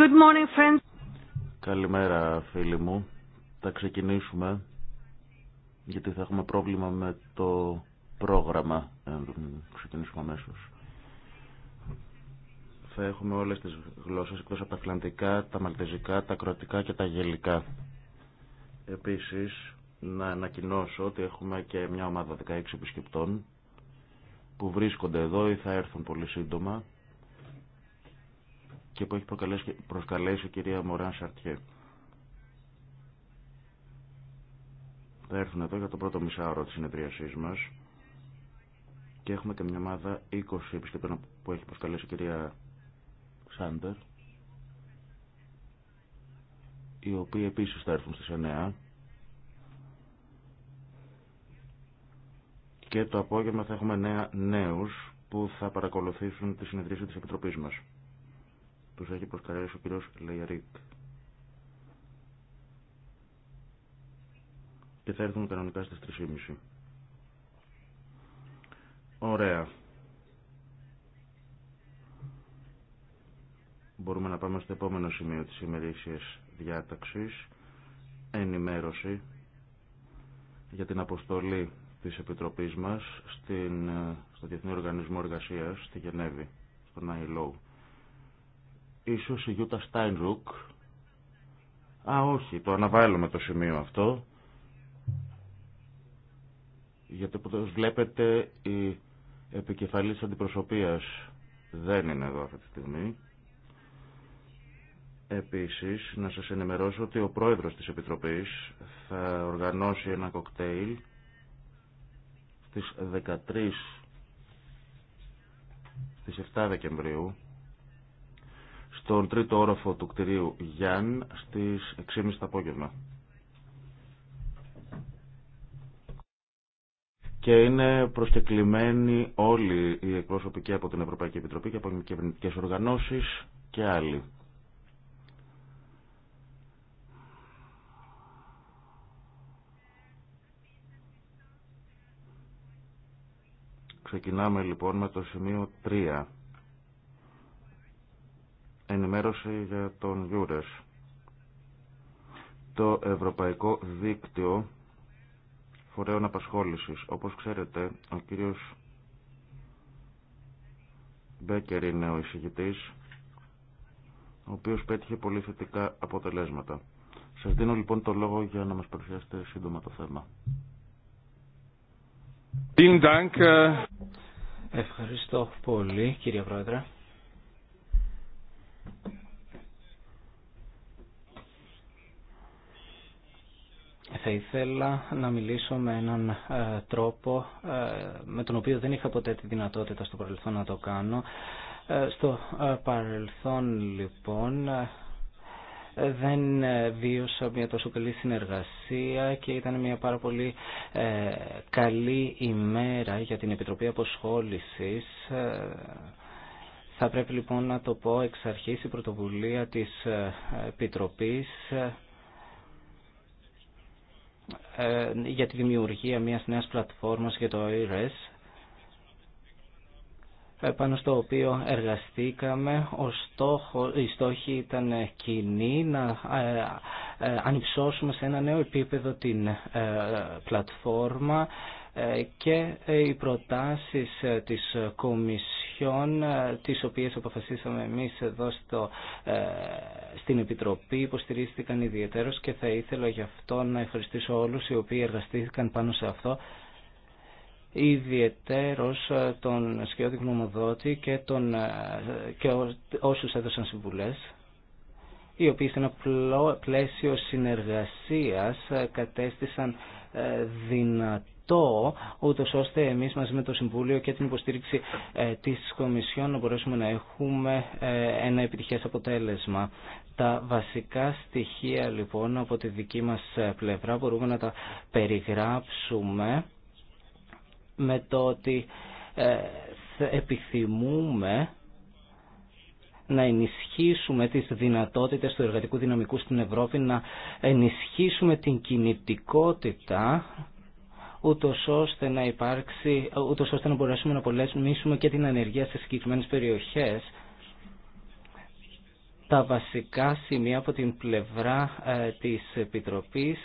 Good Καλημέρα, φίλοι μου. Θα ξεκινήσουμε, γιατί θα έχουμε πρόβλημα με το πρόγραμμα. Ε, ξεκινήσουμε αμέσω. Θα έχουμε όλες τις γλώσσες, εκτός από τα τα Μαλτεζικά, τα Κροατικά και τα Γελικά. Επίσης, να ανακοινώσω ότι έχουμε και μια ομάδα 16 επισκεπτών που βρίσκονται εδώ ή θα έρθουν πολύ σύντομα και που έχει προσκαλέσει η κυρία Μωράν Σαρτιέ. Θα έρθουν εδώ για το πρώτο μισάωρο της συνεδρίασής μας και έχουμε και μια ομάδα 20 επισκεπτών που έχει προσκαλέσει η κυρία Σάντερ οι οποίοι επίσης θα έρθουν στις 9 και το απόγευμα θα έχουμε νέα νέους που θα παρακολουθήσουν τη συνεδρίαση της Επιτροπής μας. Του έχει προσκαλέσει ο κύριος Λεϊαρίκ. Και θα έρθουν κανονικά στις 3.30. Ωραία. Μπορούμε να πάμε στο επόμενο σημείο της ημερήσιας διάταξης. Ενημέρωση για την αποστολή της Επιτροπής μας στην, στο Διεθνή Οργανισμό Εργασίας στη Γενέβη, στον ILO. Ίσως η Γιούτα Στάινρουκ. Α, όχι, το αναβάλλουμε το σημείο αυτό. Γιατί όπως βλέπετε η επικεφαλής αντιπροσωπείας δεν είναι εδώ αυτή τη στιγμή. Επίσης, να σας ενημερώσω ότι ο πρόεδρος της Επιτροπής θα οργανώσει ένα κοκτέιλ στις 13 στις 7 Δεκεμβρίου στον τρίτο όροφο του κτηρίου Γιάν στις 6.30 το απόγευμα. Και είναι προσκεκλημένοι όλοι οι εκπρόσωποι και από την Ευρωπαϊκή Επιτροπή και από κυβερνητικές οργανώσεις και άλλοι. Ξεκινάμε λοιπόν με το σημείο 3. Ενημέρωση για τον Γιούρες. Το Ευρωπαϊκό Δίκτυο Φορέων Απασχόλησης. Όπως ξέρετε, ο κύριος Μπέκερ είναι ο εισηγητής, ο οποίος πέτυχε πολύ θετικά αποτελέσματα. Σας δίνω λοιπόν το λόγο για να μας παρουσιάσετε σύντομα το θέμα. Ε. Ευχαριστώ πολύ κύριε Πρόεδρε. Θα ήθελα να μιλήσω με έναν ε, τρόπο ε, με τον οποίο δεν είχα ποτέ τη δυνατότητα στο παρελθόν να το κάνω. Ε, στο παρελθόν λοιπόν δεν βίωσα μια τόσο καλή συνεργασία και ήταν μια πάρα πολύ καλή ημέρα για την Επιτροπή Αποσχόλησης. Θα πρέπει λοιπόν να το πω εξ αρχής η πρωτοβουλία της Επιτροπής ε, για τη δημιουργία μιας νέας πλατφόρμας για το IRES ε, πάνω στο οποίο εργαστήκαμε. Ο στόχο, η στόχη ήταν κοινή να ε, ανυψώσουμε σε ένα νέο επίπεδο την πλατφόρμα ε, και ε, οι προτάσεις ε, της Κομισιόν τις οποίες αποφασίσαμε εμείς εδώ στο, στην Επιτροπή υποστηρίστηκαν ιδιαίτερως και θα ήθελα γι' αυτό να ευχαριστήσω όλους οι οποίοι εργαστήθηκαν πάνω σε αυτό ιδιαιτέρως τον σκιώδη γνωμοδότη και, τον, και όσους έδωσαν συμβουλές οι οποίοι σε ένα πλαίσιο συνεργασίας κατέστησαν δυνατό αυτό, ούτω ώστε εμεί μαζί με το Συμβούλιο και την υποστήριξη ε, της Κομισιόν να μπορέσουμε να έχουμε ε, ένα επιτυχές αποτέλεσμα. Τα βασικά στοιχεία λοιπόν από τη δική μας ε, πλευρά μπορούμε να τα περιγράψουμε με το ότι επιθυμούμε να ενισχύσουμε τις δυνατότητες του εργατικού δυναμικού στην Ευρώπη, να ενισχύσουμε την κινητικότητα ούτως ώστε να υπάρξει, ώστε να μπορέσουμε να πολεμήσουμε και την ανεργία σε συγκεκριμένε περιοχές. Τα βασικά σημεία από την πλευρά ε, της Επιτροπής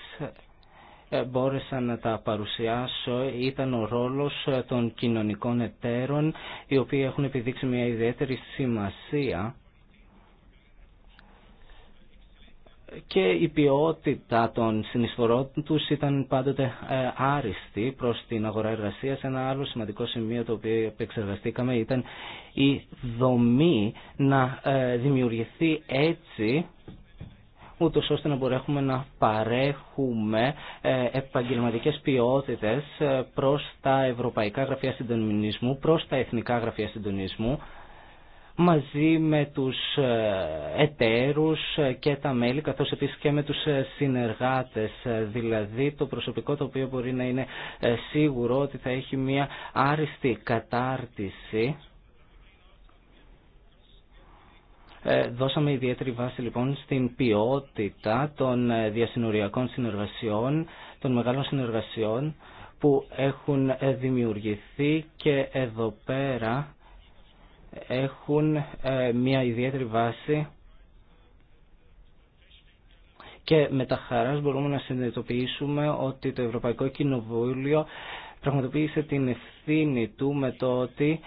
ε, μπόρεσα να τα παρουσιάσω ήταν ο ρόλος ε, των κοινωνικών εταίρων οι οποίοι έχουν επιδείξει μια ιδιαίτερη σημασία και η ποιότητα των συνεισφορών τους ήταν πάντοτε ε, άριστη προς την αγορά εργασία. Ένα άλλο σημαντικό σημείο το οποίο επεξεργαστήκαμε ήταν η δομή να ε, δημιουργηθεί έτσι ούτω ώστε να μπορέσουμε να παρέχουμε ε, επαγγελματικές ποιότητες προς τα Ευρωπαϊκά Γραφεία Συντονισμού, προς τα Εθνικά Γραφεία Συντονισμού μαζί με τους ε, εταίρους ε, και τα μέλη καθώς επίσης και με τους ε, συνεργάτες δηλαδή το προσωπικό το οποίο μπορεί να είναι σίγουρο ότι θα έχει μια άριστη κατάρτιση δώσαμε ιδιαίτερη βάση λοιπόν στην ποιότητα των διασυνοριακών συνεργασιών, των μεγάλων συνεργασιών που έχουν δημιουργηθεί και εδώ πέρα έχουν ε, μια ιδιαίτερη βάση και με τα χαράς μπορούμε να συνειδητοποιήσουμε ότι το Ευρωπαϊκό Κοινοβούλιο πραγματοποίησε την ευθύνη του με το ότι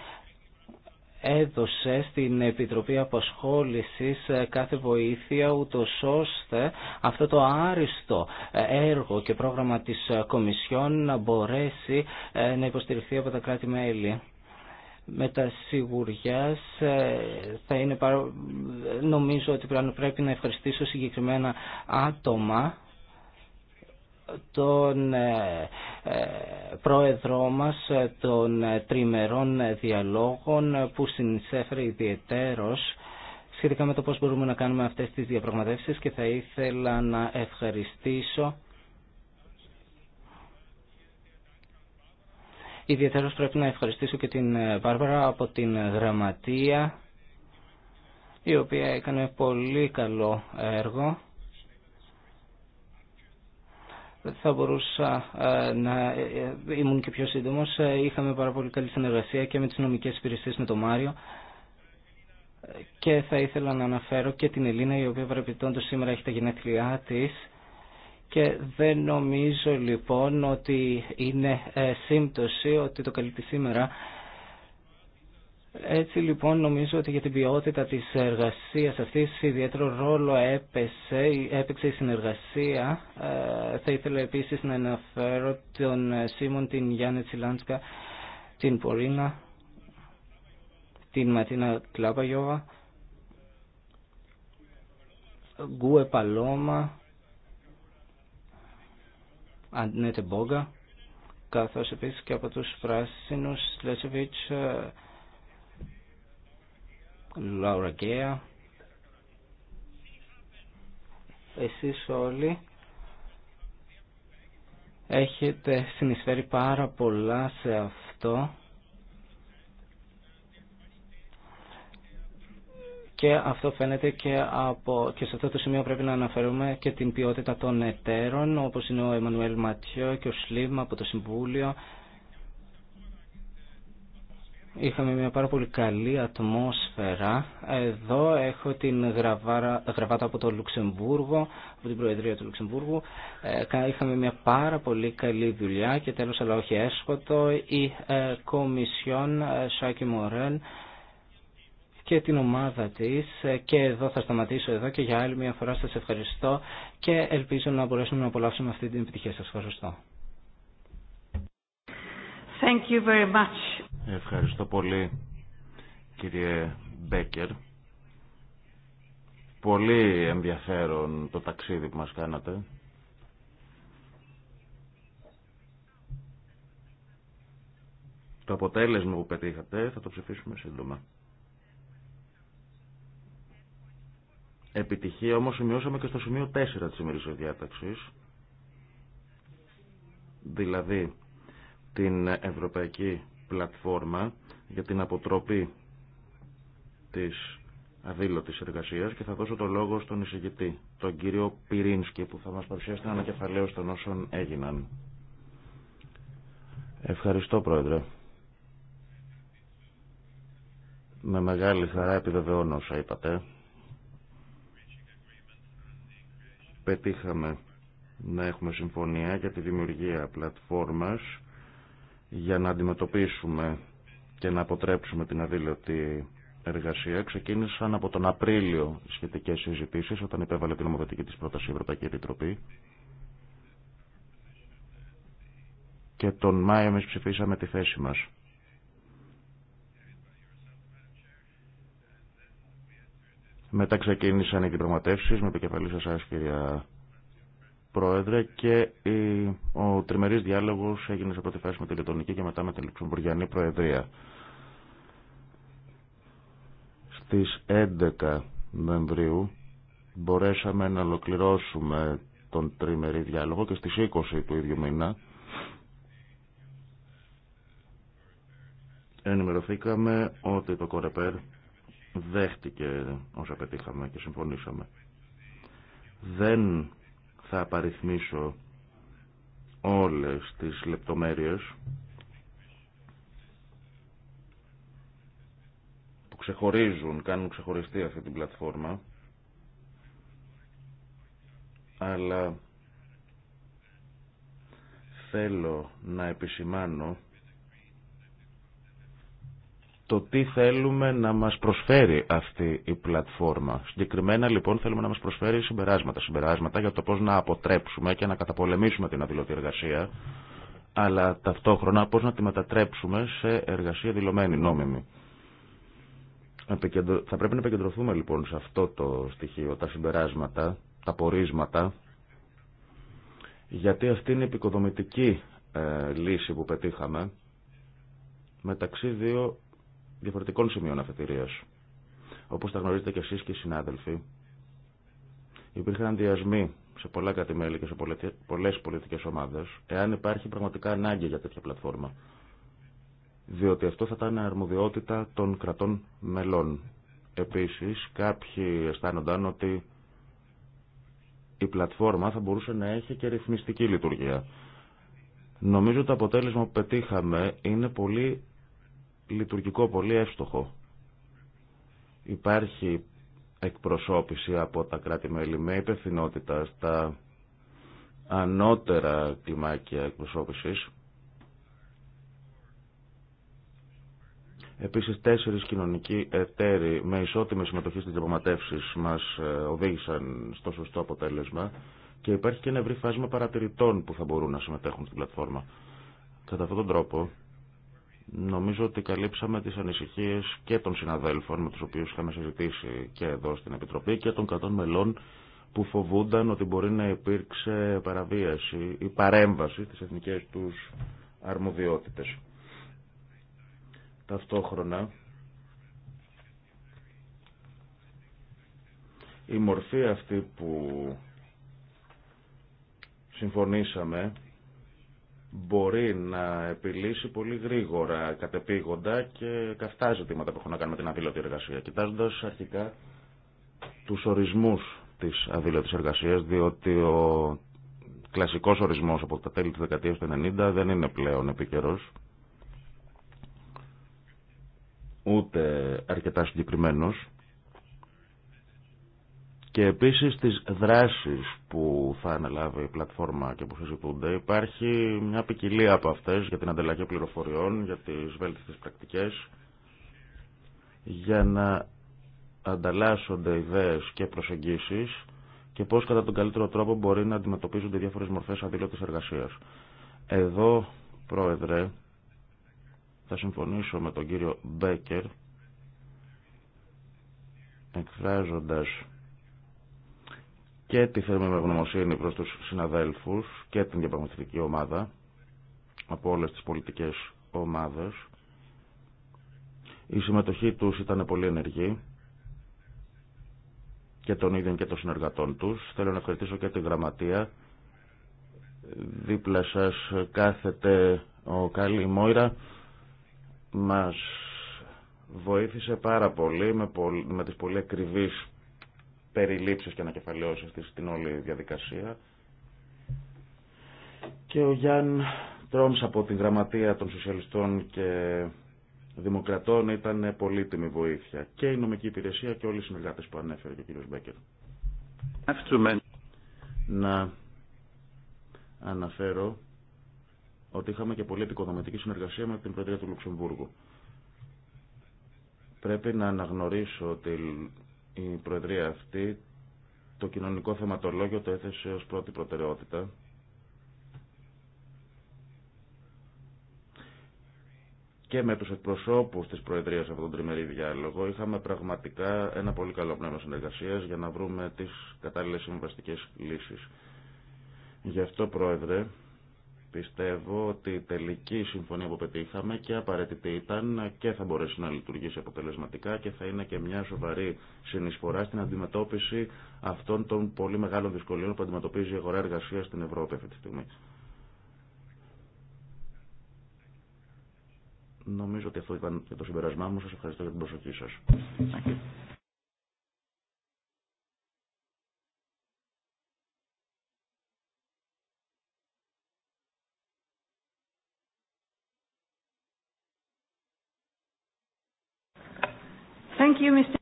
έδωσε στην Επιτροπή Αποσχόλησης ε, κάθε βοήθεια ούτως ώστε αυτό το άριστο ε, έργο και πρόγραμμα της Κομισιόν να μπορέσει να υποστηριχθεί από τα κράτη-μέλη μετασιγουριάς ε, θα είναι παρο... νομίζω ότι πρέπει να ευχαριστήσω συγκεκριμένα άτομα τον ε, ε, πρόεδρό μας των τριμερών διαλόγων που συνεισέφερε ιδιαιτέρως σχετικά με το πώς μπορούμε να κάνουμε αυτές τις διαπραγματεύσεις και θα ήθελα να ευχαριστήσω Ιδιαίτερα πρέπει να ευχαριστήσω και την ε, Βάρβαρα από την Γραμματεία, η οποία έκανε πολύ καλό έργο. Θα μπορούσα ε, να ε, ήμουν και πιο σύντομος. Είχαμε πάρα πολύ καλή συνεργασία και με τις νομικές υπηρεσίες με τον Μάριο και θα ήθελα να αναφέρω και την Ελίνα η οποία παρεπιπτόντως σήμερα έχει τα γενέθλιά της και δεν νομίζω λοιπόν ότι είναι ε, σύμπτωση ότι το καλύπτει σήμερα. Έτσι λοιπόν νομίζω ότι για την ποιότητα της εργασίας αυτής ιδιαίτερο ρόλο έπεσε, έπαιξε η συνεργασία. Ε, θα ήθελα επίσης να αναφέρω τον ε, Σίμον, την Γιάννη Τσιλάντσκα, την Πορίνα, την Ματίνα Κλάπαγιόβα, Γκουε Παλώμα, Αντνέτε Μπόγκα, καθώς επίσης και από τους πράσινους Σλέτσεβιτς, ε, Λαουρα Γκέα. Εσείς όλοι έχετε συνεισφέρει πάρα πολλά σε αυτό και αυτό φαίνεται και, από, και σε αυτό το σημείο πρέπει να αναφέρουμε και την ποιότητα των εταίρων όπως είναι ο Εμμανουέλ Ματιό και ο Σλίμ από το Συμβούλιο. Είχαμε μια πάρα πολύ καλή ατμόσφαιρα. Εδώ έχω την γραβάτα από το Λουξεμβούργο, από την Προεδρία του Λουξεμβούργου. Ε, είχαμε μια πάρα πολύ καλή δουλειά και τέλος αλλά όχι έσχοτο η ε, Κομισιόν ε, Σάκη Μορέν και την ομάδα της ε, και εδώ θα σταματήσω εδώ και για άλλη μια φορά σας ευχαριστώ και ελπίζω να μπορέσουμε να απολαύσουμε αυτή την επιτυχία σας. Ευχαριστώ. Thank you very much. Ευχαριστώ πολύ κύριε Μπέκερ. Πολύ ενδιαφέρον το ταξίδι που μας κάνατε. Το αποτέλεσμα που πετύχατε θα το ψηφίσουμε σύντομα. Επιτυχία όμως σημειώσαμε και στο σημείο 4 της ημερήσιας διάταξης, δηλαδή την Ευρωπαϊκή Πλατφόρμα για την αποτροπή της αδήλωτης εργασίας και θα δώσω το λόγο στον εισηγητή, τον κύριο Πυρίνσκι που θα μας παρουσιάσει την ανακεφαλαίωση των όσων έγιναν. Ευχαριστώ Πρόεδρε. Με μεγάλη χαρά επιβεβαιώνω όσα είπατε. πετύχαμε να έχουμε συμφωνία για τη δημιουργία πλατφόρμας για να αντιμετωπίσουμε και να αποτρέψουμε την αδίλωτη εργασία. Ξεκίνησαν από τον Απρίλιο σχετικές συζητήσεις όταν υπέβαλε την νομοθετική της πρόταση η Ευρωπαϊκή Επιτροπή. Και τον Μάιο εμείς ψηφίσαμε τη θέση μας. Μετά ξεκίνησαν οι διπραγματεύσει με επικεφαλή σα κυρία Πρόεδρε και ο τριμερής διάλογος έγινε σε πρώτη φάση με τη Λετωνική και μετά με τη Λουξεμβουργιανή Προεδρία. Στις 11 Νοεμβρίου μπορέσαμε να ολοκληρώσουμε τον τριμερή διάλογο και στις 20 του ίδιου μήνα ενημερωθήκαμε ότι το Κορεπέρ δέχτηκε όσα πετύχαμε και συμφωνήσαμε. Δεν θα απαριθμίσω όλες τις λεπτομέρειες που ξεχωρίζουν, κάνουν ξεχωριστή αυτή την πλατφόρμα αλλά θέλω να επισημάνω το τι θέλουμε να μας προσφέρει αυτή η πλατφόρμα. Συγκεκριμένα λοιπόν θέλουμε να μας προσφέρει συμπεράσματα. Συμπεράσματα για το πώς να αποτρέψουμε και να καταπολεμήσουμε την αδηλωτή εργασία, αλλά ταυτόχρονα πώς να τη μετατρέψουμε σε εργασία δηλωμένη, νόμιμη. Θα πρέπει να επικεντρωθούμε λοιπόν σε αυτό το στοιχείο, τα συμπεράσματα, τα πορίσματα, γιατί αυτή είναι η επικοδομητική ε, λύση που πετύχαμε μεταξύ δύο διαφορετικών σημείων αφετηρίας. Όπως τα γνωρίζετε και εσείς και οι συνάδελφοι, υπήρχαν διασμοί σε πολλά κατημέλη και σε πολλέ πολιτικέ ομάδε, εάν υπάρχει πραγματικά ανάγκη για τέτοια πλατφόρμα. Διότι αυτό θα ήταν αρμοδιότητα των κρατών μελών. Επίσης, κάποιοι αισθάνονταν ότι η πλατφόρμα θα μπορούσε να έχει και ρυθμιστική λειτουργία. Νομίζω το αποτέλεσμα που πετύχαμε είναι πολύ λειτουργικό, πολύ εύστοχο. Υπάρχει εκπροσώπηση από τα κράτη-μέλη με υπευθυνότητα στα ανώτερα κλιμάκια εκπροσώπησης. Επίσης τέσσερις κοινωνικοί εταίροι με ισότιμη συμμετοχή στις διαπραγματεύσεις μας ε, οδήγησαν στο σωστό αποτέλεσμα και υπάρχει και ένα ευρύ φάσμα παρατηρητών που θα μπορούν να συμμετέχουν στην πλατφόρμα. Κατά αυτόν τον τρόπο Νομίζω ότι καλύψαμε τις ανησυχίες και των συναδέλφων με τους οποίους είχαμε συζητήσει και εδώ στην Επιτροπή και των κρατών μελών που φοβούνταν ότι μπορεί να υπήρξε παραβίαση ή παρέμβαση στις εθνικές τους αρμοδιότητες. Ταυτόχρονα η μορφή αυτή που συμφωνήσαμε μπορεί να επιλύσει πολύ γρήγορα, κατεπήγοντα και καυτά ζητήματα που έχουν να κάνουν με την αδήλωτη εργασία. Κοιτάζοντα αρχικά του ορισμού τη αδήλωτη εργασία, διότι ο κλασικό ορισμό από τα τέλη τη δεκαετία του 1990 δεν είναι πλέον επίκαιρο, ούτε αρκετά συγκεκριμένο και επίσης τις δράσεις που θα αναλάβει η πλατφόρμα και που συζητούνται. Υπάρχει μια ποικιλία από αυτές για την ανταλλαγή πληροφοριών, για τις βέλτιστες πρακτικές, για να ανταλλάσσονται ιδέες και προσεγγίσεις και πώς κατά τον καλύτερο τρόπο μπορεί να αντιμετωπίζονται διάφορες μορφές αδήλωτης εργασίας. Εδώ, Πρόεδρε, θα συμφωνήσω με τον κύριο Μπέκερ, εκφράζοντας και τη θερμή ευγνωμοσύνη προς τους συναδέλφους και την διαπραγματευτική ομάδα από όλες τις πολιτικές ομάδες. Η συμμετοχή τους ήταν πολύ ενεργή και των ίδιων και των συνεργατών τους. Θέλω να ευχαριστήσω και την γραμματεία. Δίπλα σας κάθεται ο Καλή Μόιρα. Μας βοήθησε πάρα πολύ με, πολύ, τις πολύ ακριβείς περιλήψεις και ανακεφαλαιώσεις της στην όλη διαδικασία. Και ο Γιάνν Τρόμς από την Γραμματεία των Σοσιαλιστών και Δημοκρατών ήταν πολύτιμη βοήθεια και η νομική υπηρεσία και όλοι οι συνεργάτες που ανέφερε και ο κ. Μπέκερ. Να αναφέρω ότι είχαμε και πολύ επικοδομητική συνεργασία με την Προεδρία του Λουξεμβούργου. Πρέπει να αναγνωρίσω ότι η Προεδρία αυτή το κοινωνικό θεματολόγιο το έθεσε ως πρώτη προτεραιότητα και με τους εκπροσώπους της Προεδρίας από τον τριμερή διάλογο είχαμε πραγματικά ένα πολύ καλό πνεύμα συνεργασίας για να βρούμε τις κατάλληλες συμβαστικές λύσεις. Γι' αυτό, Πρόεδρε, Πιστεύω ότι η τελική συμφωνία που πετύχαμε και απαραίτητη ήταν και θα μπορέσει να λειτουργήσει αποτελεσματικά και θα είναι και μια σοβαρή συνεισφορά στην αντιμετώπιση αυτών των πολύ μεγάλων δυσκολιών που αντιμετωπίζει η αγορά εργασία στην Ευρώπη αυτή τη στιγμή. Νομίζω ότι αυτό ήταν και το συμπερασμά μου. Σας ευχαριστώ για την προσοχή σας. you,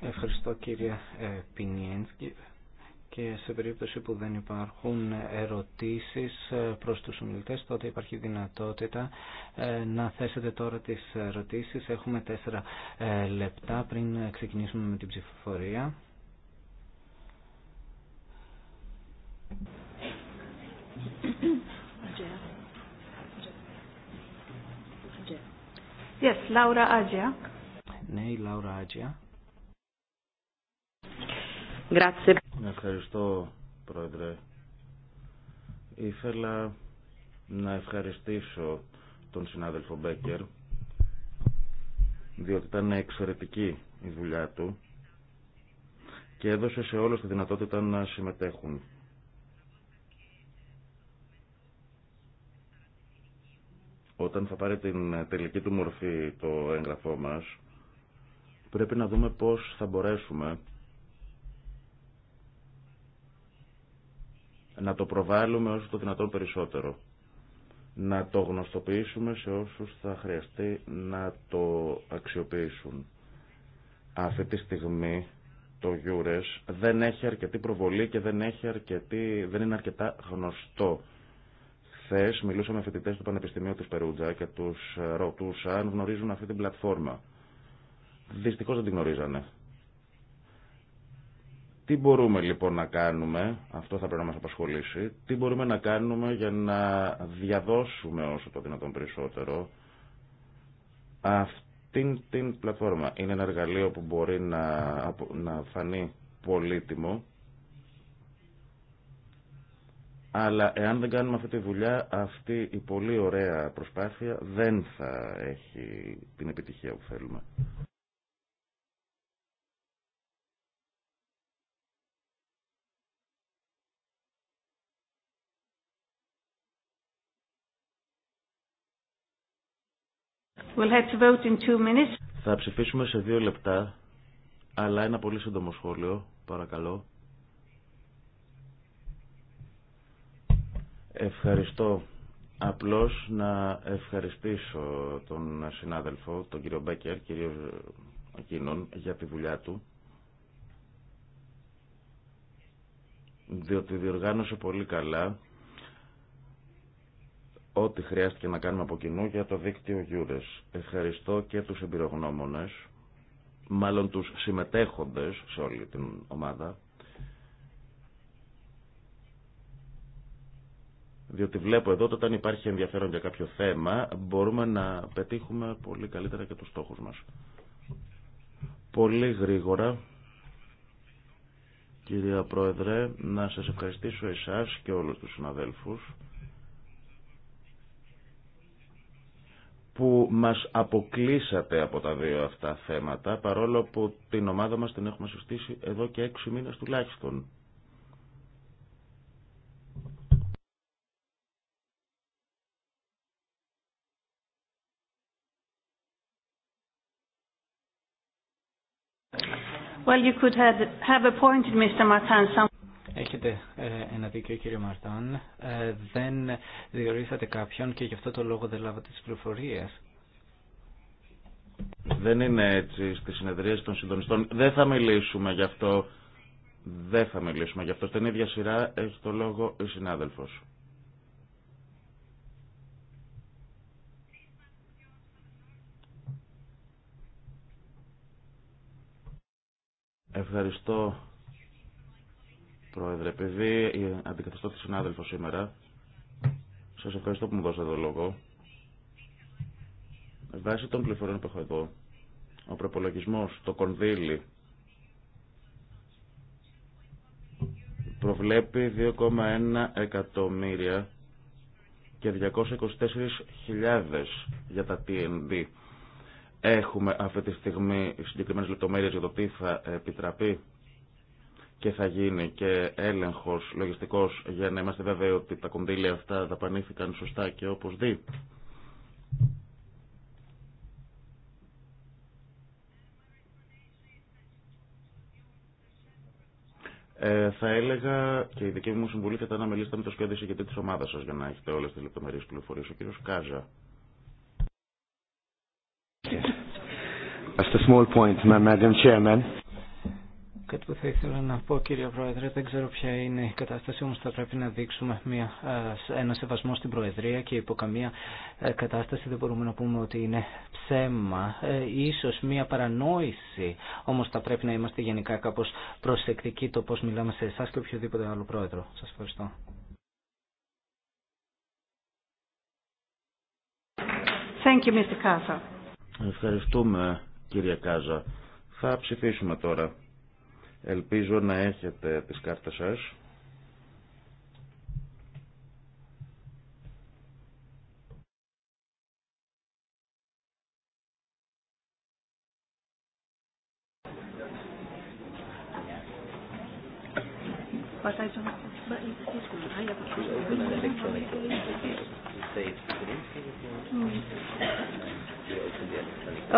Ευχαριστώ κύριε ε, Πινιένσκι και σε περίπτωση που δεν υπάρχουν ερωτήσεις ε, προς τους ομιλητές τότε υπάρχει δυνατότητα ε, να θέσετε τώρα τις ερωτήσεις. Έχουμε τέσσερα λεπτά πριν ξεκινήσουμε με την ψηφοφορία. Yes, Laura Agia. Ναι, η Λάουρα Άτζια. Ευχαριστώ, Πρόεδρε. Ήθελα να ευχαριστήσω τον συνάδελφο Μπέκερ, διότι ήταν εξαιρετική η δουλειά του και έδωσε σε όλους τη δυνατότητα να συμμετέχουν. Όταν θα πάρει την τελική του μορφή το έγγραφό μας, Πρέπει να δούμε πώς θα μπορέσουμε να το προβάλλουμε όσο το δυνατόν περισσότερο. Να το γνωστοποιήσουμε σε όσους θα χρειαστεί να το αξιοποιήσουν. Αυτή τη στιγμή το Γιούρες δεν έχει αρκετή προβολή και δεν, έχει αρκετή, δεν είναι αρκετά γνωστό. Χθε μιλούσαμε με φοιτητές του Πανεπιστημίου της Περούτζα και του ρωτούσα αν γνωρίζουν αυτή την πλατφόρμα δυστυχώς δεν την γνωρίζανε. Τι μπορούμε λοιπόν να κάνουμε, αυτό θα πρέπει να μας απασχολήσει, τι μπορούμε να κάνουμε για να διαδώσουμε όσο το δυνατόν περισσότερο αυτήν την πλατφόρμα. Είναι ένα εργαλείο που μπορεί να, να φανεί πολύτιμο, αλλά εάν δεν κάνουμε αυτή τη δουλειά, αυτή η πολύ ωραία προσπάθεια δεν θα έχει την επιτυχία που θέλουμε. We'll have to vote in minutes. Θα ψηφίσουμε σε δύο λεπτά, αλλά ένα πολύ σύντομο σχόλιο, παρακαλώ. Ευχαριστώ. Απλώς να ευχαριστήσω τον συνάδελφο, τον κύριο Μπέκερ, κύριο εκείνον, για τη δουλειά του. Διότι διοργάνωσε πολύ καλά ό,τι χρειάστηκε να κάνουμε από κοινού για το δίκτυο Γιούρες. Ευχαριστώ και τους εμπειρογνώμονες, μάλλον τους συμμετέχοντες σε όλη την ομάδα, διότι βλέπω εδώ ότι όταν υπάρχει ενδιαφέρον για κάποιο θέμα μπορούμε να πετύχουμε πολύ καλύτερα και τους στόχους μας. Πολύ γρήγορα, κυρία Πρόεδρε, να σας ευχαριστήσω εσάς και όλους τους συναδέλφους που μας αποκλείσατε από τα δύο αυτά θέματα, παρόλο που την ομάδα μας την έχουμε συστήσει εδώ και έξι μήνες τουλάχιστον. Well, you could have, appointed Mr. Martin Έχετε ε, ένα δίκαιο κύριε Μαρτάν. Ε, δεν διορίσατε κάποιον και γι' αυτό το λόγο δεν λάβατε τις πληροφορίες. Δεν είναι έτσι στις συνεδρίες των συντονιστών. Δεν θα μιλήσουμε γι' αυτό. Δεν θα μιλήσουμε γι' αυτό. Στην ίδια σειρά έχει το λόγο η συνάδελφος. Ευχαριστώ Πρόεδρε, επειδή αντικαταστώ τη συνάδελφο σήμερα, Σα ευχαριστώ που μου δώσατε το λόγο. Βάσει των πληροφοριών που έχω εδώ, ο προπολογισμό, το κονδύλι, προβλέπει 2,1 εκατομμύρια και 224.000 για τα TND. Έχουμε αυτή τη στιγμή συγκεκριμένε λεπτομέρειε για το τι θα επιτραπεί και θα γίνει και έλεγχος λογιστικός για να είμαστε βέβαιοι ότι τα κονδύλια αυτά δαπανήθηκαν σωστά και όπως δει. Ε, θα έλεγα και η δική μου συμβουλή θα ήταν να μιλήσετε με το σχέδιο συγκεκριτή τη ομάδα σας για να έχετε όλες τις λεπτομερείς πληροφορίες. Ο κύριος Κάζα. Just a small point, Madam Chairman. Κάτι που θα ήθελα να πω κύριε Πρόεδρε, δεν ξέρω ποια είναι η κατάσταση, όμως θα πρέπει να δείξουμε μια, ένα σεβασμό στην Προεδρία και υπό καμία ε, κατάσταση δεν μπορούμε να πούμε ότι είναι ψέμα, ε, ίσως μια παρανόηση, όμως θα πρέπει να είμαστε γενικά κάπως προσεκτικοί το πώς μιλάμε σε εσά και οποιοδήποτε άλλο Πρόεδρο. Σας ευχαριστώ. Ευχαριστούμε κύριε Κάζα. Θα ψηφίσουμε τώρα. Ελπίζω να έχετε τις κάρτες σας. Mm.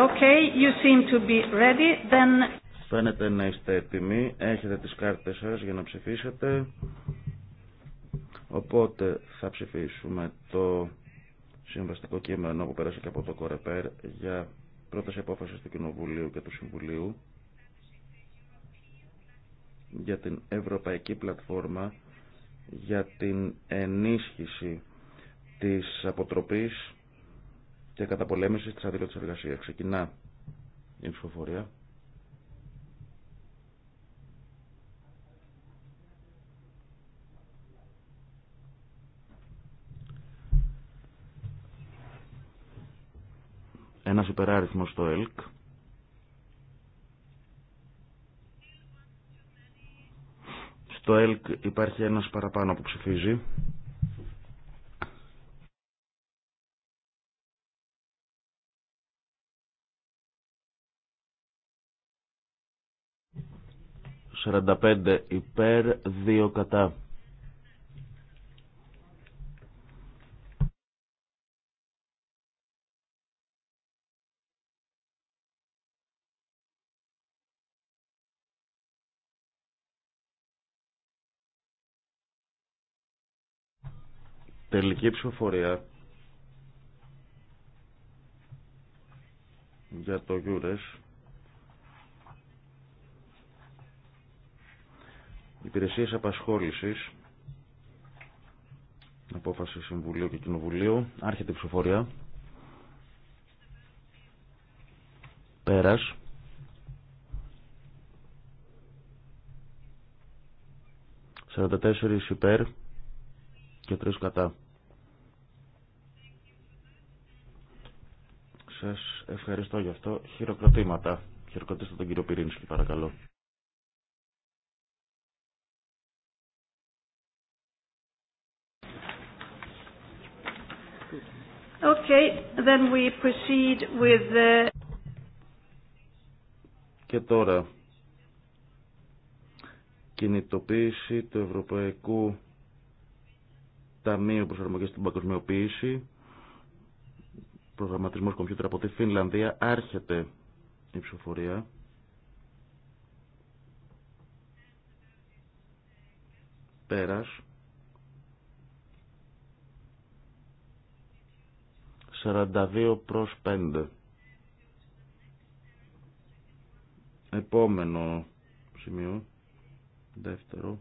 Okay, you seem to be ready. Then Φαίνεται να είστε έτοιμοι. Έχετε τις κάρτες σας για να ψηφίσετε. Οπότε θα ψηφίσουμε το συμβαστικό κείμενο που πέρασε και από το Κορεπέρ για πρώτες απόφαση του Κοινοβουλίου και του Συμβουλίου για την Ευρωπαϊκή Πλατφόρμα για την ενίσχυση της αποτροπής και καταπολέμησης της αδίκοτης εργασίας. Ξεκινά η ψηφοφορία. Ένας υπεράριθμος στο ΕΛΚ. Στο ΕΛΚ υπάρχει ένας παραπάνω που ψηφίζει. «45 υπέρ, δύο κατά». Τελική ψηφοφορία για το Γιούρες. Υπηρεσίες απασχόλησης. Απόφαση Συμβουλίου και Κοινοβουλίου. Άρχεται η ψηφοφορία. Πέρας. Σαραντατέσσερις υπέρ και Σας ευχαριστώ γι' αυτό. Χειροκροτήματα. Χειροκροτήστε τον κύριο Πυρίνσκι παρακαλώ. Okay, then we proceed with the... Και τώρα, κινητοποίηση του Ευρωπαϊκού Ταμείο Προσαρμογή στην Παγκοσμιοποίηση, Προγραμματισμό κομπιούτερ από τη Φινλανδία, άρχεται η ψηφοφορία. Πέρας. 42 προ 5. Επόμενο σημείο, δεύτερο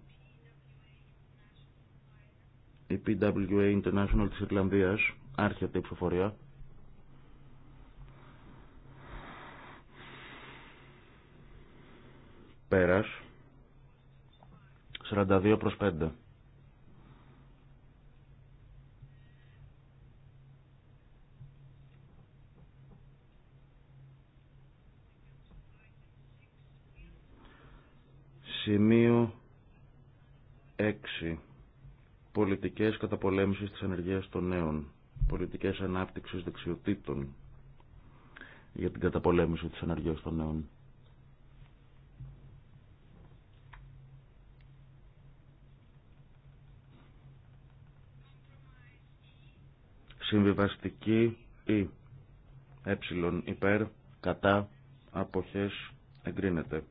η PWA International της Ιρλανδίας άρχεται η ψηφοφορία. Πέρας. 42 προς 5. Σημείο 6 πολιτικές καταπολέμησης της ενεργειάς των νέων, πολιτικές ανάπτυξης δεξιοτήτων για την καταπολέμηση της ενεργειάς των νέων. Συμβιβαστική ή ε υπέρ κατά αποχές εγκρίνεται.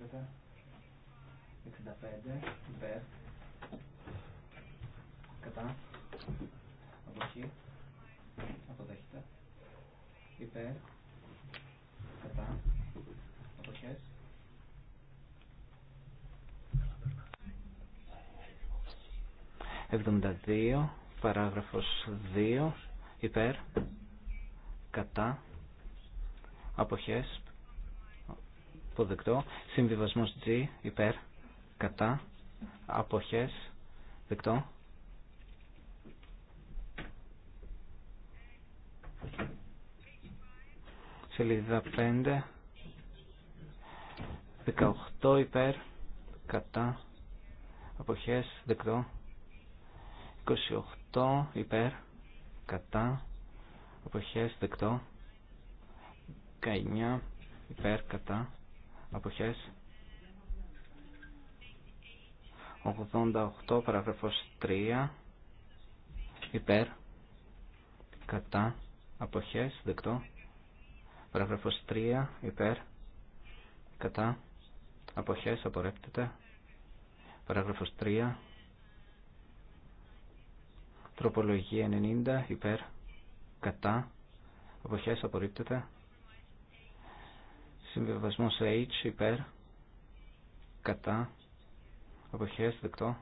Απορρίπτεται. 65. Υπέρ. Κατά. Κατά. Εβδομήντα δύο. Παράγραφος 2. Υπέρ. Κατά. Αποχές αποδεκτό. Συμβιβασμός G υπέρ κατά αποχές δεκτό. Σελίδα 5 18 υπέρ κατά αποχές δεκτό 28 υπέρ κατά αποχές δεκτό 19 υπέρ κατά αποχές 88 παραγραφός 3 υπέρ κατά αποχές δεκτό παραγραφός 3 υπέρ κατά αποχές απορρέπτεται παραγραφός 3 τροπολογία 90 υπέρ κατά αποχές απορρίπτεται Συμβιβασμός H υπέρ κατά αποχές δεκτό.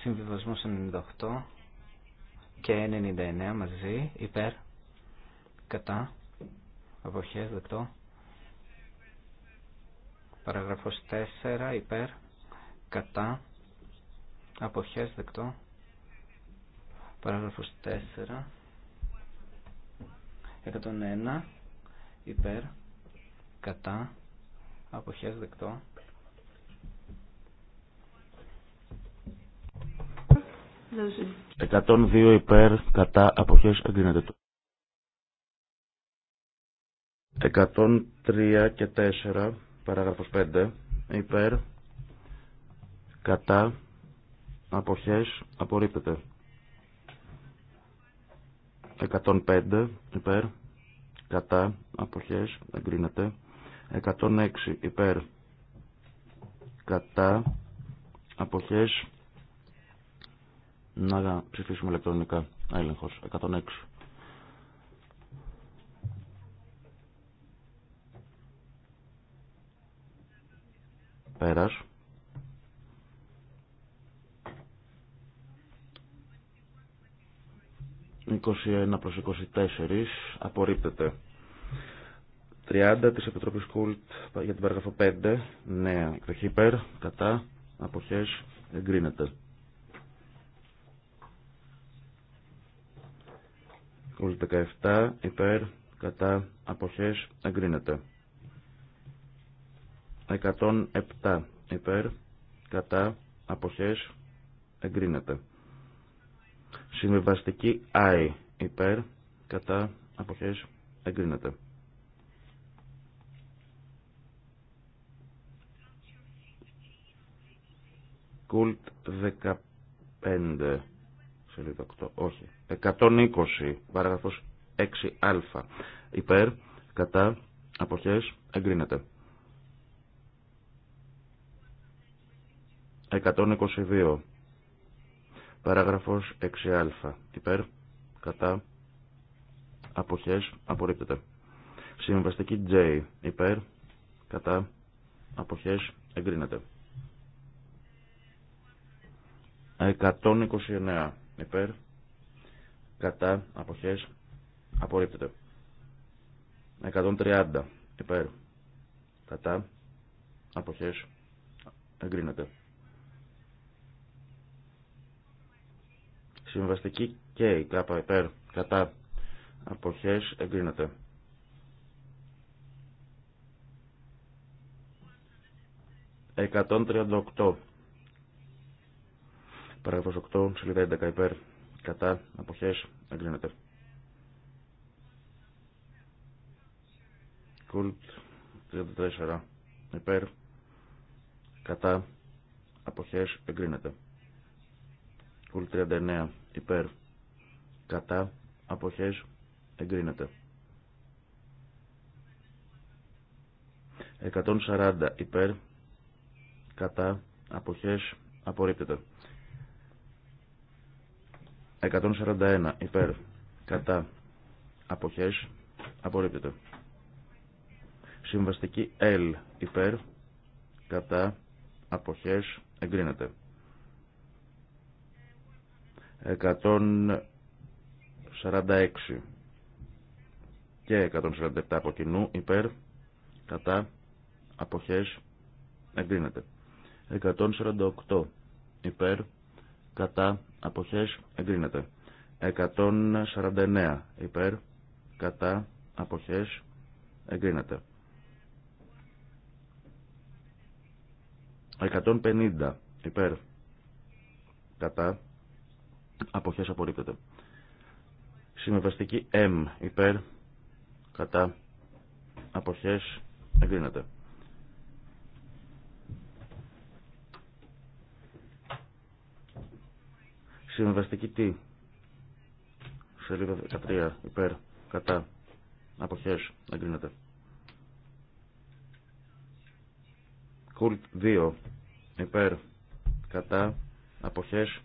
Συμβιβασμός 98 και 99 μαζί υπέρ κατά αποχές δεκτό. Παραγραφός 4 υπέρ κατά αποχές δεκτό. Παράγραφος 4 101 υπέρ κατά αποχές δεκτό 102 υπέρ κατά αποχές εγκρίνεται 103 και 4 παράγραφος 5 υπέρ κατά αποχές απορρίπτεται 105 υπέρ κατά αποχές εγκρίνεται 106 υπέρ κατά αποχές να ψηφίσουμε ηλεκτρονικά έλεγχος 106 πέρας 21 προς 24 απορρίπτεται. 30 της Επιτροπής Κούλτ για την παράγραφο 5, νέα εκδοχή υπέρ, κατά, αποχές, εγκρίνεται. Κούλτ 17, υπέρ, κατά, αποχές, εγκρίνεται. 107, υπέρ, κατά, αποχές, εγκρίνεται. Συμβιβαστική I υπέρ κατά αποχές εγκρίνεται. Κουλτ 15 σελίδα 8, όχι, 120 παράγραφος 6α υπέρ κατά αποχές εγκρίνεται. 122 Παράγραφος 6α. Υπέρ. Κατά. Αποχές. Απορρίπτεται. Συμβαστική J. Υπέρ. Κατά. Αποχές. Εγκρίνεται. 129. Υπέρ. Κατά. Αποχές. Απορρίπτεται. 130. Υπέρ. Κατά. Αποχές. Εγκρίνεται. Συμβαστική και η κάπα υπέρ κατά αποχές εγκρίνεται. 138. Παράγραφος 8, σελίδα 11 υπέρ, κατά, αποχές, εγκρίνεται. Κουλτ 34, υπέρ, κατά, αποχές, εγκρίνεται. Κουλ 39 υπέρ κατά αποχές εγκρίνεται. 140 υπέρ κατά αποχές απορρίπτεται. 141 υπέρ κατά αποχές απορρίπτεται. Συμβαστική L υπέρ κατά αποχές εγκρίνεται. 146 και 147 από κοινού υπέρ κατά αποχές εγκρίνεται 148 υπέρ κατά αποχές εγκρίνεται 149 υπέρ κατά αποχές εγκρίνεται 150 υπέρ κατά Αποχές απορρίπτεται. Συμμεβαστική M υπέρ κατά αποχές εγκρίνεται. Συμμεβαστική T σελίδα 13 υπέρ κατά αποχές εγκρίνεται. Κουλτ 2 υπέρ κατά αποχές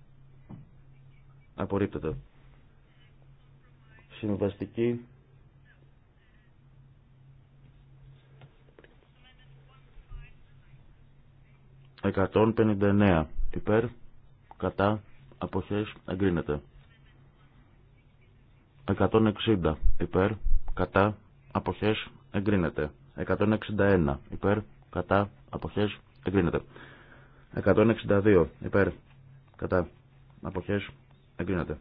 Απορρίπτεται. Συμβαστική. 159. πενήντα Κατά. Αποχές. Εγκρίνεται. 160 υπέρ, κατά, αποχές, εγκρίνεται. 161 υπέρ, κατά, αποχές, εγκρίνεται. 162 υπέρ, κατά, αποχές, εγκρίνεται.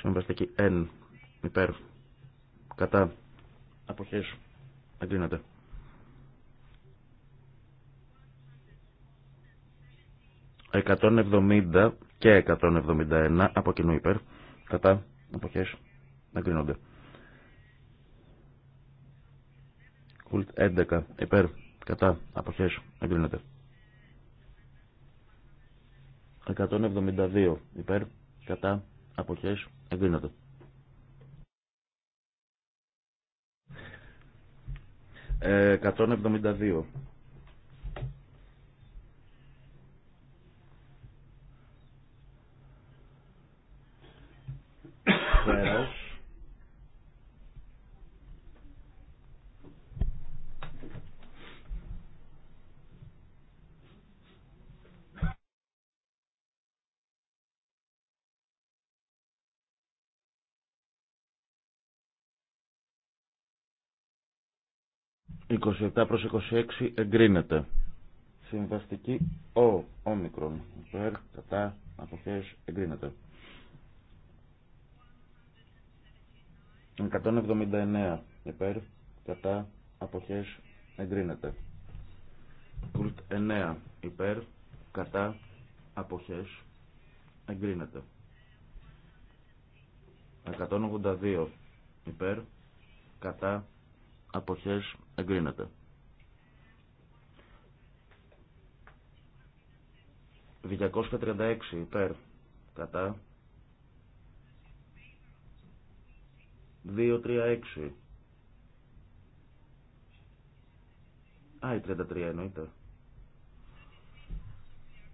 Συμβαστική N υπέρ κατά αποχές εγκρίνεται. 170 και 171 από κοινού υπέρ κατά αποχές εγκρίνονται. Κουλτ 11 υπέρ κατά αποχές εγκρίνεται. 172 υπέρ κατά αποχές εγκρίνονται. Ε, 172. 27 προς 26 εγκρίνεται. Συμβαστική ο, όμικρον. Υπέρ, κατά, αποχές, εγκρίνεται. 179 υπέρ, κατά, αποχές, εγκρίνεται. Κουλτ 9 υπέρ, κατά, αποχές, εγκρίνεται. 182 υπέρ, κατά, αποχές, εγκρίνεται. ...236 υπέρ, κατά... ...236... ...α, η 33 εννοείται...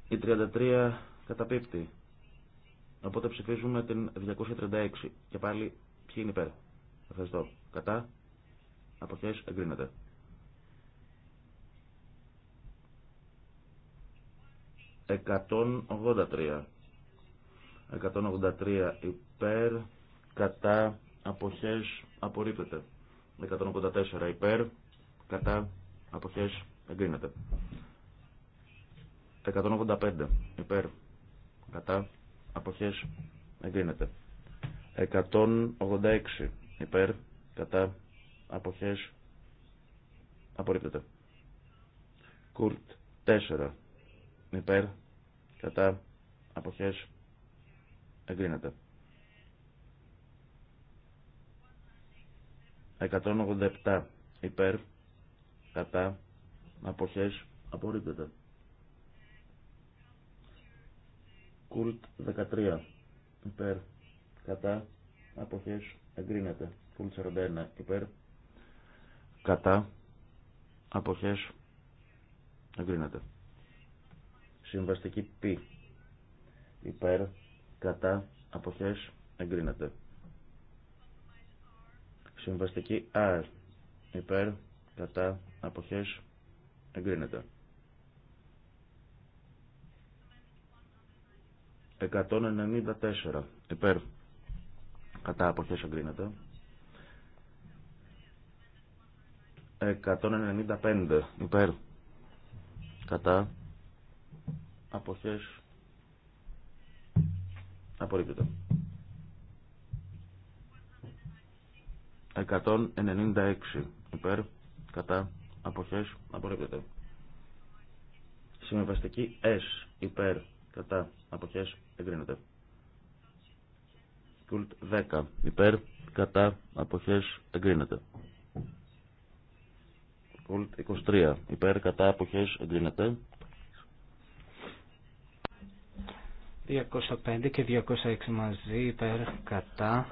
...η 33 καταπίπτει... ...οπότε ψηφίζουμε την 236... ...και πάλι ποιοι είναι υπέρ... ...ευχαριστώ, κατά εγκρίνεται. 183. 183 υπέρ, κατά, αποχές, απορρίπτεται. 184 υπέρ, κατά, αποχές, εγκρίνεται. 185 υπέρ, κατά, αποχές, εγκρίνεται. 186 υπέρ, κατά, αποχές απορρίπτεται. Κουρτ 4 υπέρ κατά αποχές εγκρίνεται. 187 υπέρ κατά αποχές απορρίπτεται. Κουλτ 13 υπέρ κατά αποχές εγκρίνεται. Κουρτ 41 υπέρ κατά αποχές εγκρίνεται. Συμβαστική π υπέρ κατά αποχές εγκρίνεται. Συμβαστική Α υπέρ κατά αποχές εγκρίνεται. 194 υπέρ κατά αποχές εγκρίνεται. 195 υπέρ κατά αποχές απορρίπτεται 196 υπέρ κατά αποχές απορρίπτεται Συμβαστική S υπέρ κατά αποχές εγκρίνεται Κουλτ 10 υπέρ κατά αποχές εγκρίνεται 23 υπέρ κατά αποχές εγκρίνεται. 205 και 206 μαζί υπέρ κατά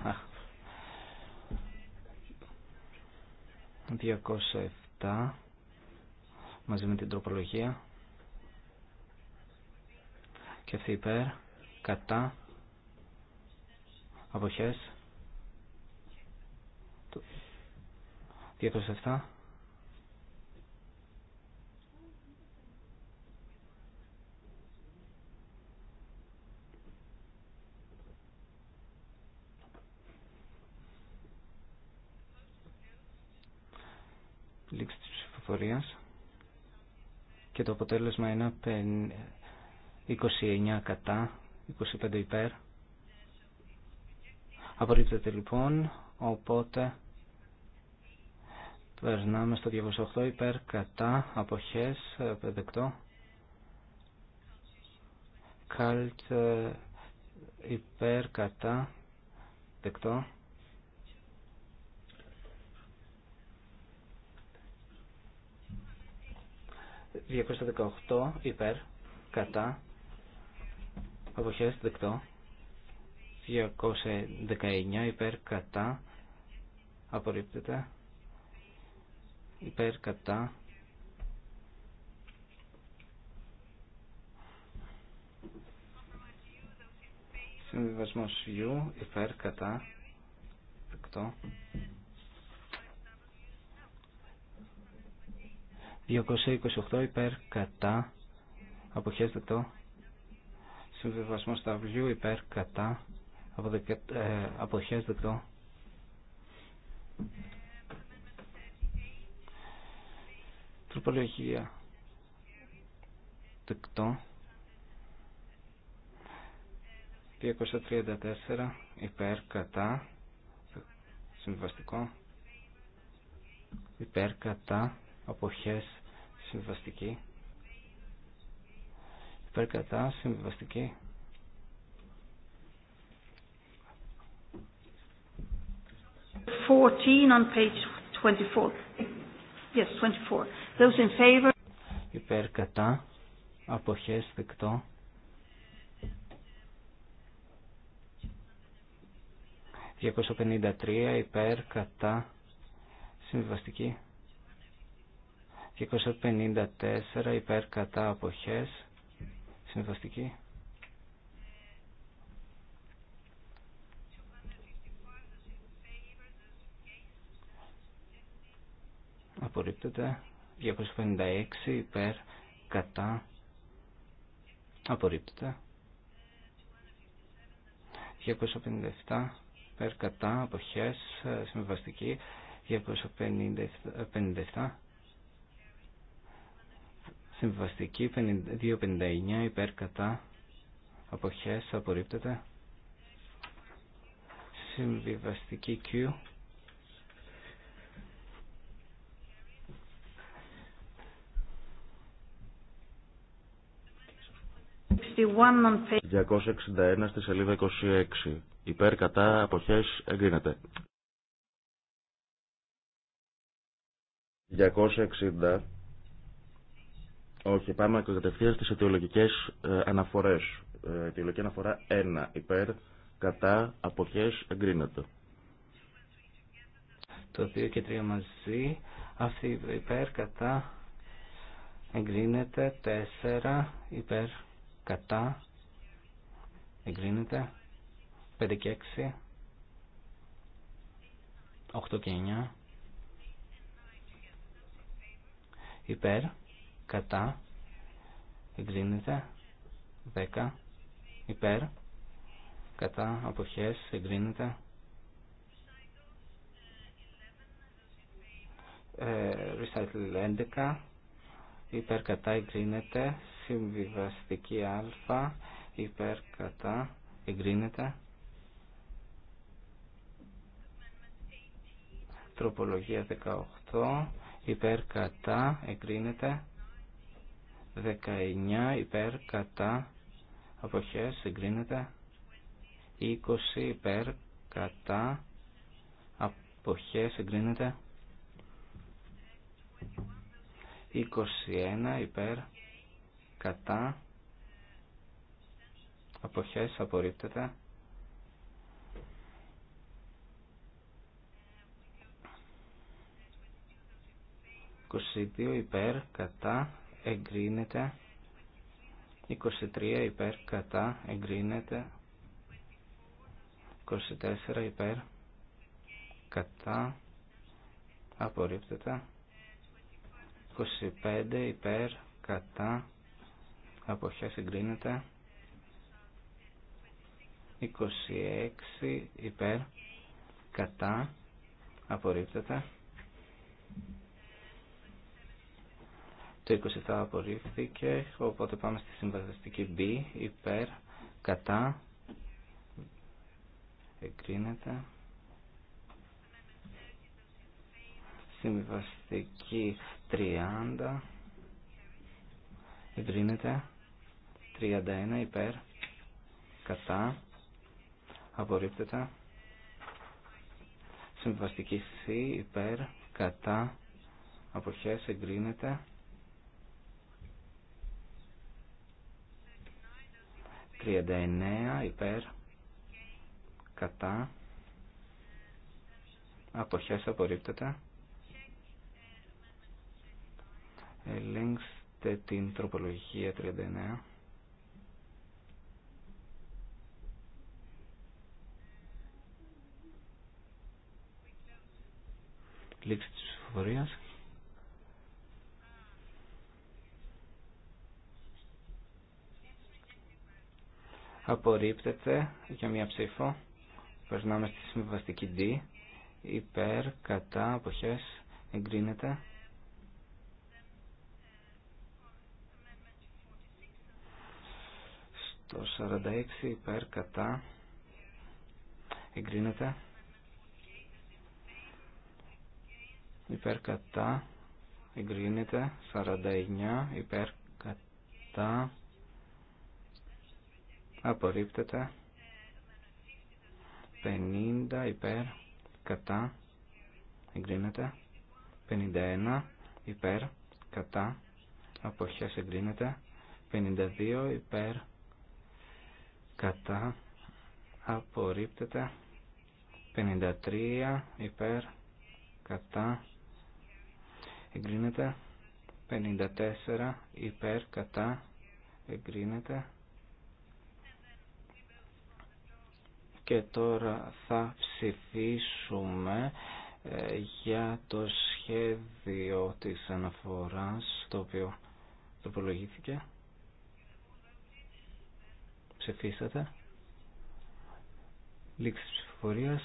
207 μαζί με την τροπολογία και αυτή υπέρ κατά αποχές 207 λήξη της ψηφοφορίας και το αποτέλεσμα είναι 29 κατά, 25 υπέρ. Απορρίπτεται λοιπόν, οπότε περνάμε στο 208 υπέρ κατά, αποχές, ε, δεκτό. Καλτ ε, υπέρ κατά, δεκτό. 218 υπέρ, κατά, αποχές δεκτό. 219 υπέρ, κατά, απορρίπτεται. Υπέρ, κατά. Συμβιβασμός U, υπέρ, κατά, δεκτό. 228 υπέρ κατά αποχέστε δεκτό συμβιβασμός σταυλιού υπέρ κατά ε, αποχέστε δεκτό τροπολογία δεκτό 234 υπέρ κατά συμβιβαστικό υπέρ κατά αποχές συμβαστική υπέρ κατά συμβαστική on page 24. Yes, 24. Those in favor. Υπέρ κατά αποχές δεκτό 253 υπέρ κατά συμβαστική 254 υπέρ κατά αποχές συμβαστική 256 υπέρ κατά απορρίπτεται 257 υπέρ κατά αποχές συμβαστική 257 Συμβαστική 259 υπέρ κατά αποχές απορρίπτεται. Συμβιβαστική Q ...261 στη σελίδα 26. Υπέρ κατά αποχές εγκρίνεται. 260 όχι, πάμε κατευθείαν στις αναφορέ. Ε, αναφορές. Ε, αιτιολογική αναφορά 1 υπέρ, κατά, αποχέ, εγκρίνεται. Το 2 και 3 μαζί, αυτή υπέρ, κατά, εγκρίνεται, 4 υπέρ, κατά, εγκρίνεται, 5 και 6, 8 και 9, υπέρ, κατά, εγκρίνεται, 10 υπέρ, κατά, αποχές, εγκρίνεται, ε, Recital 11 υπέρ κατά εγκρίνεται συμβιβαστική α υπέρ κατά εγκρίνεται τροπολογία 18 υπέρ κατά εγκρίνεται 19 υπέρ κατά αποχές συγκρίνεται 20 υπέρ κατά αποχές συγκρίνεται 21 υπέρ κατά αποχές απορρίπτεται υπέρ κατά εγκρίνεται 23 υπέρ κατά εγκρίνεται 24 υπέρ κατά απορρίπτεται 25 υπέρ κατά αποχέ εγκρίνεται 26 υπέρ κατά απορρίπτεται Το 27 απορρίφθηκε, οπότε πάμε στη συμβαστική B, υπέρ, κατά, εγκρίνεται. Συμβαστική 30, εγκρίνεται. 31 υπέρ, κατά, απορρίπτεται. Συμβαστική C, υπέρ, κατά, αποχές, εγκρίνεται. 39 υπέρ κατά αποχές απορρίπτεται ελέγξτε την τροπολογία 39 λήξη της ψηφοφορίας απορρίπτεται για μία ψήφο. Περνάμε στη συμβαστική D. Υπέρ, κατά, αποχές, εγκρίνεται. Στο 46 υπέρ, κατά, εγκρίνεται. Υπέρ, κατά, εγκρίνεται. 49 υπέρ, κατά, απορρίπτεται 50 υπέρ κατά εγκρίνεται 51 υπέρ κατά αποχές εγκρίνεται 52 υπέρ κατά απορρίπτεται 53 υπέρ κατά εγκρίνεται 54 υπέρ κατά εγκρίνεται και τώρα θα ψηφίσουμε ε, για το σχέδιο της αναφοράς το οποίο τροπολογήθηκε. Ψηφίσατε. Λήξη ψηφοφορίας.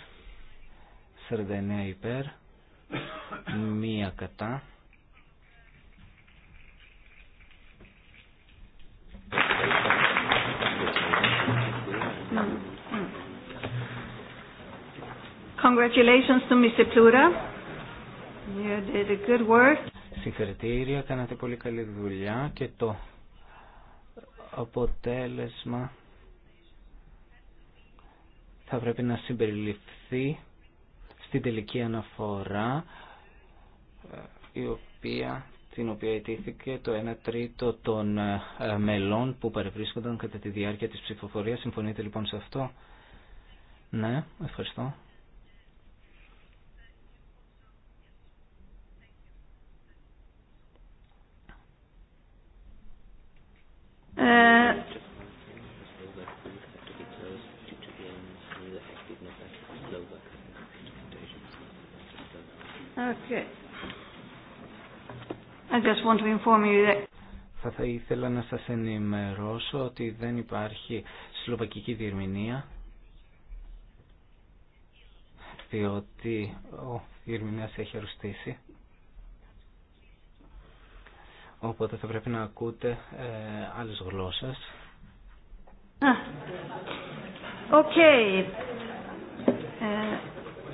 49 υπέρ. Μία κατά. Congratulations to You did a good work. Συγχαρητήρια, κάνατε πολύ καλή δουλειά και το αποτέλεσμα θα πρέπει να συμπεριληφθεί στην τελική αναφορά ε, η οποία, την οποία ετήθηκε το 1 τρίτο των ε, μελών που παρευρίσκονταν κατά τη διάρκεια της ψηφοφορίας. Συμφωνείτε λοιπόν σε αυτό. Ναι, ευχαριστώ. Θα ήθελα να σας ενημερώσω ότι δεν υπάρχει σλοβακική διερμηνία διότι ο διερμηνέας έχει αρουστήσει. Οπότε θα πρέπει να ακούτε ε, άλλες γλώσσες. Ah, okay. Uh,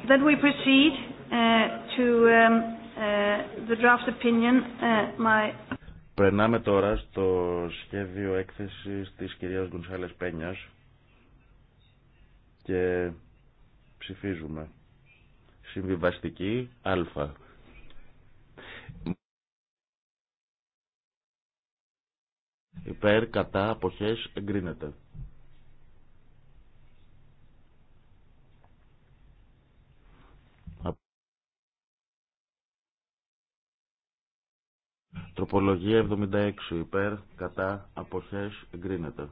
then we proceed uh, to... Um, Uh, the draft opinion, uh, my... Περνάμε τώρα στο σχέδιο έκθεσης της κυρίας Γκουνσάλες Πένιας και ψηφίζουμε. Συμβιβαστική Α. Υπέρ, κατά, αποχές, εγκρίνεται. Τροπολογία 76 υπέρ, κατά, αποχές, εγκρίνεται.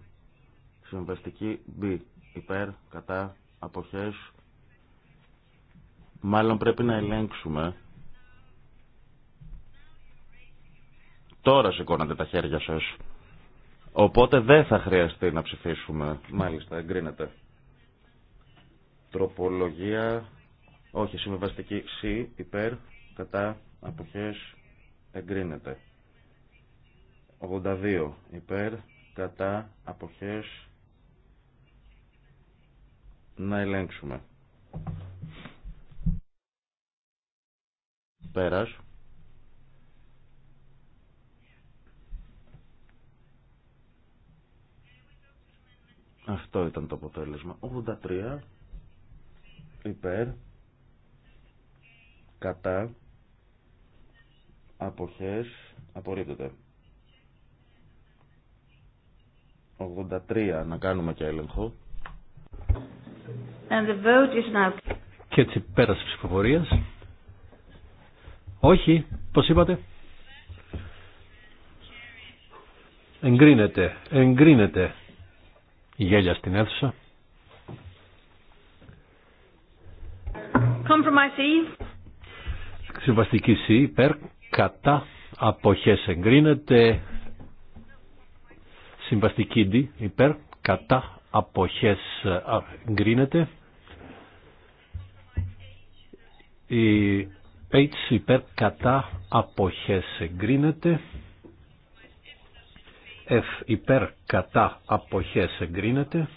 Συμβαστική B υπέρ, κατά, αποχές. Μάλλον πρέπει να ελέγξουμε. Τώρα σηκώνατε τα χέρια σας. Οπότε δεν θα χρειαστεί να ψηφίσουμε. Μάλιστα, εγκρίνεται. Τροπολογία, όχι, συμβαστική C υπέρ, κατά, αποχές, εγκρίνεται. 82 υπέρ κατά αποχές να ελέγξουμε. Πέρας. Αυτό ήταν το αποτέλεσμα. 83 υπέρ κατά αποχές απορρίπτεται. 83 να κάνουμε και έλεγχο. And the vote is now... Και έτσι πέρασε ψηφοφορία. Όχι, Πώ είπατε. Εγκρίνεται, εγκρίνεται. Γέλια στην αίθουσα. E. Συμβαστική C, υπέρ, κατά, αποχές εγκρίνεται, Συμβαστική D υπέρ κατά αποχές ε, γκρίνεται. Η H υπέρ κατά αποχές εγκρίνεται. F υπέρ κατά αποχές εγκρίνεται.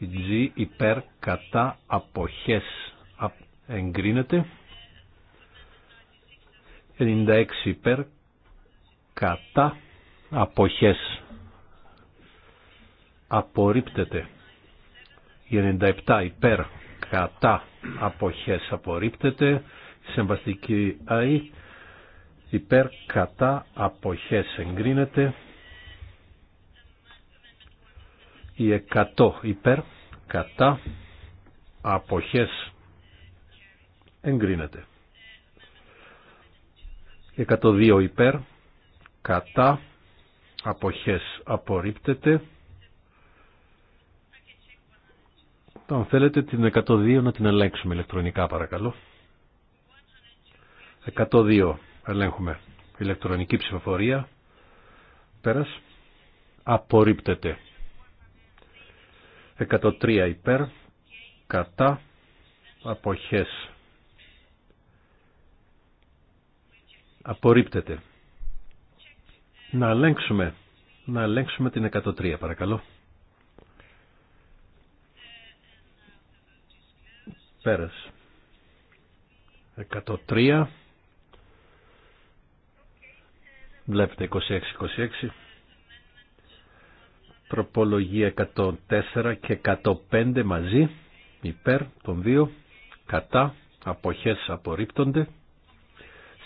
G υπέρ κατά αποχές εγκρίνεται. 96 υπέρ κατά αποχές απορρίπτεται 97 υπέρ κατά αποχές απορρίπτεται συμβαστική ΑΗ υπέρ κατά αποχές εγκρίνεται η 100 υπέρ κατά αποχές εγκρίνεται 102 υπέρ κατά αποχές απορρίπτεται. Αν θέλετε την 102 να την ελέγξουμε ηλεκτρονικά παρακαλώ. 102 ελέγχουμε ηλεκτρονική ψηφοφορία. Πέρας. Απορρίπτεται. 103 υπέρ. Κατά. Αποχές. Απορρίπτεται. Να ελέγξουμε. Να ελέγξουμε την 103 παρακαλώ. Πέρας. 103. Βλέπετε 26-26. Τροπολογία 104 και 105 μαζί. Υπέρ των δύο. Κατά. Αποχές απορρίπτονται.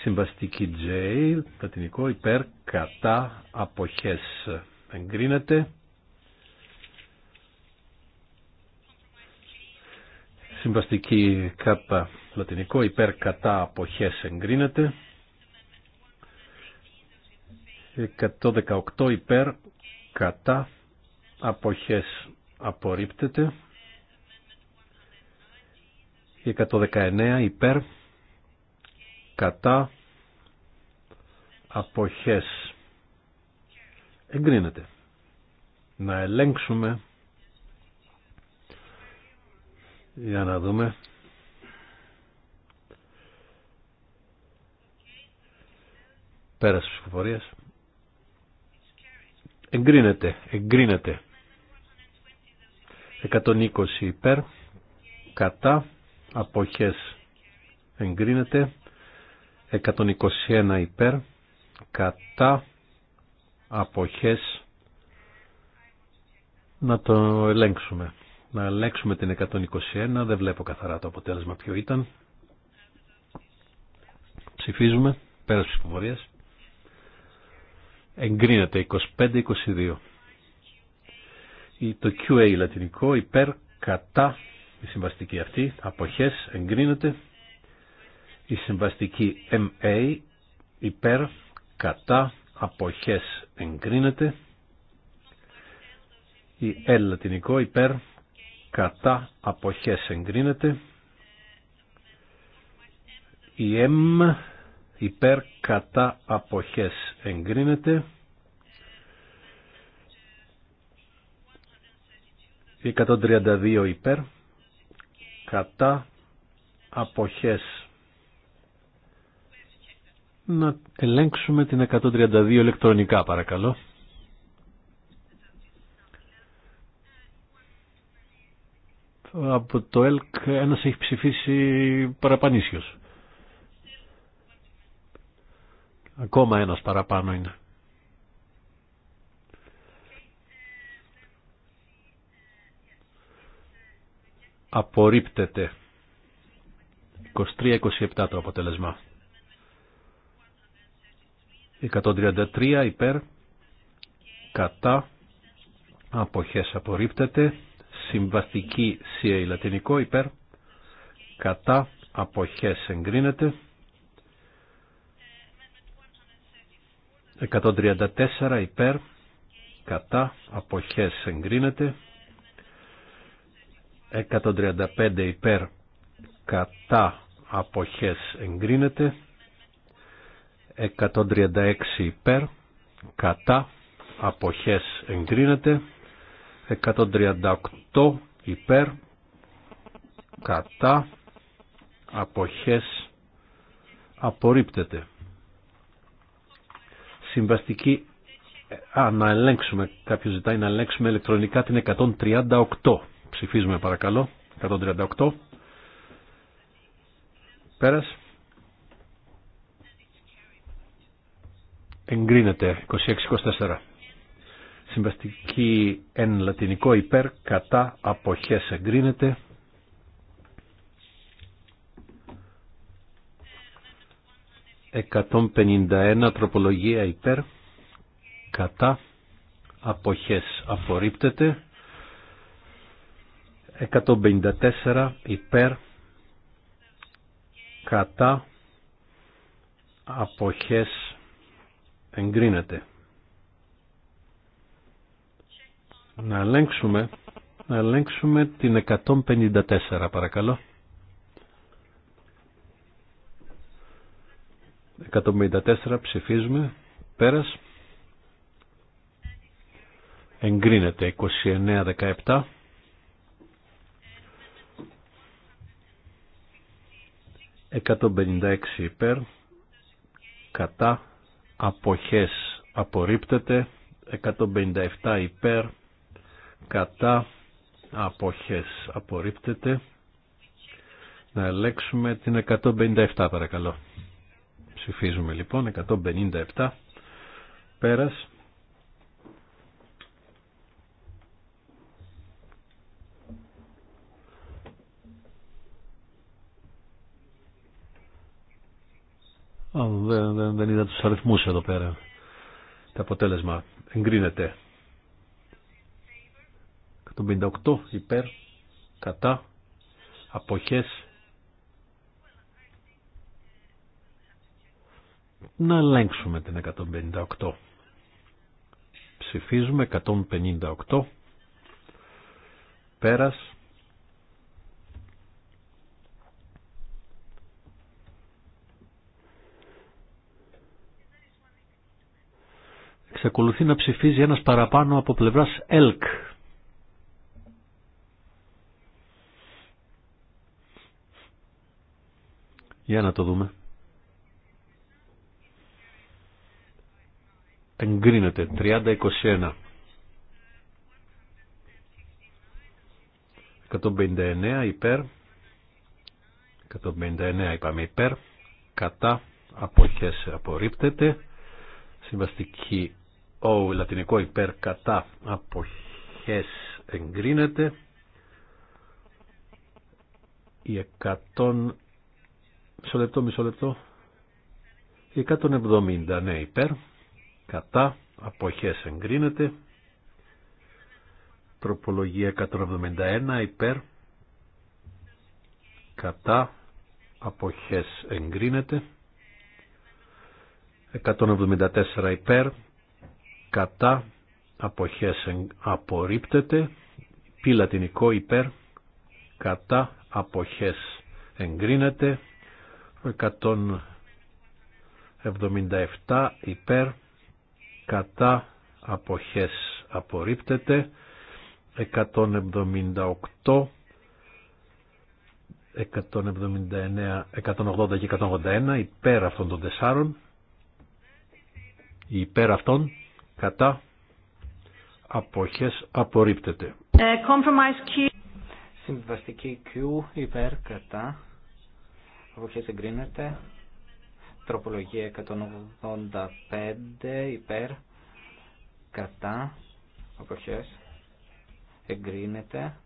Συμβαστική J, λατινικό υπέρ κατά αποχές. Εγκρίνεται. Συμβαστική K, λατινικό υπέρ κατά αποχές. Εγκρίνεται. 118 υπέρ κατά αποχές απορρίπτεται 119 υπέρ κατά αποχές εγκρίνεται να ελέγξουμε για να δούμε Πέρασες της ψηφοφορίας εγκρίνεται εγκρίνεται 120 υπέρ κατά αποχές εγκρίνεται 121 υπέρ κατά αποχές να το ελέγξουμε. Να ελέγξουμε την 121, δεν βλέπω καθαρά το αποτέλεσμα ποιο ήταν. Ψηφίζουμε, πέρας της ψηφοφορίας. Εγκρίνεται 25-22. Το QA λατινικό υπέρ κατά η συμβαστική αυτή αποχές εγκρίνεται η συμβαστική MA υπέρ κατά αποχές εγκρίνεται. Η L λατινικό υπέρ κατά αποχές εγκρίνεται. Η M υπέρ κατά αποχές εγκρίνεται. Η 132 υπέρ κατά αποχές να ελέγξουμε την 132 ηλεκτρονικά παρακαλώ. Από το ΕΛΚ ένας έχει ψηφίσει παραπανήσιος. Ακόμα ένας παραπάνω είναι. Απορρίπτεται. 23-27 το αποτέλεσμα. 133 υπέρ κατά αποχές απορρίπτεται συμβαστική CA λατινικό υπέρ κατά αποχές εγκρίνεται 134 υπέρ κατά αποχές εγκρίνεται 135 υπέρ κατά αποχές εγκρίνεται 136 υπέρ, κατά, αποχές εγκρίνεται, 138 υπέρ, κατά, αποχές απορρίπτεται. Συμβαστική, α, να ελέγξουμε, κάποιος ζητάει να ελέγξουμε ηλεκτρονικά την 138. Ψηφίζουμε παρακαλώ, 138. Πέρας. εγκρίνεται 26-24. Συμβαστική εν λατινικό υπέρ κατά αποχές εγκρίνεται. ...151 τροπολογία υπέρ... ...κατά... ...αποχές απορρίπτεται... ...154 υπέρ... ...κατά... ...αποχές εγκρίνεται. Να ελέγξουμε, να ελέγξουμε την 154 παρακαλώ. 154 ψηφίζουμε, πέρας. Εγκρίνεται 29-17. 156 υπέρ, κατά, αποχές απορρίπτεται 157 υπέρ κατά αποχές απορρίπτεται να ελέξουμε την 157 παρακαλώ ψηφίζουμε λοιπόν 157 πέρας Δεν, δεν, δεν είδα τους αριθμούς εδώ πέρα. Το αποτέλεσμα εγκρίνεται. 158 υπέρ, κατά, αποχές. Να ελέγξουμε την 158. Ψηφίζουμε 158. Πέρας. Εξακολουθεί να ψηφίζει ένας παραπάνω από πλευράς ΕΛΚ. Για να το δούμε. Εγκρίνεται. 30-21. 159 υπέρ. 159 είπαμε υπέρ. Κατά. Αποχές απορρίπτεται. Συμβαστική ο λατινικό υπέρ κατά αποχές εγκρίνεται η εκατόν, μισό λεπτό, μισό λεπτό η εβδομήντα, ναι υπέρ κατά αποχές εγκρίνεται τροπολογία 171 υπέρ κατά αποχές εγκρίνεται 174 υπέρ κατά αποχές απορρίπτεται, πι λατινικό υπέρ, κατά αποχές εγκρίνεται, 177 υπέρ, κατά αποχές απορρίπτεται, 178 179, 180 και 181 υπέρ αυτών των τεσσάρων υπέρ αυτών κατά αποχές απορρίπτεται. Ε, compromise Q. Συμβαστική Q υπέρ κατά αποχές εγκρίνεται. Τροπολογία 185 υπέρ κατά αποχές εγκρίνεται.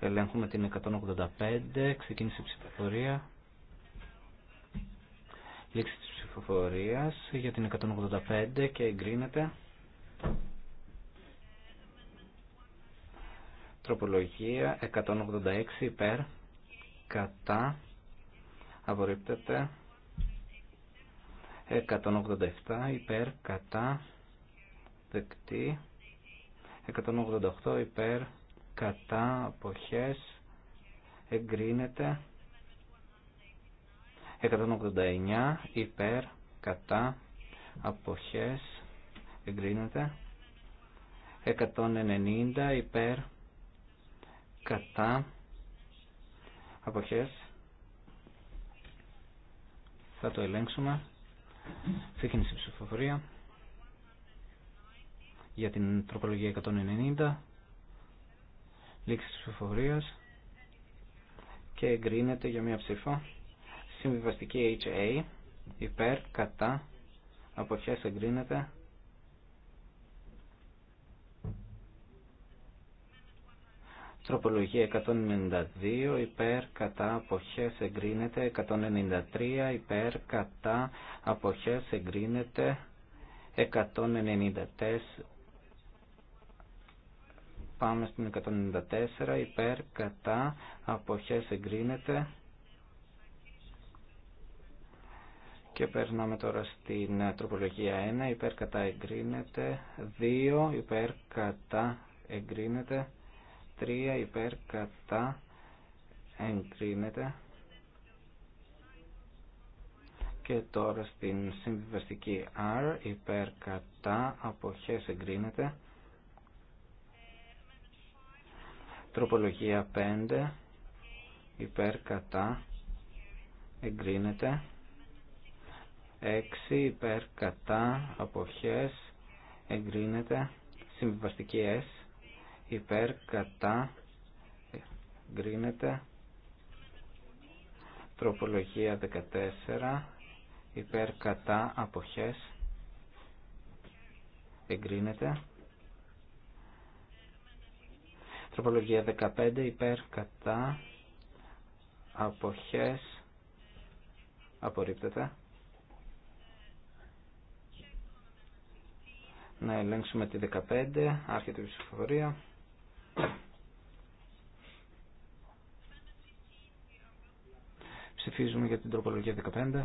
Ελέγχουμε την 185, ξεκίνησε η ψηφοφορία. Λήξη ψηφοφορίας για την 185 και εγκρίνεται. Τροπολογία 186 υπέρ, κατά, απορρίπτεται. 187 υπέρ, κατά, δεκτή. 188 υπέρ, κατά, αποχές, εγκρίνεται. 189 υπέρ κατά αποχές εγκρίνεται 190 υπέρ κατά αποχές θα το ελέγξουμε ξεκίνησε η ψηφοφορία για την τροπολογία 190 λήξη ψηφοφορίας και εγκρίνεται για μία ψήφο Συμβιβαστική HA υπέρ, κατά, αποχές εγκρίνεται. Τροπολογία 192 υπέρ κατά αποχές εγκρίνεται, 193 υπέρ κατά αποχές εγκρίνεται, 194 Πάμε στην 194 υπέρ κατά αποχές εγκρίνεται, Και περνάμε τώρα στην ε, τροπολογία 1, υπέρ κατά εγκρίνεται, 2 υπέρ κατά εγκρίνεται, 3 υπέρ κατά εγκρίνεται. Και τώρα στην συμβιβαστική R, υπέρ κατά αποχές εγκρίνεται. Τροπολογία 5, υπέρ κατά εγκρίνεται. 6 υπέρ κατά αποχές εγκρίνεται συμβιβαστική S υπέρ κατά εγκρίνεται τροπολογία 14 υπέρ κατά αποχές εγκρίνεται τροπολογία 15 υπέρ κατά αποχές απορρίπτεται να ελέγξουμε τη 15, άρχεται η ψηφοφορία. Ψηφίζουμε για την τροπολογία 15.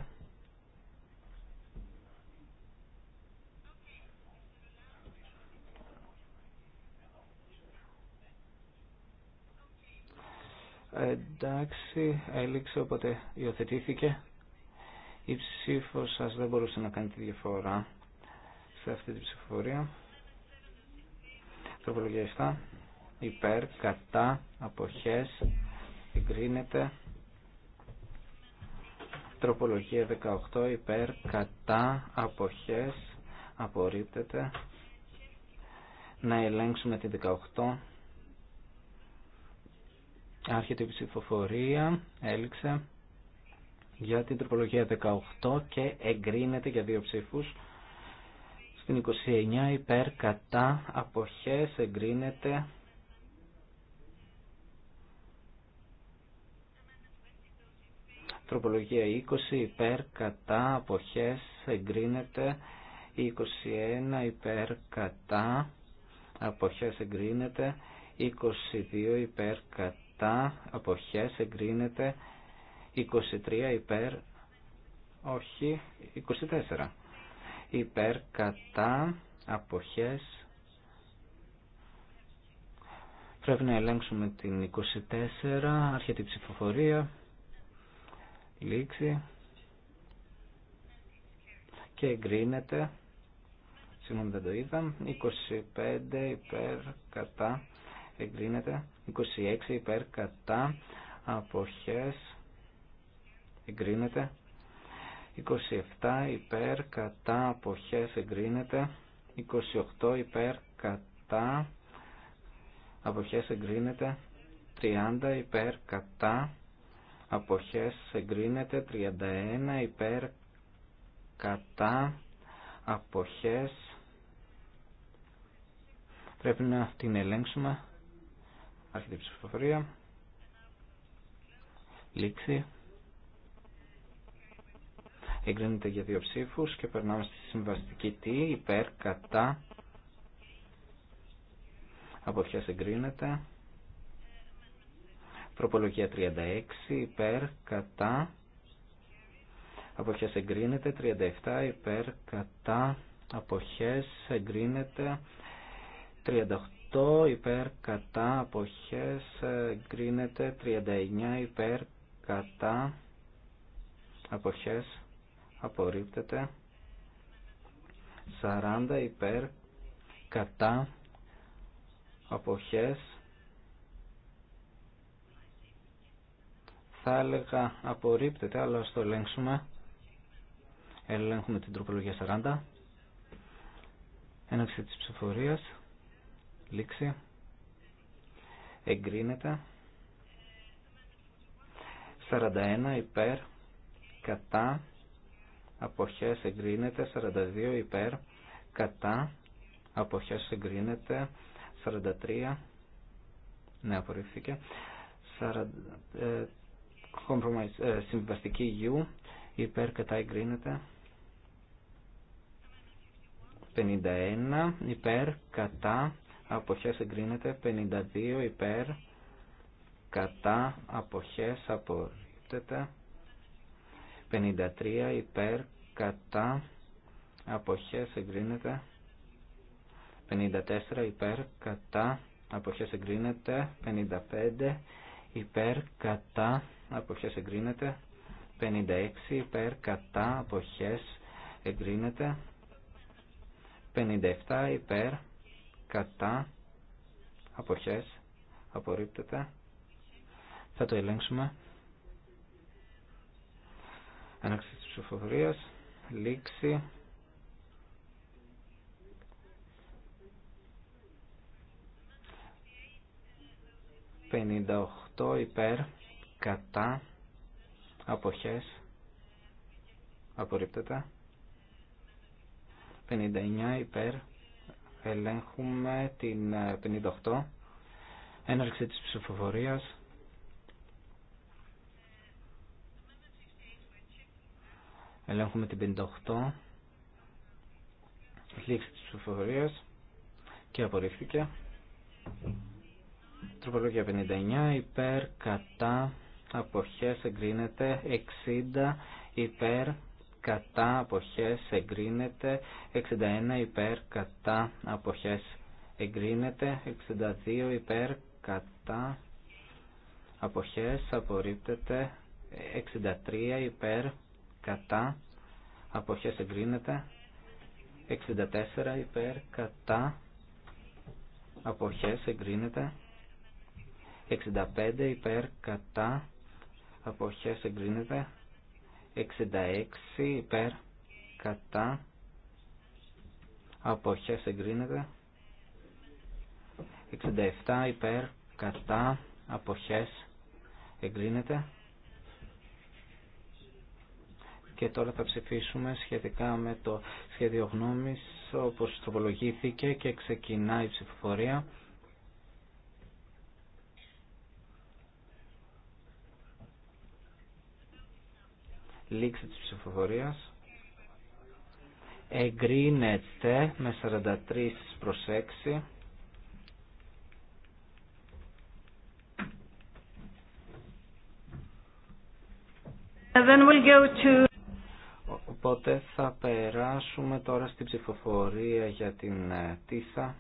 Εντάξει, έληξε, οπότε υιοθετήθηκε. Η ψήφο σα δεν μπορούσε να κάνει τη διαφορά σε αυτή την ψηφοφορία. Τροπολογία 7. Υπέρ, κατά, αποχές, εγκρίνεται. Τροπολογία 18. Υπέρ, κατά, αποχές, απορρίπτεται. Να ελέγξουμε την 18. Άρχεται η ψηφοφορία, έληξε για την τροπολογία 18 και εγκρίνεται για δύο ψήφους. Στην 29 υπέρ κατά αποχές εγκρίνεται. Τροπολογία 20 υπέρ κατά αποχές εγκρίνεται. 21 υπέρ κατά αποχές εγκρίνεται. 22 υπέρ κατά αποχές εγκρίνεται. 23 υπέρ όχι 24 υπέρ κατά αποχές πρέπει να ελέγξουμε την 24 Αρχιετή ψηφοφορία λήξη και εγκρίνεται συγγνώμη δεν το είδα 25 υπέρ κατά εγκρίνεται 26 υπέρ κατά αποχές εγκρίνεται 27 υπέρ κατά αποχές εγκρίνεται 28 υπέρ κατά αποχές εγκρίνεται 30 υπέρ κατά αποχές εγκρίνεται 31 υπέρ κατά αποχές πρέπει να την ελέγξουμε άρχεται ψηφοφορία λήξη εγκρίνεται για δύο ψήφου και περνάμε στη συμβαστική τι, υπέρ κατά από ποια εγκρίνεται τροπολογία 36 υπέρ κατά ποια εγκρίνεται 37 υπέρ κατά αποχές εγκρίνεται 38 υπέρ κατά αποχές εγκρίνεται 39 υπέρ κατά αποχές απορρίπτεται 40 υπέρ κατά αποχές θα έλεγα απορρίπτεται αλλά ας το ελέγξουμε ελέγχουμε την τροπολογία 40 έναρξη της ψηφορίας λήξη εγκρίνεται 41 υπέρ κατά αποχές εγκρίνεται 42 υπέρ κατά αποχές εγκρίνεται 43 ναι απορρίφθηκε 40, ε, ε, συμβιβαστική U υπέρ κατά εγκρίνεται 51 υπέρ κατά αποχές εγκρίνεται 52 υπέρ κατά αποχές απορρίφθηκε, 53 υπέρ κατά αποχές εγκρίνεται 54 υπέρ κατά αποχές εγκρίνεται 55 υπέρ κατά αποχές εγκρίνεται 56 υπέρ κατά αποχές εγκρίνεται 57 υπέρ κατά αποχές απορρίπτεται θα το ελέγξουμε Έναρξη της ψηφοφορίας. Λήξη. «58 υπέρ, κατά, αποχές, απορρίπτεται. 59 υπέρ, ελέγχουμε την 58, ε, έναρξη της ψηφοφορίας, Ελέγχουμε την 58. Λήξη της ψηφοφορίας. Και απορρίφθηκε. Τροπολογία 59. Υπέρ, κατά, αποχές εγκρίνεται. 60. Υπέρ, κατά, αποχές εγκρίνεται. 61. Υπέρ, κατά, αποχές εγκρίνεται. 62. Υπέρ, κατά, αποχές απορρίπτεται. 63. Υπέρ, κατά αποχές εγκρίνεται 64 υπέρ κατά αποχές εγκρίνεται 65 υπέρ κατά αποχές εγκρίνεται 66 υπέρ κατά αποχές εγκρίνεται 67 υπέρ κατά αποχές εγκρίνεται και τώρα θα ψηφίσουμε σχετικά με το σχέδιο γνώμης όπως τροπολογήθηκε και ξεκινάει η ψηφοφορία. Λήξη της ψηφοφορίας. Εγκρίνεται με 43 προς 6. Then we'll go to... Οπότε θα περάσουμε τώρα στην ψηφοφορία για την ε, ΤΙΣΑ.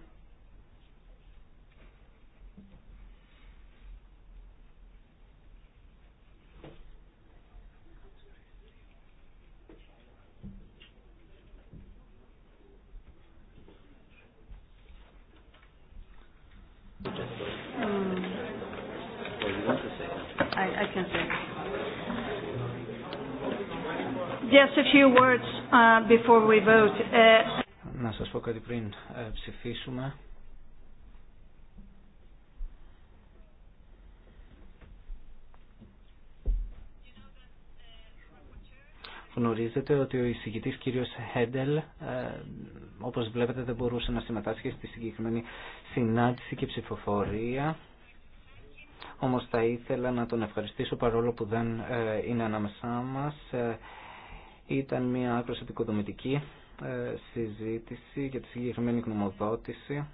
Uh, uh, να σας πω κάτι πριν ε, ψηφίσουμε. Γνωρίζετε ότι ο εισηγητής κύριος Χέντελ, ε, όπως βλέπετε δεν μπορούσε να συμμετάσχει στη συγκεκριμένη συνάντηση και ψηφοφορία. Όμως θα ήθελα να τον ευχαριστήσω παρόλο που δεν ε, είναι ανάμεσά μας. Ήταν μια άκρως επικοδομητική ε, συζήτηση για τη συγκεκριμένη γνωμοδότηση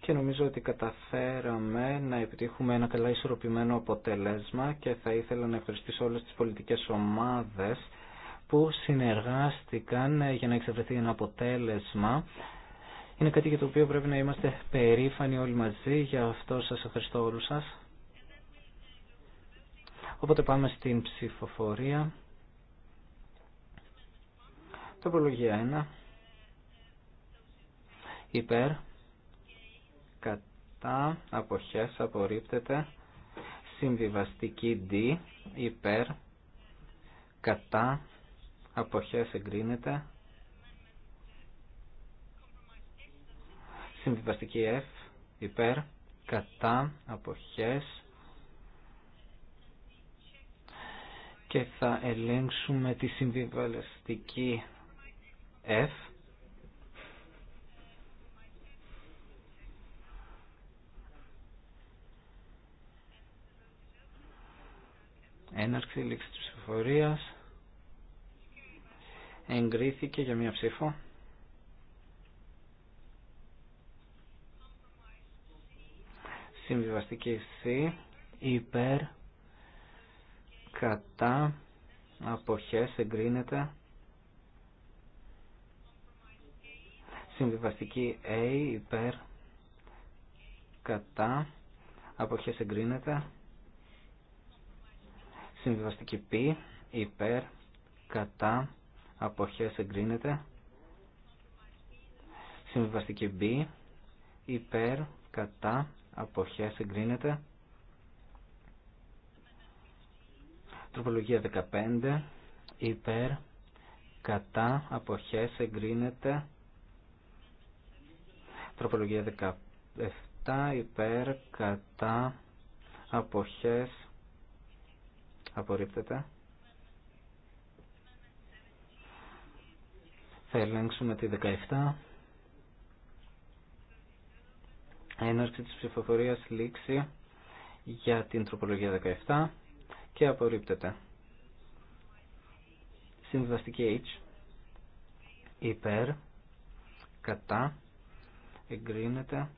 και νομίζω ότι καταφέραμε να επιτύχουμε ένα καλά ισορροπημένο αποτέλεσμα και θα ήθελα να ευχαριστήσω όλες τις πολιτικές ομάδες που συνεργάστηκαν ε, για να εξευρεθεί ένα αποτέλεσμα. Είναι κάτι για το οποίο πρέπει να είμαστε περήφανοι όλοι μαζί. Γι' αυτό σας ευχαριστώ όλους σας. Οπότε πάμε στην ψηφοφορία. Τοπολογία 1. Υπέρ. Κατά. Αποχές. Απορρίπτεται. Συμβιβαστική D. Υπέρ. Κατά. Αποχές εγκρίνεται. Συμβιβαστική F. Υπέρ. Κατά. Αποχές και θα ελέγξουμε τη συμβιβαστική F. Έναρξη λήξη της ψηφοφορίας. Εγκρίθηκε για μία ψήφο. Συμβιβαστική C. Υπέρ κατά αποχές εγκρίνεται συμβιβαστική A υπέρ κατά αποχές εγκρίνεται συμβιβαστική P υπέρ κατά αποχές εγκρίνεται συμβιβαστική B υπέρ κατά αποχές εγκρίνεται Τροπολογία 15 υπέρ κατά αποχές εγκρίνεται. Τροπολογία 17 υπέρ κατά αποχές απορρίπτεται. Θα ελέγξουμε τη 17. Έναρξη της ψηφοφορίας λήξη για την τροπολογία 17 και απορρίπτεται. Συμβιβαστική H υπέρ κατά εγκρίνεται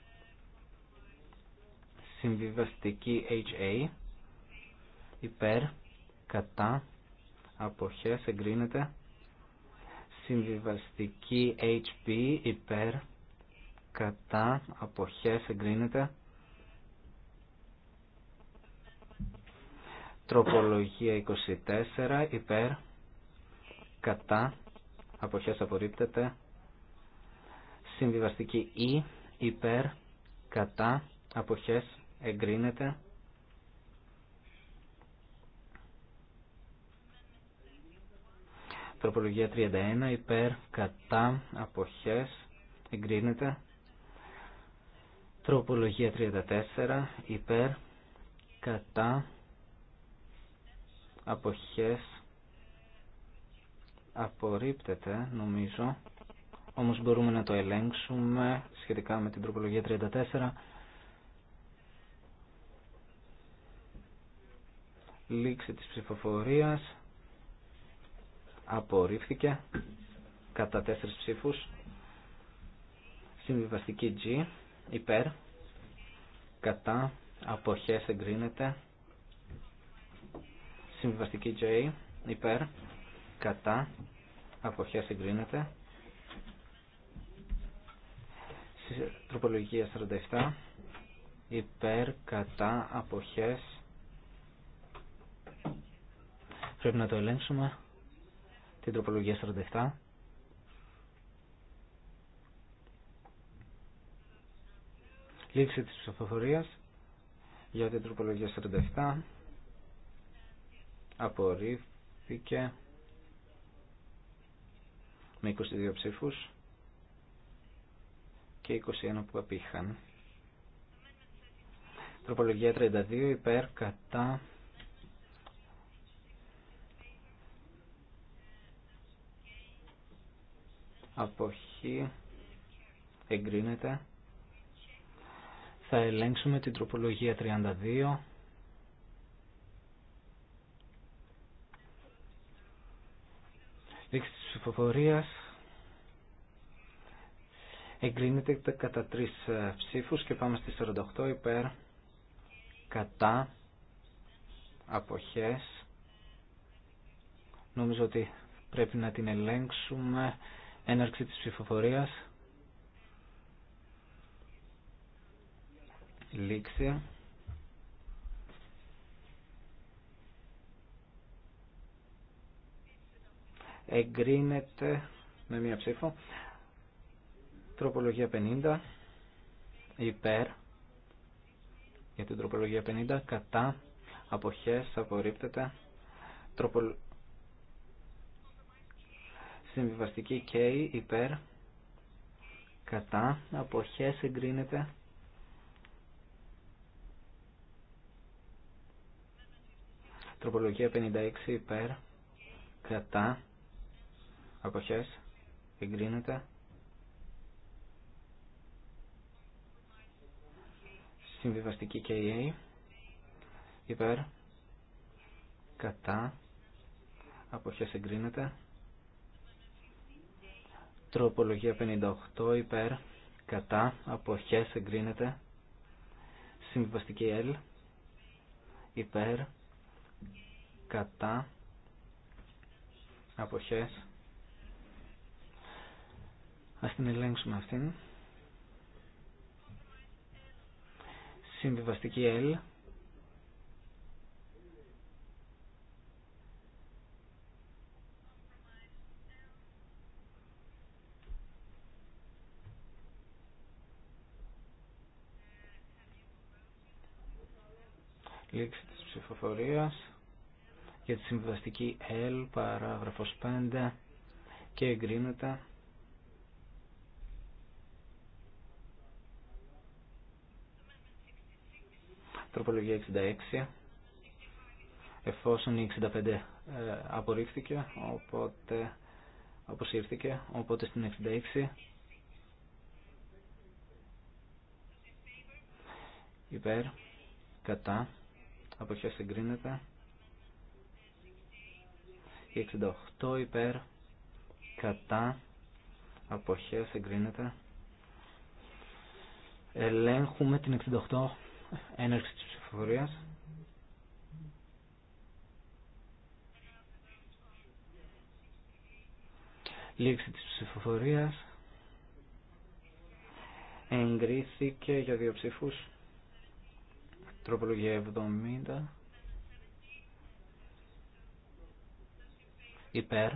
συμβιβαστική HA υπέρ κατά αποχές εγκρίνεται συμβιβαστική HP υπέρ κατά αποχές εγκρίνεται Τροπολογία 24 υπέρ κατά αποχές απορρίπτεται. Συμβιβαστική Ι e, υπέρ κατά αποχές εγκρίνεται. Τροπολογία 31 υπέρ κατά αποχές εγκρίνεται. Τροπολογία 34 υπέρ κατά αποχές απορρίπτεται νομίζω όμως μπορούμε να το ελέγξουμε σχετικά με την τροπολογία 34 λήξη της ψηφοφορίας απορρίφθηκε κατά τέσσερις ψήφους συμβιβαστική G υπέρ κατά αποχές εγκρίνεται Συμβιβαστική J υπέρ κατά αποχές συγκρίνεται. Τροπολογία 47 υπέρ κατά αποχές πρέπει να το ελέγξουμε την τροπολογία 47 λήξη της ψηφοφορίας για την τροπολογία 47 απορρίφθηκε με 22 ψήφους και 21 που απήχαν. Τροπολογία 32 υπέρ κατά αποχή εγκρίνεται. Θα ελέγξουμε την τροπολογία 32. Λήξη της ψηφοφορίας εγκρίνεται κατά τρεις ε, ψήφους και πάμε στη 48 υπέρ κατά αποχές νομίζω ότι πρέπει να την ελέγξουμε έναρξη της ψηφοφορίας λήξη εγκρίνεται με μία ψήφο. Τροπολογία 50 υπέρ για την τροπολογία 50 κατά αποχές απορρίπτεται τροπολ... συμβιβαστική K υπέρ κατά αποχές εγκρίνεται τροπολογία 56 υπέρ κατά αποχές εγκρίνεται συμβιβαστική KA υπέρ κατά αποχές εγκρίνεται τροπολογία 58 υπέρ κατά αποχές εγκρίνεται συμβιβαστική L υπέρ κατά αποχές Ας την ελέγξουμε αυτήν. Συμβιβαστική L. λήξη της ψηφοφορίας για τη συμβιβαστική L παράγραφος 5 και εγκρίνεται Τροπολογία 66. Εφόσον η 65 ε, απορρίφθηκε, οπότε αποσύρθηκε, οπότε στην 66. Υπέρ, κατά, αποχές συγκρίνεται. Η 68 υπέρ, κατά, αποχές εγκρίνεται. Ελέγχουμε την 68 έναρξη της ψηφοφορίας. Λήξη της ψηφοφορίας. Εγκρίθηκε για δύο ψήφους. Τροπολογία 70. Υπέρ.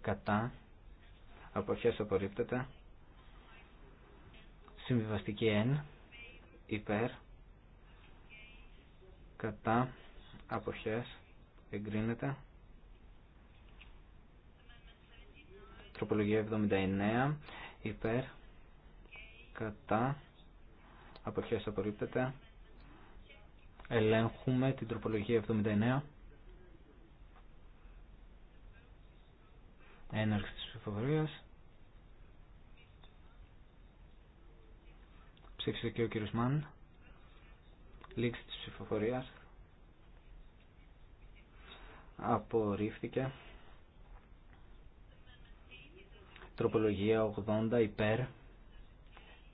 Κατά. Αποχές απορρίπτεται. Συμβιβαστική 1 υπέρ κατά αποχές εγκρίνεται τροπολογία 79 υπέρ κατά αποχές απορρίπτεται ελέγχουμε την τροπολογία 79 έναρξη της ψηφοφορίας Ψήφισε και ο κύριος Μαν. Λήξη της ψηφοφορίας. Απορρίφθηκε. Τροπολογία 80 υπέρ.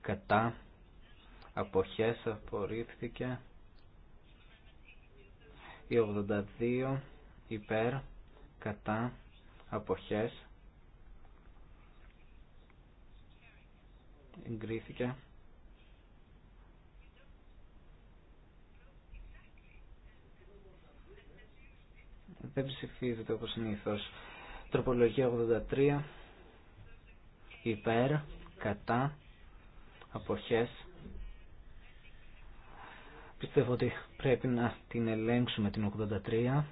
Κατά. Αποχές απορρίφθηκε. Η 82 υπέρ. Κατά. Αποχές. Εγκρίθηκε. δεν ψηφίζεται όπως συνήθως. Τροπολογία 83 υπέρ, κατά, αποχές. Πιστεύω ότι πρέπει να την ελέγξουμε την 83.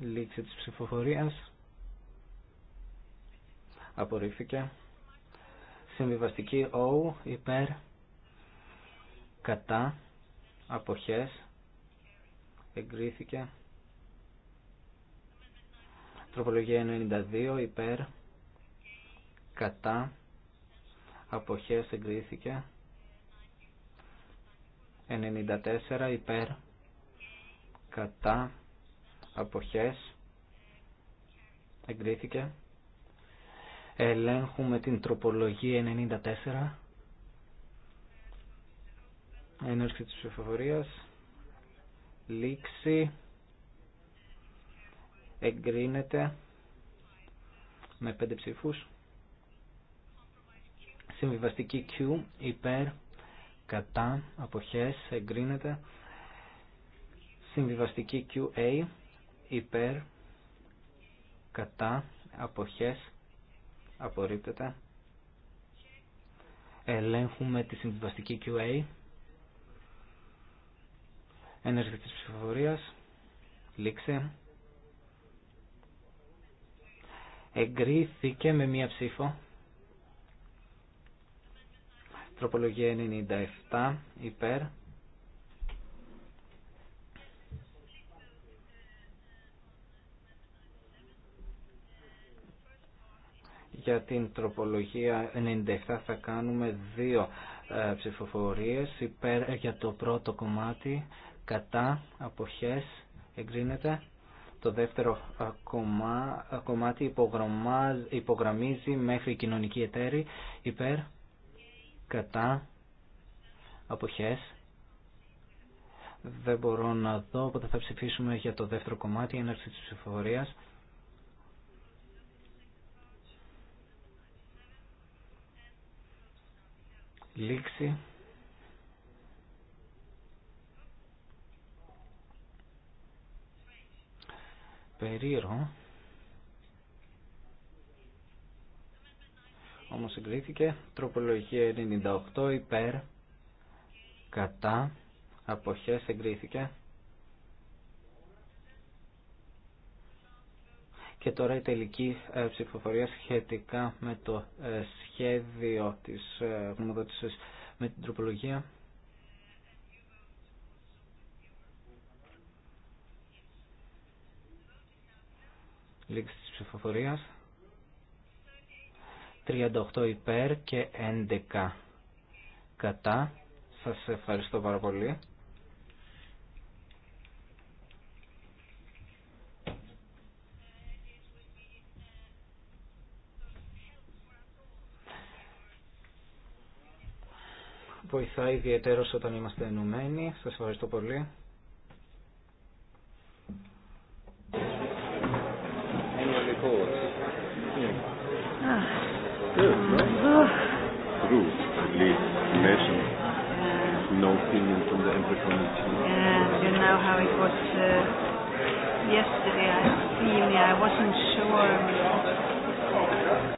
Λήξη της ψηφοφορίας. Απορρίφθηκε. Συμβιβαστική ΟΟΥ υπέρ κατά αποχές εγκρίθηκε τροπολογία 92 υπέρ κατά αποχές εγκρίθηκε 94 υπέρ κατά αποχές εγκρίθηκε ελέγχουμε την τροπολογία 94 Έναρξη της ψηφοφορίας. Λήξη. Εγκρίνεται με πέντε ψήφους. Συμβιβαστική Q υπέρ κατά αποχές εγκρίνεται. Συμβιβαστική QA υπέρ κατά αποχές απορρίπτεται. Ελέγχουμε τη συμβιβαστική QA ενέργεια της ψηφοφορίας. Λήξε. Εγκρίθηκε με μία ψήφο. Τροπολογία 97 υπέρ. Για την τροπολογία 97 θα κάνουμε δύο ε, ψηφοφορίες υπέρ ε, για το πρώτο κομμάτι κατά αποχές εγκρίνεται. Το δεύτερο ε, κομμά, ε, κομμάτι υπογραμμίζει μέχρι κοινωνική εταίρη υπέρ κατά αποχές. Δεν μπορώ να δω, οπότε θα ψηφίσουμε για το δεύτερο κομμάτι, έναρξη της ψηφοφορίας. Λήξη. περίρο. Όμως εγκρίθηκε. Τροπολογία 98 υπέρ. Κατά. Αποχές εγκρίθηκε. Και τώρα η τελική ε, ψηφοφορία σχετικά με το ε, σχέδιο της ε, γνωμοδότησης με την τροπολογία. Λήξη της ψηφοφορίας. 38 υπέρ και 11 κατά. Σας ευχαριστώ πάρα πολύ. Βοηθάει ιδιαίτερως όταν είμαστε ενωμένοι. Σας ευχαριστώ πολύ. how it was uh, yesterday. I seen, yeah, I wasn't sure.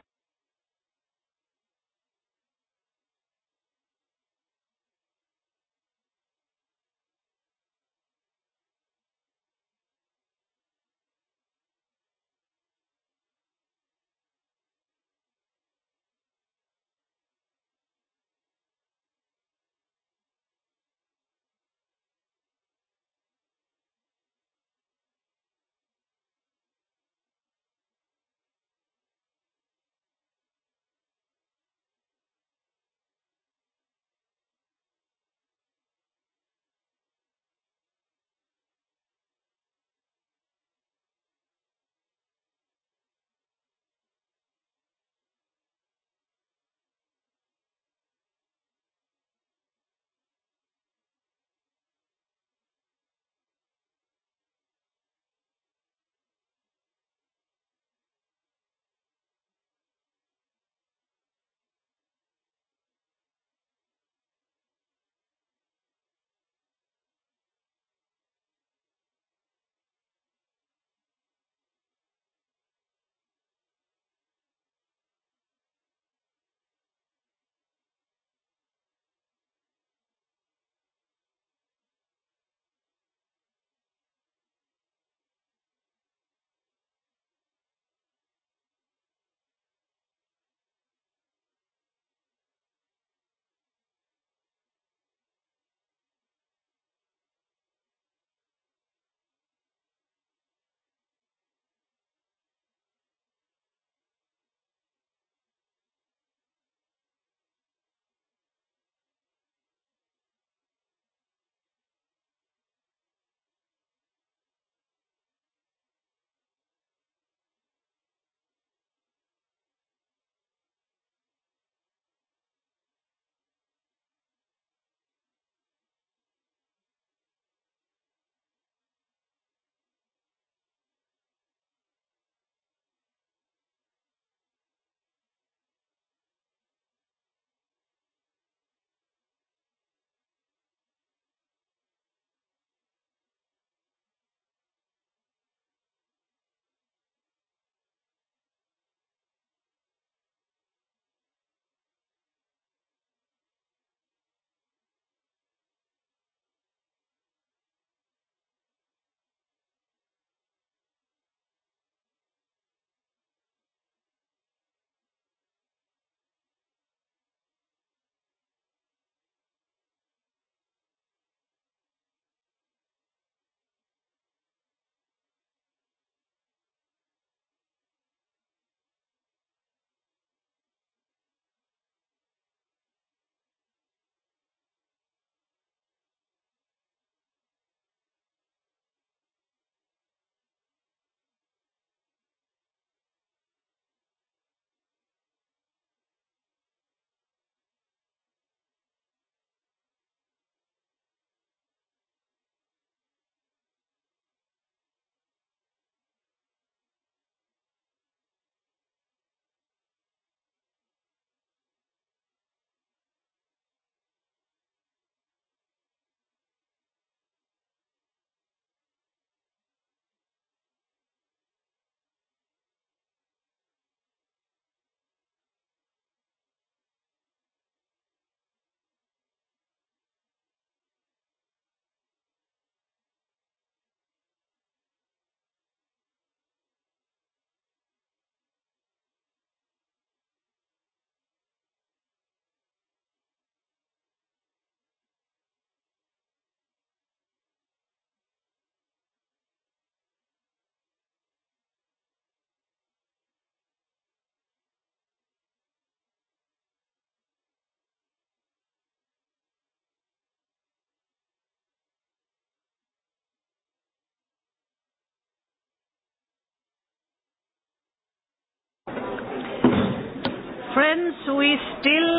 Friends, we still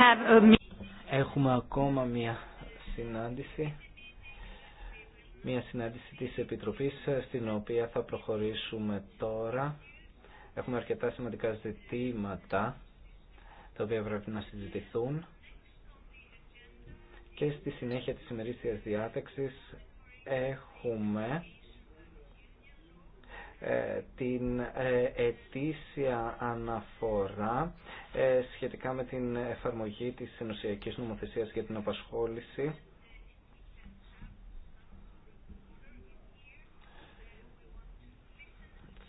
have a... Έχουμε ακόμα μια συνάντηση, μια συνάντηση της Επιτροπής στην οποία θα προχωρήσουμε τώρα. Έχουμε αρκετά σημαντικά ζητήματα τα οποία πρέπει να συζητηθούν και στη συνέχεια της ημερήσιας διάταξης έχουμε ε, την ε, ετήσια αναφορά ε, σχετικά με την εφαρμογή της συνοσιακής νομοθεσίας για την απασχόληση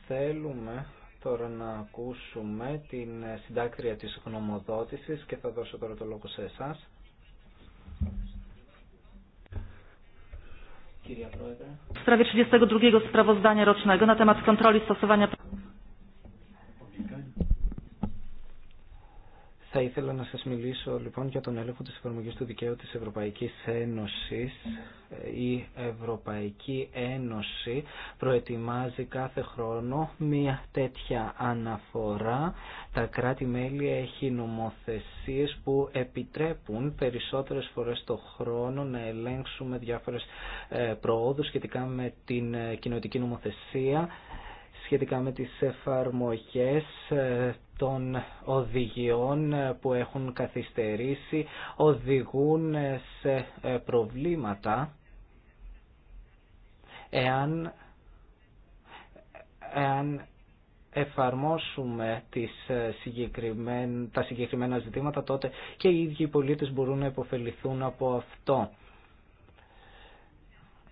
θέλουμε τώρα να ακούσουμε την συντάκτρια της γνωμοδότησης και θα δώσω τώρα το λόγο σε εσάς. W sprawie 32 sprawozdania rocznego na temat kontroli stosowania Θα ήθελα να σας μιλήσω λοιπόν για τον έλεγχο της εφαρμογής του δικαίου της Ευρωπαϊκής Ένωσης. Η Ευρωπαϊκή Ένωση προετοιμάζει κάθε χρόνο μια τέτοια αναφορά. Τα κράτη-μέλη έχει νομοθεσίες που επιτρέπουν περισσότερες φορές το χρόνο να ελέγξουμε διάφορες ε, προόδους σχετικά με την ε, κοινωτική νομοθεσία σχετικά με τις εφαρμογές ε, των οδηγιών που έχουν καθυστερήσει οδηγούν σε ε, προβλήματα εάν, εάν εφαρμόσουμε τις ε, συγκεκριμένα, τα συγκεκριμένα ζητήματα τότε και οι ίδιοι οι πολίτες μπορούν να υποφεληθούν από αυτό.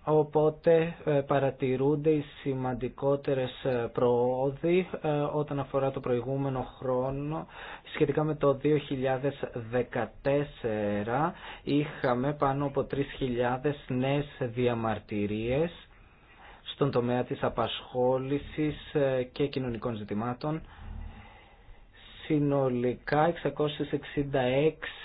Οπότε ε, παρατηρούνται οι σημαντικότερες ε, προόδοι ε, όταν αφορά το προηγούμενο χρόνο. Σχετικά με το 2014 είχαμε πάνω από 3.000 νέες διαμαρτυρίες στον τομέα της απασχόλησης και κοινωνικών ζητημάτων συνολικά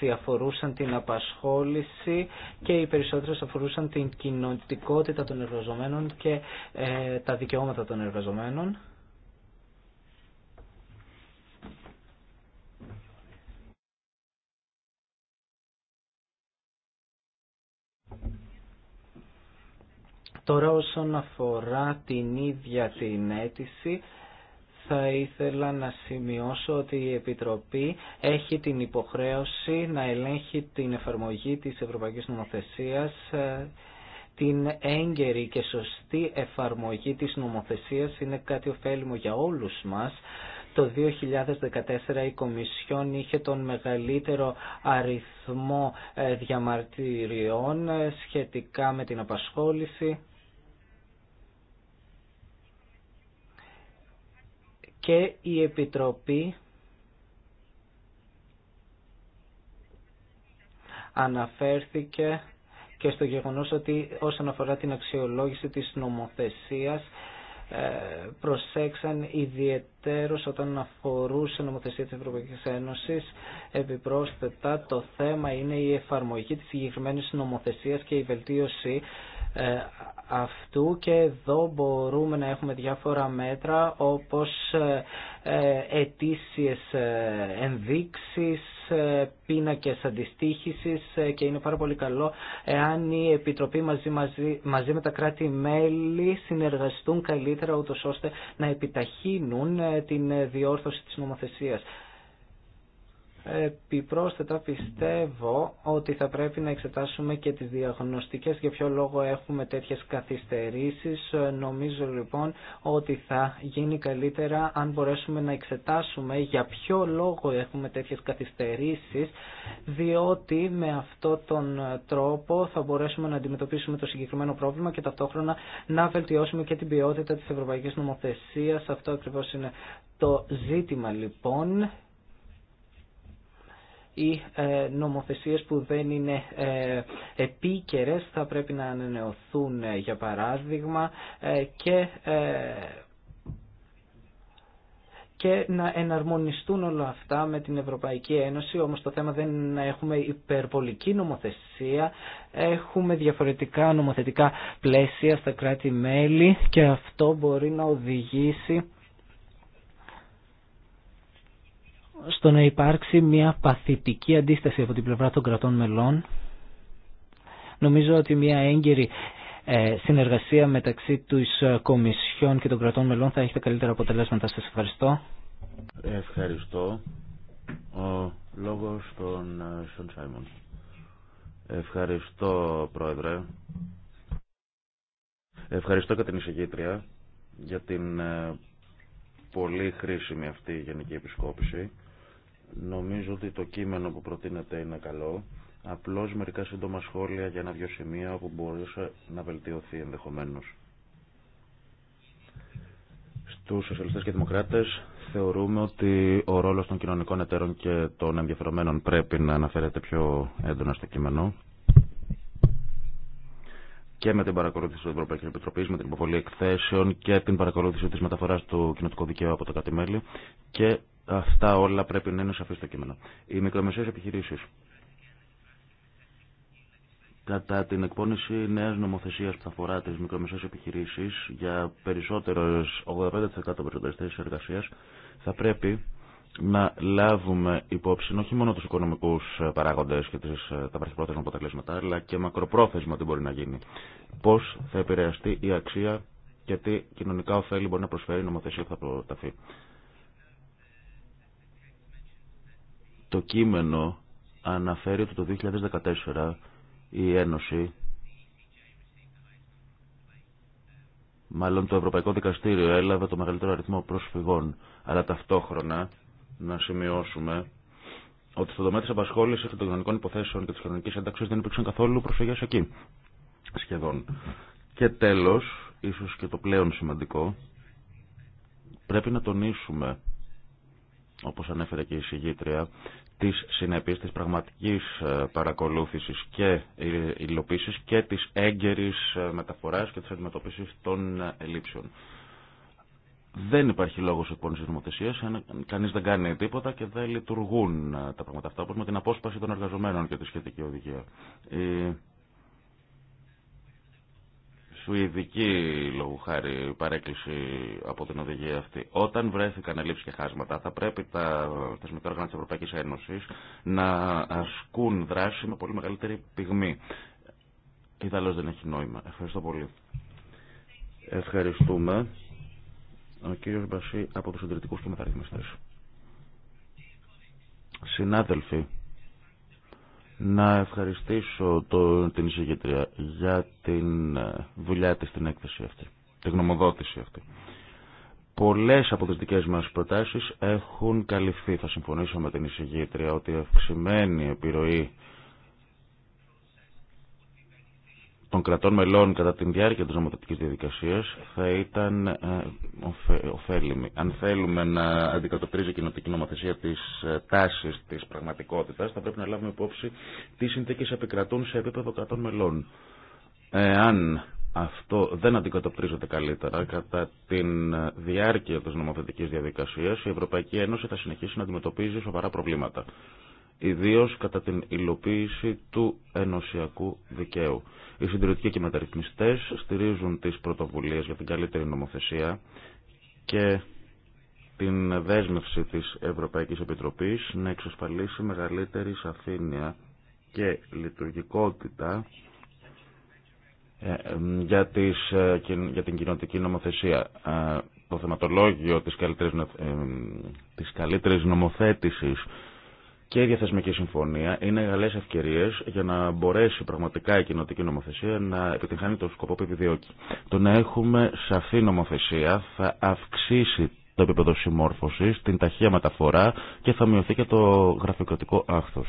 666 αφορούσαν την απασχόληση και οι περισσότερες αφορούσαν την κοινωνικότητα των εργαζομένων και ε, τα δικαιώματα των εργαζομένων. Τώρα όσον αφορά την ίδια την αίτηση, θα ήθελα να σημειώσω ότι η Επιτροπή έχει την υποχρέωση να ελέγχει την εφαρμογή της Ευρωπαϊκής Νομοθεσίας, ε, την έγκαιρη και σωστή εφαρμογή της νομοθεσίας είναι κάτι ωφέλιμο για όλους μας. Το 2014 η Κομισιόν είχε τον μεγαλύτερο αριθμό ε, διαμαρτυριών ε, σχετικά με την απασχόληση. και η Επιτροπή αναφέρθηκε και στο γεγονός ότι όσον αφορά την αξιολόγηση της νομοθεσίας ε, προσέξαν ιδιαιτέρως όταν αφορούσε νομοθεσία της Ευρωπαϊκής Ένωσης επιπρόσθετα το θέμα είναι η εφαρμογή της συγκεκριμένη νομοθεσίας και η βελτίωση ε, αυτού και εδώ μπορούμε να έχουμε διάφορα μέτρα όπως ετήσιες ε, ε, ενδείξεις, πίνακες αντιστοίχησης και είναι πάρα πολύ καλό εάν η Επιτροπή μαζί, μαζί, μαζί με τα κράτη-μέλη συνεργαστούν καλύτερα ούτως ώστε να επιταχύνουν την διόρθωση της νομοθεσίας. Επιπρόσθετα πιστεύω ότι θα πρέπει να εξετάσουμε και τις διαγνωστικές για ποιο λόγο έχουμε τέτοιες καθυστερήσεις. Νομίζω λοιπόν ότι θα γίνει καλύτερα αν μπορέσουμε να εξετάσουμε για ποιο λόγο έχουμε τέτοιες καθυστερήσεις διότι με αυτό τον τρόπο θα μπορέσουμε να αντιμετωπίσουμε το συγκεκριμένο πρόβλημα και ταυτόχρονα να βελτιώσουμε και την ποιότητα της ευρωπαϊκής νομοθεσίας. Αυτό ακριβώς είναι το ζήτημα λοιπόν οι ε, νομοθεσίες που δεν είναι ε, επίκαιρες θα πρέπει να ανανεωθούν ε, για παράδειγμα και και να εναρμονιστούν όλα αυτά με την Ευρωπαϊκή Ένωση, όμως το θέμα δεν είναι να έχουμε υπερβολική νομοθεσία, έχουμε διαφορετικά νομοθετικά πλαίσια στα κράτη-μέλη και αυτό μπορεί να οδηγήσει στο να υπάρξει μια παθητική αντίσταση από την πλευρά των κρατών μελών. Νομίζω ότι μια έγκαιρη ε, συνεργασία μεταξύ του ε, Κομισιών και των κρατών μελών θα έχει τα καλύτερα αποτελέσματα. Σας ευχαριστώ. Ευχαριστώ. Ο λόγος των ε, Σον Σάιμον. Ευχαριστώ, Πρόεδρε. Ευχαριστώ και την εισηγήτρια για την πολύ χρήσιμη αυτή η γενική επισκόπηση. Νομίζω ότι το κείμενο που προτείνεται είναι καλό. Απλώς μερικά σύντομα σχόλια για ένα-δυο σημεία όπου μπορούσε να βελτιωθεί ενδεχομένως. Στους σοσιαλιστές και δημοκράτες θεωρούμε ότι ο ρόλος των κοινωνικών εταίρων και των ενδιαφερομένων πρέπει να αναφέρεται πιο έντονα στο κείμενο και με την παρακολούθηση τη Ευρωπαϊκή Επιτροπή, με την υποβολή εκθέσεων και την παρακολούθηση τη μεταφορά του κοινοτικού δικαίου από τα κρατη και Αυτά όλα πρέπει να είναι σαφή στο κείμενο. Οι μικρομεσαίε επιχειρήσει. Κατά την εκπόνηση νέα νομοθεσία που θα αφορά τι μικρομεσαίε επιχειρήσει για περισσότερε 85% περισσότερε θέσει εργασία, θα πρέπει να λάβουμε υπόψη όχι μόνο του οικονομικού παράγοντε και τις, τα βραχυπρόθεσμα αποτελέσματα, αλλά και μακροπρόθεσμα τι μπορεί να γίνει. Πώ θα επηρεαστεί η αξία και τι κοινωνικά ωφέλη μπορεί να προσφέρει η νομοθεσία που θα προταθεί. Το κείμενο αναφέρει ότι το 2014 η Ένωση, μάλλον το Ευρωπαϊκό Δικαστήριο έλαβε το μεγαλύτερο αριθμό προσφυγών, αλλά ταυτόχρονα να σημειώσουμε ότι στο τομέα τη απασχόληση των κοινωνικών υποθέσεων και της κοινωνικής ένταξης δεν υπήρξαν καθόλου προσφυγές εκεί. Σχεδόν. Και τέλος, ίσως και το πλέον σημαντικό, πρέπει να τονίσουμε όπως ανέφερε και η συγγήτρια, τις συνέπειες της πραγματικής ε, παρακολούθησης και υλοποίησης και της έγκαιρης ε, μεταφοράς και της αντιμετωπίσης των ε, ελλείψεων. Δεν υπάρχει λόγος εκπόνησης νομοθεσίας, κανείς δεν κάνει τίποτα και δεν λειτουργούν τα πράγματα αυτά, όπως με την απόσπαση των εργαζομένων και τη σχετική οδηγία σουηδική λόγου χάρη παρέκκληση από την οδηγία αυτή. Όταν βρέθηκαν ελλείψεις και χάσματα θα πρέπει τα θεσμικά όργανα της Ευρωπαϊκής Ένωσης να ασκούν δράση με πολύ μεγαλύτερη πυγμή. Ιδάλλως δεν έχει νόημα. Ευχαριστώ πολύ. Ευχαριστούμε. Ο κύριος Μπασί από τους συντηρητικούς και μεταρρυθμιστές. Συνάδελφοι, να ευχαριστήσω το, την εισηγητρία για την ε, δουλειά της στην έκθεση αυτή, τη γνωμοδότηση αυτή. Πολλές από τις δικές μας προτάσεις έχουν καλυφθεί. Θα συμφωνήσω με την εισηγήτρια ότι αυξημένη επιρροή των κρατών μελών κατά τη διάρκεια της νομοθετικής διαδικασίας θα ήταν ε, ωφέλιμη. Αν θέλουμε να αντικατοπτρίζει η κοινοτική νομοθεσία τις ε, τάσεις της πραγματικότητας θα πρέπει να λάβουμε υπόψη τι συνθήκες επικρατούν σε επίπεδο κρατών μελών. Εάν αυτό δεν αντικατοπτρίζεται καλύτερα κατά τη ε, διάρκεια της νομοθετικής διαδικασίας η Ευρωπαϊκή Ένωση θα συνεχίσει να αντιμετωπίζει σοβαρά προβλήματα ιδίως κατά την υλοποίηση του ενωσιακού δικαίου. Οι συντηρητικοί και μεταρρυθμιστές στηρίζουν τις πρωτοβουλίες για την καλύτερη νομοθεσία και την δέσμευση της Ευρωπαϊκής Επιτροπής να εξασφαλίσει μεγαλύτερη σαφήνεια και λειτουργικότητα ε, για, ε, για την κοινωτική νομοθεσία. Ε, το θεματολόγιο της καλύτερης, της νομοθέτησης και η διαθεσμική συμφωνία είναι γαλέ ευκαιρίε για να μπορέσει πραγματικά η κοινοτική νομοθεσία να επιτυγχάνει το σκοπό που επιδιώκει. Το να έχουμε σαφή νομοθεσία θα αυξήσει το επίπεδο συμμόρφωση, την ταχεία μεταφορά και θα μειωθεί και το γραφειοκρατικό άχθο.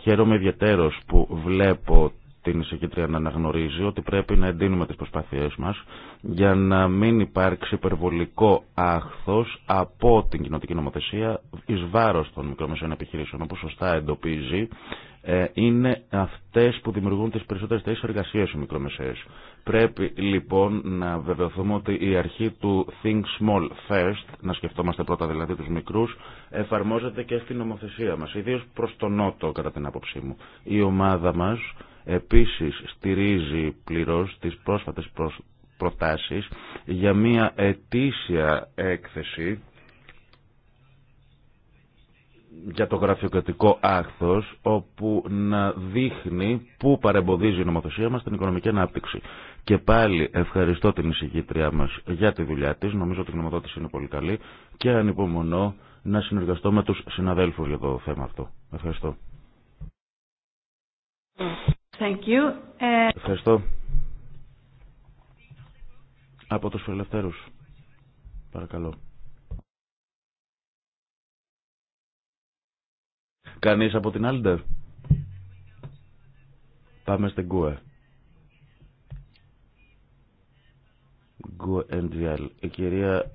Χαίρομαι ιδιαίτερω που βλέπω την εισηγήτρια να αναγνωρίζει ότι πρέπει να εντείνουμε τις προσπάθειές μας για να μην υπάρξει υπερβολικό άχθος από την κοινωτική νομοθεσία εις βάρος των μικρομεσαίων επιχειρήσεων όπως σωστά εντοπίζει ε, είναι αυτές που δημιουργούν τις περισσότερες θέσεις εργασίας οι μικρομεσαίες. Πρέπει λοιπόν να βεβαιωθούμε ότι η αρχή του Think Small First, να σκεφτόμαστε πρώτα δηλαδή τους μικρούς, εφαρμόζεται και στην νομοθεσία μας, ιδίως προς τον Νότο κατά την άποψή μου. Η ομάδα μας Επίσης στηρίζει πλήρως τις πρόσφατες προτάσεις για μια ετήσια έκθεση για το γραφειοκρατικό άκθος όπου να δείχνει πού παρεμποδίζει η νομοθεσία μας την οικονομική ανάπτυξη. Και πάλι ευχαριστώ την εισηγήτριά μας για τη δουλειά της, νομίζω ότι η γνωμοδότηση είναι πολύ καλή και ανυπομονώ να συνεργαστώ με τους συναδέλφους για το θέμα αυτό. Ευχαριστώ. Thank ε, Ευχαριστώ. Από τους φιλελευθέρους. Παρακαλώ. Κανείς από την Άλντερ. Πάμε στην ΚΟΕ. ΚΟΕ Η κυρία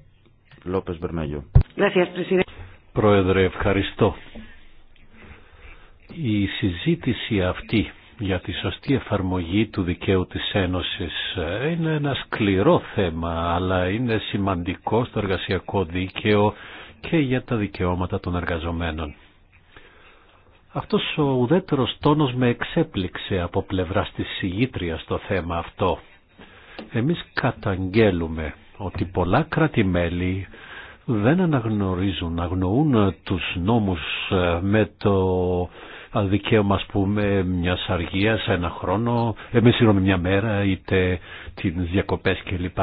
Λόπες Μπερνάγιο. Πρόεδρε, ευχαριστώ. Η συζήτηση αυτή για τη σωστή εφαρμογή του δικαίου της Ένωσης. Ε, είναι ένα σκληρό θέμα, αλλά είναι σημαντικό στο εργασιακό δίκαιο και για τα δικαιώματα των εργαζομένων. Αυτός ο ουδέτερος τόνος με εξέπληξε από πλευράς της συγγήτριας στο θέμα αυτό. Εμείς καταγγέλουμε ότι πολλά κράτη-μέλη δεν αναγνωρίζουν, αγνοούν τους νόμους ε, με το δικαίωμα ας πούμε μιας σε ένα χρόνο, ε, με συγγνώμη μια μέρα είτε τις διακοπές κλπ.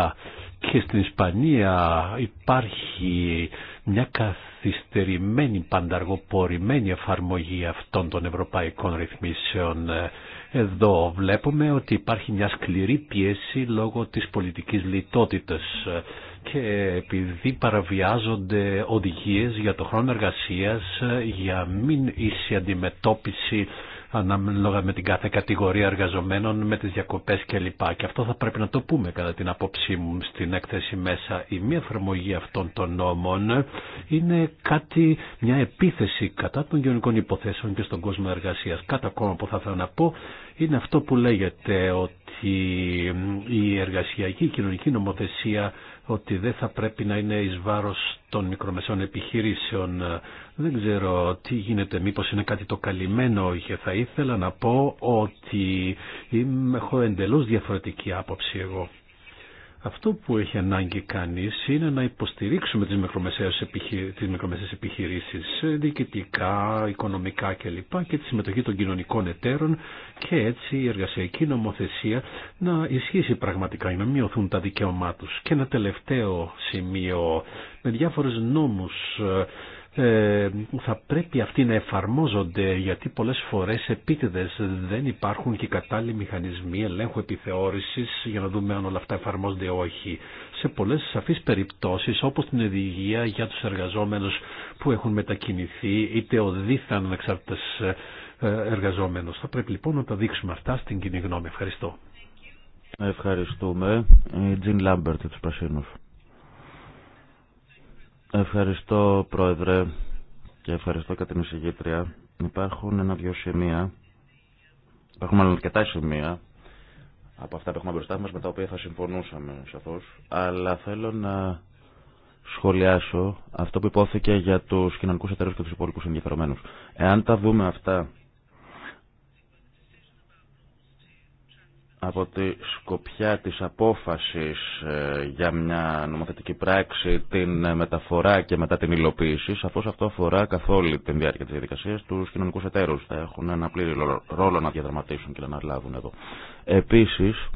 Και στην Ισπανία υπάρχει μια καθυστερημένη, πανταργοπορημένη εφαρμογή αυτών των ευρωπαϊκών ρυθμίσεων. Εδώ βλέπουμε ότι υπάρχει μια σκληρή πίεση λόγω της πολιτικής λιτότητας και επειδή παραβιάζονται οδηγίες για το χρόνο εργασίας, για μην ίση αντιμετώπιση ανάλογα με την κάθε κατηγορία εργαζομένων, με τις διακοπές κλπ. Και αυτό θα πρέπει να το πούμε κατά την απόψή μου στην έκθεση μέσα. Η μία εφαρμογή αυτών των νόμων είναι κάτι, μια επίθεση κατά των γενικών κατα των κοινωνικών υποθεσεων και στον κόσμο εργασίας. Κάτι ακόμα που θα ήθελα να πω είναι αυτό που λέγεται ότι η εργασιακή η κοινωνική νομοθεσία ότι δεν θα πρέπει να είναι εις βάρος των μικρομεσαίων επιχειρήσεων. Δεν ξέρω τι γίνεται, μήπως είναι κάτι το καλυμμένο και θα ήθελα να πω ότι έχω εντελώς διαφορετική άποψη εγώ. Αυτό που έχει ανάγκη κανείς είναι να υποστηρίξουμε τις μικρομεσαίες, τις μικρομεσαίες επιχειρήσεις διοικητικά, οικονομικά κλπ. και τη συμμετοχή των κοινωνικών εταίρων και έτσι η εργασιακή νομοθεσία να ισχύσει πραγματικά για να μειωθούν τα δικαιώματα τους. Και ένα τελευταίο σημείο με διάφορες νόμους ε, ε, θα πρέπει αυτοί να εφαρμόζονται γιατί πολλές φορές επίτηδες δεν υπάρχουν και κατάλληλοι μηχανισμοί ελέγχου επιθεώρησης για να δούμε αν όλα αυτά εφαρμόζονται ή όχι. Σε πολλές σαφείς περιπτώσεις όπως την οδηγία για τους εργαζόμενους που έχουν μετακινηθεί είτε δίθαν ανεξάρτητες εργαζόμενους. Θα πρέπει λοιπόν να τα δείξουμε αυτά στην κοινή γνώμη. Ευχαριστώ. Ευχαριστούμε. Τζιν Λάμπερτ, τους Ευχαριστώ Πρόεδρε και ευχαριστώ και την εισηγήτρια. Υπάρχουν ένα-δυο σημεία, υπάρχουν μάλλον αρκετά σημεία από αυτά που έχουμε μπροστά μας με τα οποία θα συμφωνούσαμε σαφώς, αλλά θέλω να σχολιάσω αυτό που υπόθηκε για τους κοινωνικούς εταιρείους και τους υπόλοιπους ενδιαφερομένους. Εάν τα δούμε αυτά από τη σκοπιά της απόφασης ε, για μια νομοθετική πράξη, την μεταφορά και μετά την υλοποίηση, σαφώς αυτό αφορά καθόλου την διάρκεια της διαδικασίας τους κοινωνικούς εταίρους. Θα έχουν ένα πλήρη ρόλο να διαδραματίσουν και να αναλάβουν εδώ. Επίσης,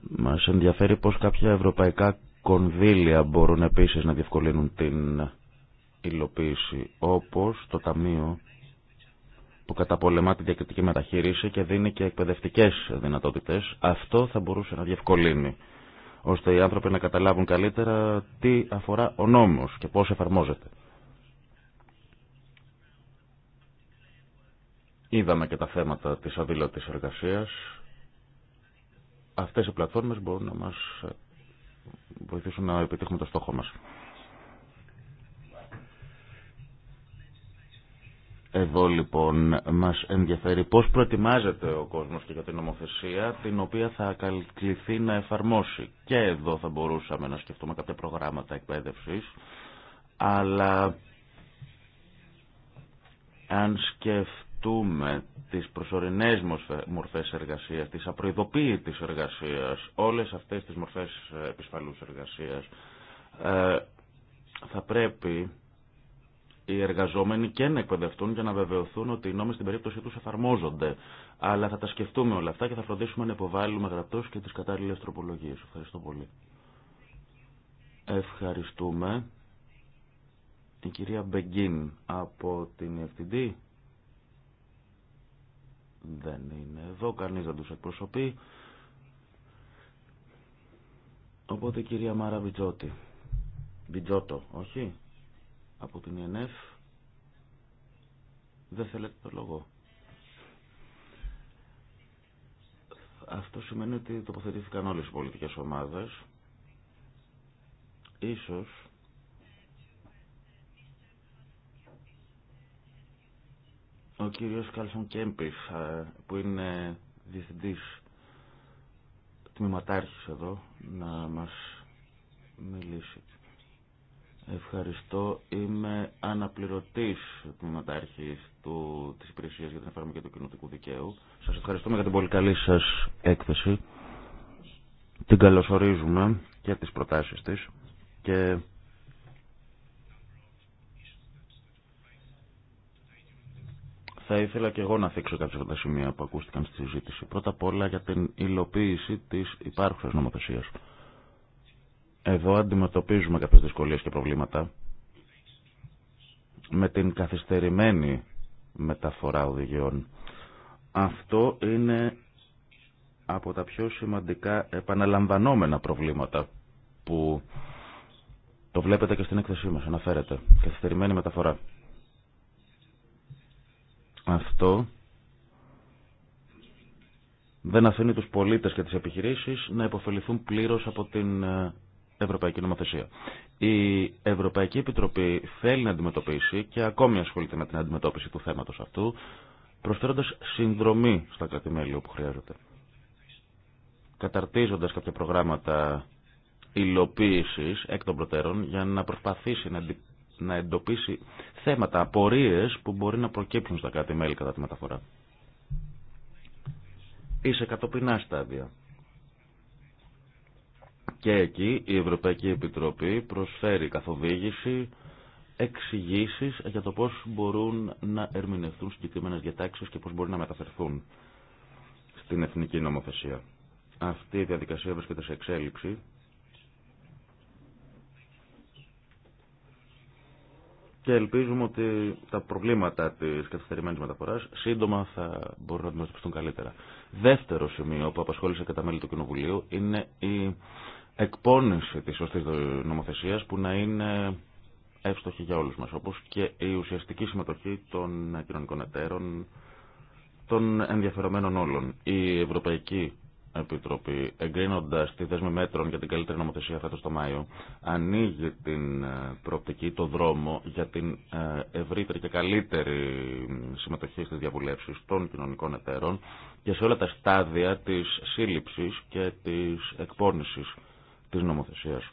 μας ενδιαφέρει πως κάποια ευρωπαϊκά κονδύλια μπορούν επίσης να διευκολύνουν την υλοποίηση, όπως το Ταμείο που καταπολεμά την διακριτική μεταχείριση και δίνει και εκπαιδευτικέ δυνατότητες, αυτό θα μπορούσε να διευκολύνει ώστε οι άνθρωποι να καταλάβουν καλύτερα τι αφορά ο νόμο και πώς εφαρμόζεται. Είδαμε και τα θέματα τη αδήλωτης εργασία. Αυτές οι πλατφόρμες μπορούν να μα βοηθήσουν να επιτύχουμε το στόχο μας. Εδώ λοιπόν μας ενδιαφέρει πώς προετοιμάζεται ο κόσμος και για την νομοθεσία την οποία θα καλυφθεί να εφαρμόσει. Και εδώ θα μπορούσαμε να σκεφτούμε κάποια προγράμματα εκπαίδευσης, αλλά αν σκεφτούμε τις προσωρινές μορφές εργασίας, τις απροειδοποίητης εργασίας, όλες αυτές τις μορφές ε, επισφαλούς εργασίας, ε, θα πρέπει οι εργαζόμενοι και να εκπαιδευτούν για να βεβαιωθούν ότι οι νόμοι στην περίπτωση του εφαρμόζονται. Αλλά θα τα σκεφτούμε όλα αυτά και θα φροντίσουμε να υποβάλουμε γραπτώ και τι κατάλληλε τροπολογίε. Ευχαριστώ πολύ. Ευχαριστούμε. Η κυρία Μπεγκίν από την FTD. Δεν είναι εδώ, κανεί δεν του εκπροσωπεί. Οπότε η κυρία Μάρα Μπιτζότη. Μπιτζότο, όχι από την ΕΝΕΦ δεν θέλετε το λόγο. Αυτό σημαίνει ότι τοποθετήθηκαν όλες οι πολιτικές ομάδες. Ίσως ο κύριος Κάλσον Κέμπης ε, που είναι διευθυντής τμήματάρχης εδώ να μας μιλήσει. Ευχαριστώ. Είμαι αναπληρωτής τμήματάρχης του, της Υπηρεσίας για την Εφαρμογή του Κοινωτικού Δικαίου. Σας ευχαριστούμε για την πολύ καλή σας έκθεση. Την καλωσορίζουμε και τις προτάσεις της και θα ήθελα και εγώ να θίξω κάποια από τα σημεία που ακούστηκαν στη συζήτηση. Πρώτα απ' όλα για την υλοποίηση της υπάρχουσας νομοθεσίας. Εδώ αντιμετωπίζουμε κάποιες δυσκολίες και προβλήματα με την καθυστερημένη μεταφορά οδηγιών. Αυτό είναι από τα πιο σημαντικά επαναλαμβανόμενα προβλήματα που το βλέπετε και στην έκθεσή μας, αναφέρεται. Καθυστερημένη μεταφορά. Αυτό δεν αφήνει τους πολίτες και τις επιχειρήσεις να υποφεληθούν πλήρως από την ε, ευρωπαϊκή νομοθεσία. Η Ευρωπαϊκή Επιτροπή θέλει να αντιμετωπίσει και ακόμη ασχολείται με την αντιμετώπιση του θέματος αυτού, προσφέροντα συνδρομή στα κρατημέλη όπου χρειάζεται. Καταρτίζοντας κάποια προγράμματα υλοποίηση εκ των προτέρων για να προσπαθήσει να, εντοπίσει θέματα, απορίες που μπορεί να προκύψουν στα κράτη-μέλη κατά τη μεταφορά. Είσαι κατοπινά στάδια και εκεί η Ευρωπαϊκή Επιτροπή προσφέρει καθοδήγηση, εξηγήσει για το πώς μπορούν να ερμηνευτούν συγκεκριμένε διατάξεις και πώ μπορεί να μεταφερθούν στην εθνική νομοθεσία. Αυτή η διαδικασία βρίσκεται σε εξέλιξη και ελπίζουμε ότι τα προβλήματα τη καθυστερημένη μεταφορά σύντομα θα μπορούν να αντιμετωπιστούν καλύτερα. Δεύτερο σημείο που απασχόλησε κατά μέλη του Κοινοβουλίου είναι η εκπόνηση της σωστής νομοθεσίας που να είναι εύστοχη για όλους μας, όπως και η ουσιαστική συμμετοχή των κοινωνικών εταίρων, των ενδιαφερομένων όλων. Η Ευρωπαϊκή Επιτροπή, εγκρίνοντα τη δέσμη μέτρων για την καλύτερη νομοθεσία φέτος το Μάιο, ανοίγει την ε, προοπτική, το δρόμο για την ε, ευρύτερη και καλύτερη συμμετοχή στι διαβουλεύσεις των κοινωνικών εταίρων και σε όλα τα στάδια της σύλληψη και της εκπόνησης της νομοθεσίας.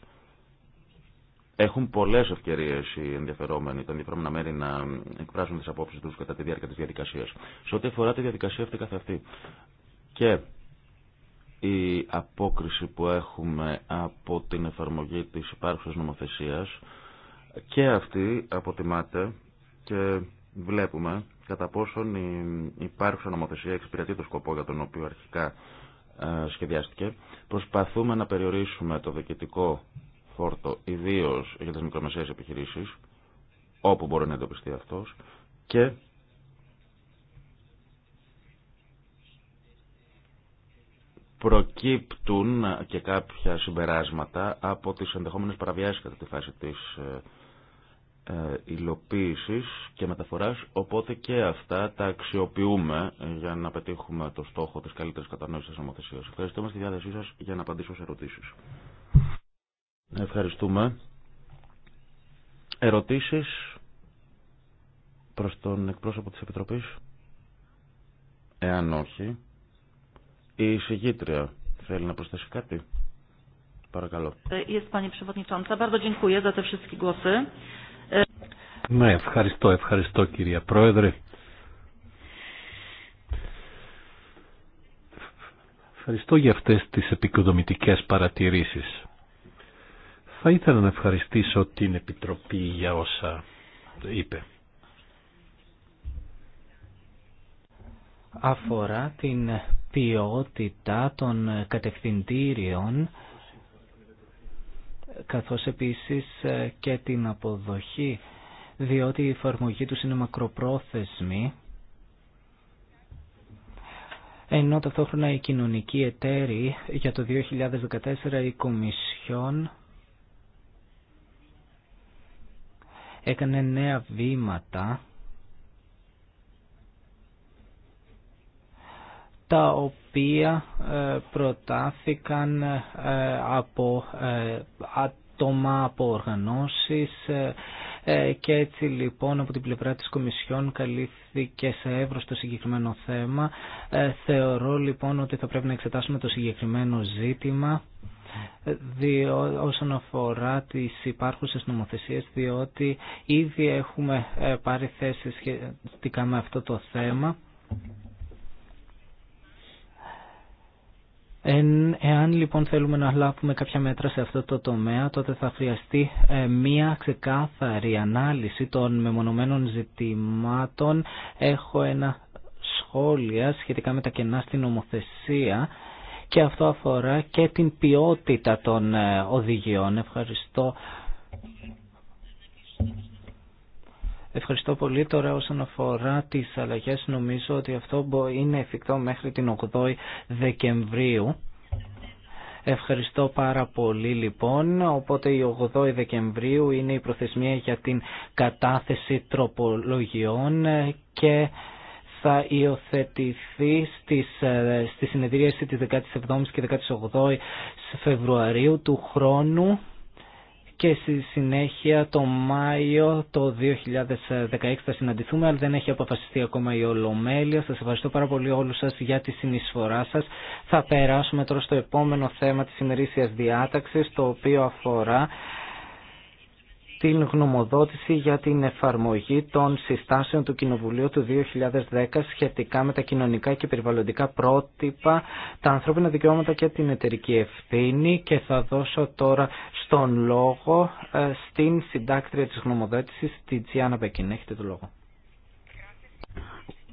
Έχουν πολλές ευκαιρίες οι ενδιαφερόμενοι, τα ενδιαφερόμενα μέρη να εκφράσουν τις απόψεις τους κατά τη διάρκεια της διαδικασίας. Σε ό,τι αφορά τη διαδικασία αυτή καθ' αυτή. Και η απόκριση που έχουμε από την εφαρμογή της υπάρχουσας νομοθεσίας και αυτή αποτιμάται και βλέπουμε κατά πόσον η υπάρχουσα νομοθεσία εξυπηρετεί το σκοπό για τον οποίο αρχικά ε, σχεδιάστηκε. Προσπαθούμε να περιορίσουμε το διοικητικό φόρτο, ιδίω για τι μικρομεσαίε επιχειρήσει, όπου μπορεί να εντοπιστεί αυτό, και προκύπτουν και κάποια συμπεράσματα από τις ενδεχόμενες παραβιάσεις κατά τη φάση της ε, ε, υλοποίησης και μεταφοράς, οπότε και αυτά τα αξιοποιούμε για να πετύχουμε το στόχο της καλύτερης κατανόησης της νομοθεσίας. Ευχαριστούμε στη διάθεσή σας για να απαντήσω σε ερωτήσεις. Ευχαριστούμε. Ερωτήσεις προς τον εκπρόσωπο της Επιτροπής. Εάν όχι, η εισηγήτρια θέλει να προσθέσει κάτι. Παρακαλώ. Ε, przewodnicząca. Bardzo dziękuję za ναι, ευχαριστώ, ευχαριστώ κυρία Πρόεδρε. Ευχαριστώ για αυτές τις επικοδομητικές παρατηρήσεις. Θα ήθελα να ευχαριστήσω την Επιτροπή για όσα είπε. Αφορά την ποιότητα των κατευθυντήριων καθώς επίσης και την αποδοχή διότι η εφαρμογή τους είναι μακροπρόθεσμη ενώ ταυτόχρονα η κοινωνική εταίροι για το 2014 η Κομισιόν έκανε νέα βήματα τα οποία ε, προτάθηκαν ε, από ε, άτομα, από οργανώσεις, ε, και έτσι λοιπόν από την πλευρά της Κομισιόν καλύφθηκε σε εύρος το συγκεκριμένο θέμα. Ε, θεωρώ λοιπόν ότι θα πρέπει να εξετάσουμε το συγκεκριμένο ζήτημα ε, διό, όσον αφορά τις υπάρχουσες νομοθεσίες διότι ήδη έχουμε πάρει θέση σχετικά με αυτό το θέμα Εάν λοιπόν θέλουμε να λάβουμε κάποια μέτρα σε αυτό το τομέα, τότε θα χρειαστεί ε, μία ξεκάθαρη ανάλυση των μεμονωμένων ζητημάτων. Έχω ένα σχόλια σχετικά με τα κενά στην νομοθεσία και αυτό αφορά και την ποιότητα των ε, οδηγιών. Ευχαριστώ Ευχαριστώ πολύ. Τώρα όσον αφορά τις αλλαγές νομίζω ότι αυτό είναι εφικτό μέχρι την 8η Δεκεμβρίου. Ευχαριστώ πάρα πολύ λοιπόν. Οπότε η 8η Δεκεμβρίου είναι η προθεσμία για την κατάθεση τροπολογιών και θα υιοθετηθεί στη ε, στη συνεδρίαση της 17ης και 18ης Φεβρουαρίου του χρόνου και στη συνέχεια το Μάιο το 2016 θα συναντηθούμε, αλλά δεν έχει αποφασιστεί ακόμα η Ολομέλεια. Σας ευχαριστώ πάρα πολύ όλους σας για τη συνεισφορά σας. Θα περάσουμε τώρα στο επόμενο θέμα της ημερήσιας διάταξης, το οποίο αφορά την γνωμοδότηση για την εφαρμογή των συστάσεων του Κοινοβουλίου του 2010 σχετικά με τα κοινωνικά και περιβαλλοντικά πρότυπα, τα ανθρώπινα δικαιώματα και την εταιρική ευθύνη και θα δώσω τώρα στον λόγο ε, στην συντάκτρια της γνωμοδότησης, την Τζιάννα Μπεκίν. Έχετε το λόγο.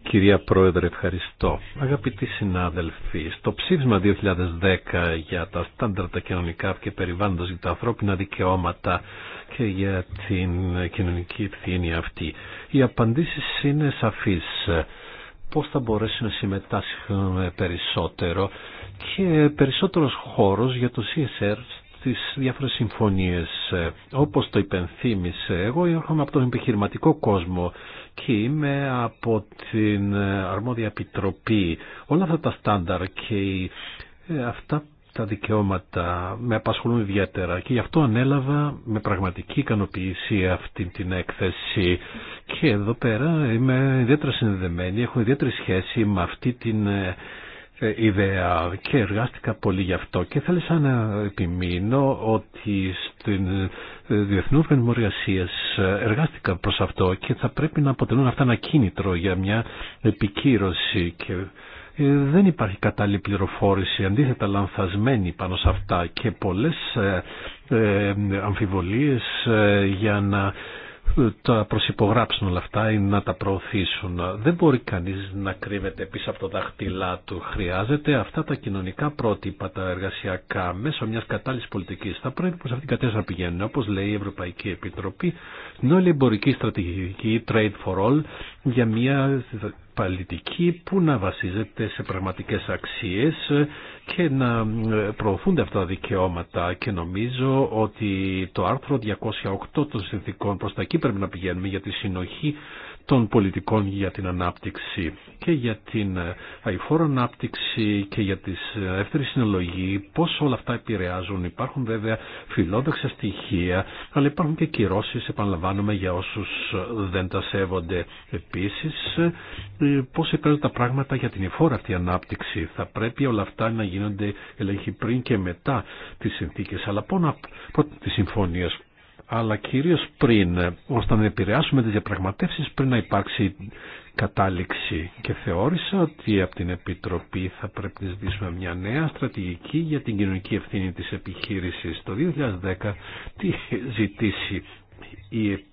Κυρία Πρόεδρε, ευχαριστώ. Αγαπητοί συνάδελφοι, στο ψήφισμα 2010 για τα στάνταρτα κοινωνικά και περιβάλλοντα για τα ανθρώπινα δικαιώματα και για την κοινωνική ευθύνη αυτή, οι απαντήσεις είναι σαφείς. Πώς θα μπορέσουν να συμμετάσχουν περισσότερο και περισσότερος χώρος για το CSR στις διάφορες συμφωνίες. Όπως το υπενθύμησε, εγώ έρχομαι από τον επιχειρηματικό κόσμο και είμαι από την ε, αρμόδια επιτροπή. Όλα αυτά τα στάνταρ και ε, αυτά τα δικαιώματα με απασχολούν ιδιαίτερα και γι' αυτό ανέλαβα με πραγματική ικανοποίηση αυτή την έκθεση και εδώ πέρα είμαι ιδιαίτερα συνδεδεμένη, έχω ιδιαίτερη σχέση με αυτή την ε, ε, ιδέα και εργάστηκα πολύ γι' αυτό και θέλησα να επιμείνω ότι στην ε, Διεθνού Οργανισμό ε, εργάστηκα προς αυτό και θα πρέπει να αποτελούν αυτά ένα κίνητρο για μια επικύρωση και δεν υπάρχει κατάλληλη πληροφόρηση, αντίθετα λανθασμένη πάνω σε αυτά και πολλές αμφιβολίες για να τα προσυπογράψουν όλα αυτά ή να τα προωθήσουν. Δεν μπορεί κανείς να κρύβεται πίσω από το δάχτυλά του. Χρειάζεται αυτά τα κοινωνικά πρότυπα, τα εργασιακά, μέσω μιας κατάλληλης πολιτικής. Θα πρέπει προς αυτήν την κατεύθυνση να πηγαίνουν, όπως λέει η Ευρωπαϊκή Επιτροπή, στην όλη εμπορική στρατηγική Trade for All για μια πολιτική που να βασίζεται σε πραγματικές αξίες και να ε, προωθούνται αυτά τα δικαιώματα και νομίζω ότι το άρθρο 208 των συνθήκων προς τα εκεί πρέπει να πηγαίνουμε για τη συνοχή των πολιτικών για την ανάπτυξη και για την ε, αηφόρο ανάπτυξη και για τις ε, δεύτερη συνολογή, πώς όλα αυτά επηρεάζουν. Υπάρχουν βέβαια φιλόδοξα στοιχεία, αλλά υπάρχουν και κυρώσεις, επαναλαμβάνουμε, για όσους ε, δεν τα σέβονται. Επίσης, πώς επηρεάζουν τα πράγματα για την εφόρα αυτή ανάπτυξη. Θα πρέπει όλα αυτά να γίνονται ελέγχοι πριν και μετά τις συνθήκες, αλλά να τις συμφωνίες αλλά κυρίως πριν, ώστε να επηρεάσουμε τις διαπραγματεύσεις πριν να υπάρξει κατάληξη. Και θεώρησα ότι από την Επιτροπή θα πρέπει να ζητήσουμε μια νέα στρατηγική για την κοινωνική ευθύνη της επιχείρησης. Το 2010 τι ζητήσει η,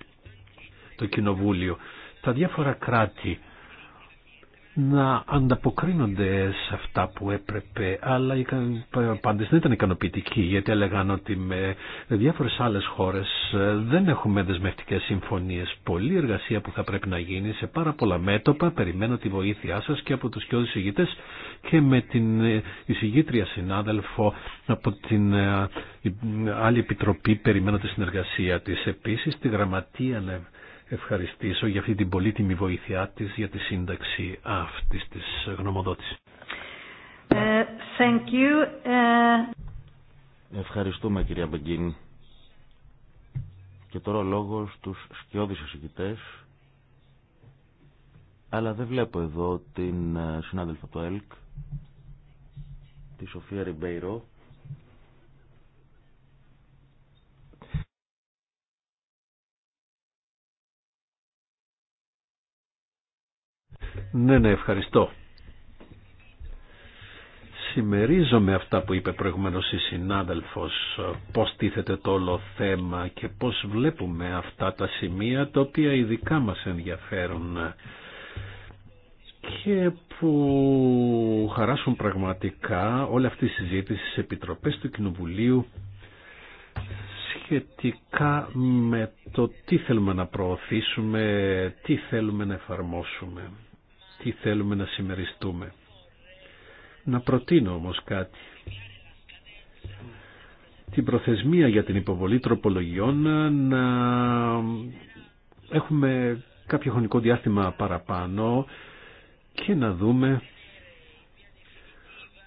το Κοινοβούλιο. Τα διάφορα κράτη να ανταποκρίνονται σε αυτά που έπρεπε, αλλά η απάντηση δεν ήταν ικανοποιητικοί, γιατί έλεγαν ότι με διάφορες άλλες χώρες ε, δεν έχουμε δεσμευτικές συμφωνίες. Πολλή εργασία που θα πρέπει να γίνει σε πάρα πολλά μέτωπα. Περιμένω τη βοήθειά σας και από τους κοιόδους ηγητές και με την ε, εισηγήτρια συνάδελφο από την ε, άλλη επιτροπή. Περιμένω τη συνεργασία της. Επίσης, τη γραμματεία ναι, ευχαριστήσω για αυτή την πολύτιμη βοήθειά της για τη σύνταξη αυτής της γνωμοδότησης. Ε, thank you. Ε. Ευχαριστούμε κυρία Μπαγκίνη. Και τώρα ο λόγος στους σκιώδεις Αλλά δεν βλέπω εδώ την ε, συνάδελφα του ΕΛΚ, τη Σοφία Ριμπέιρο. Ναι, ναι, ευχαριστώ. Συμμερίζομαι αυτά που είπε προηγουμένως η συνάδελφος, πώς τίθεται το όλο θέμα και πώς βλέπουμε αυτά τα σημεία τα οποία ειδικά μας ενδιαφέρουν και που χαράσουν πραγματικά όλη αυτή η συζήτηση στις επιτροπές του Κοινοβουλίου σχετικά με το τι θέλουμε να προωθήσουμε, τι θέλουμε να εφαρμόσουμε τι θέλουμε να συμμεριστούμε. Να προτείνω όμως κάτι. Την προθεσμία για την υποβολή τροπολογιών να έχουμε κάποιο χρονικό διάστημα παραπάνω και να δούμε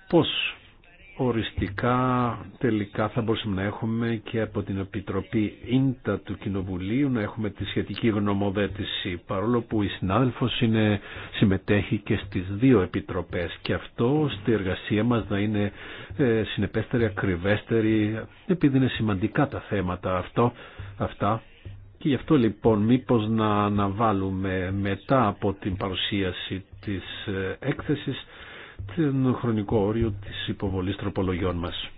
πώς οριστικά τελικά θα μπορούσαμε να έχουμε και από την Επιτροπή Ίντα του Κοινοβουλίου να έχουμε τη σχετική γνωμοδέτηση παρόλο που η συνάδελφος είναι, συμμετέχει και στις δύο επιτροπές και αυτό στη εργασία μας να είναι ε, συνεπέστερη, ακριβέστερη επειδή είναι σημαντικά τα θέματα αυτό, αυτά και γι' αυτό λοιπόν μήπως να αναβάλουμε μετά από την παρουσίαση της ε, έκθεσης τον χρονικό όριο της υποβολής τροπολογιών μας.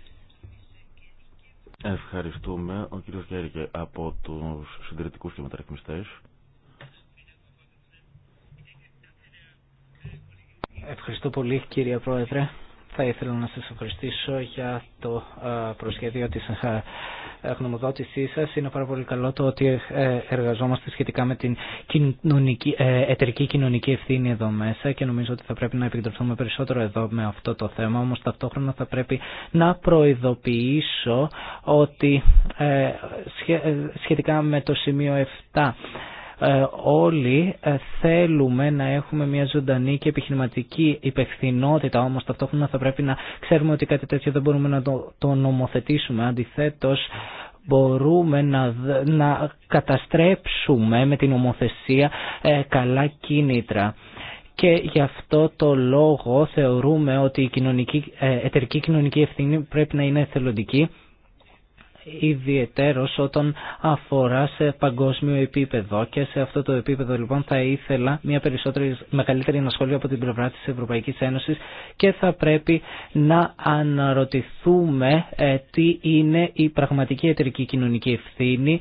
Ευχαριστούμε. Ο κύριος Κέρικε από τους συντηρητικούς και μεταρρυθμιστές. Ευχαριστώ πολύ κύριε Πρόεδρε. Θα ήθελα να σας ευχαριστήσω για το ε, προσχέδιο της ε, γνωμοδότησή σας. Είναι πάρα πολύ καλό το ότι ε, εργαζόμαστε σχετικά με την κοινωνική, εταιρική κοινωνική ευθύνη εδώ μέσα και νομίζω ότι θα πρέπει να επικεντρωθούμε περισσότερο εδώ με αυτό το θέμα. Όμως ταυτόχρονα θα πρέπει να προειδοποιήσω ότι σχετικά με το σημείο 7 ε, όλοι ε, θέλουμε να έχουμε μια ζωντανή και επιχειρηματική υπευθυνότητα, όμως ταυτόχρονα θα πρέπει να ξέρουμε ότι κάτι τέτοιο δεν μπορούμε να το, το νομοθετήσουμε. Αντιθέτως, μπορούμε να, να καταστρέψουμε με την ομοθεσία ε, καλά κίνητρα. Και γι' αυτό το λόγο θεωρούμε ότι η κοινωνική, ε, εταιρική κοινωνική ευθύνη πρέπει να είναι εθελοντική ιδιαιτέρως όταν αφορά σε παγκόσμιο επίπεδο και σε αυτό το επίπεδο λοιπόν θα ήθελα μια περισσότερη μεγαλύτερη ανασχόλη από την πλευρά της Ευρωπαϊκής Ένωσης και θα πρέπει να αναρωτηθούμε ε, τι είναι η πραγματική εταιρική κοινωνική ευθύνη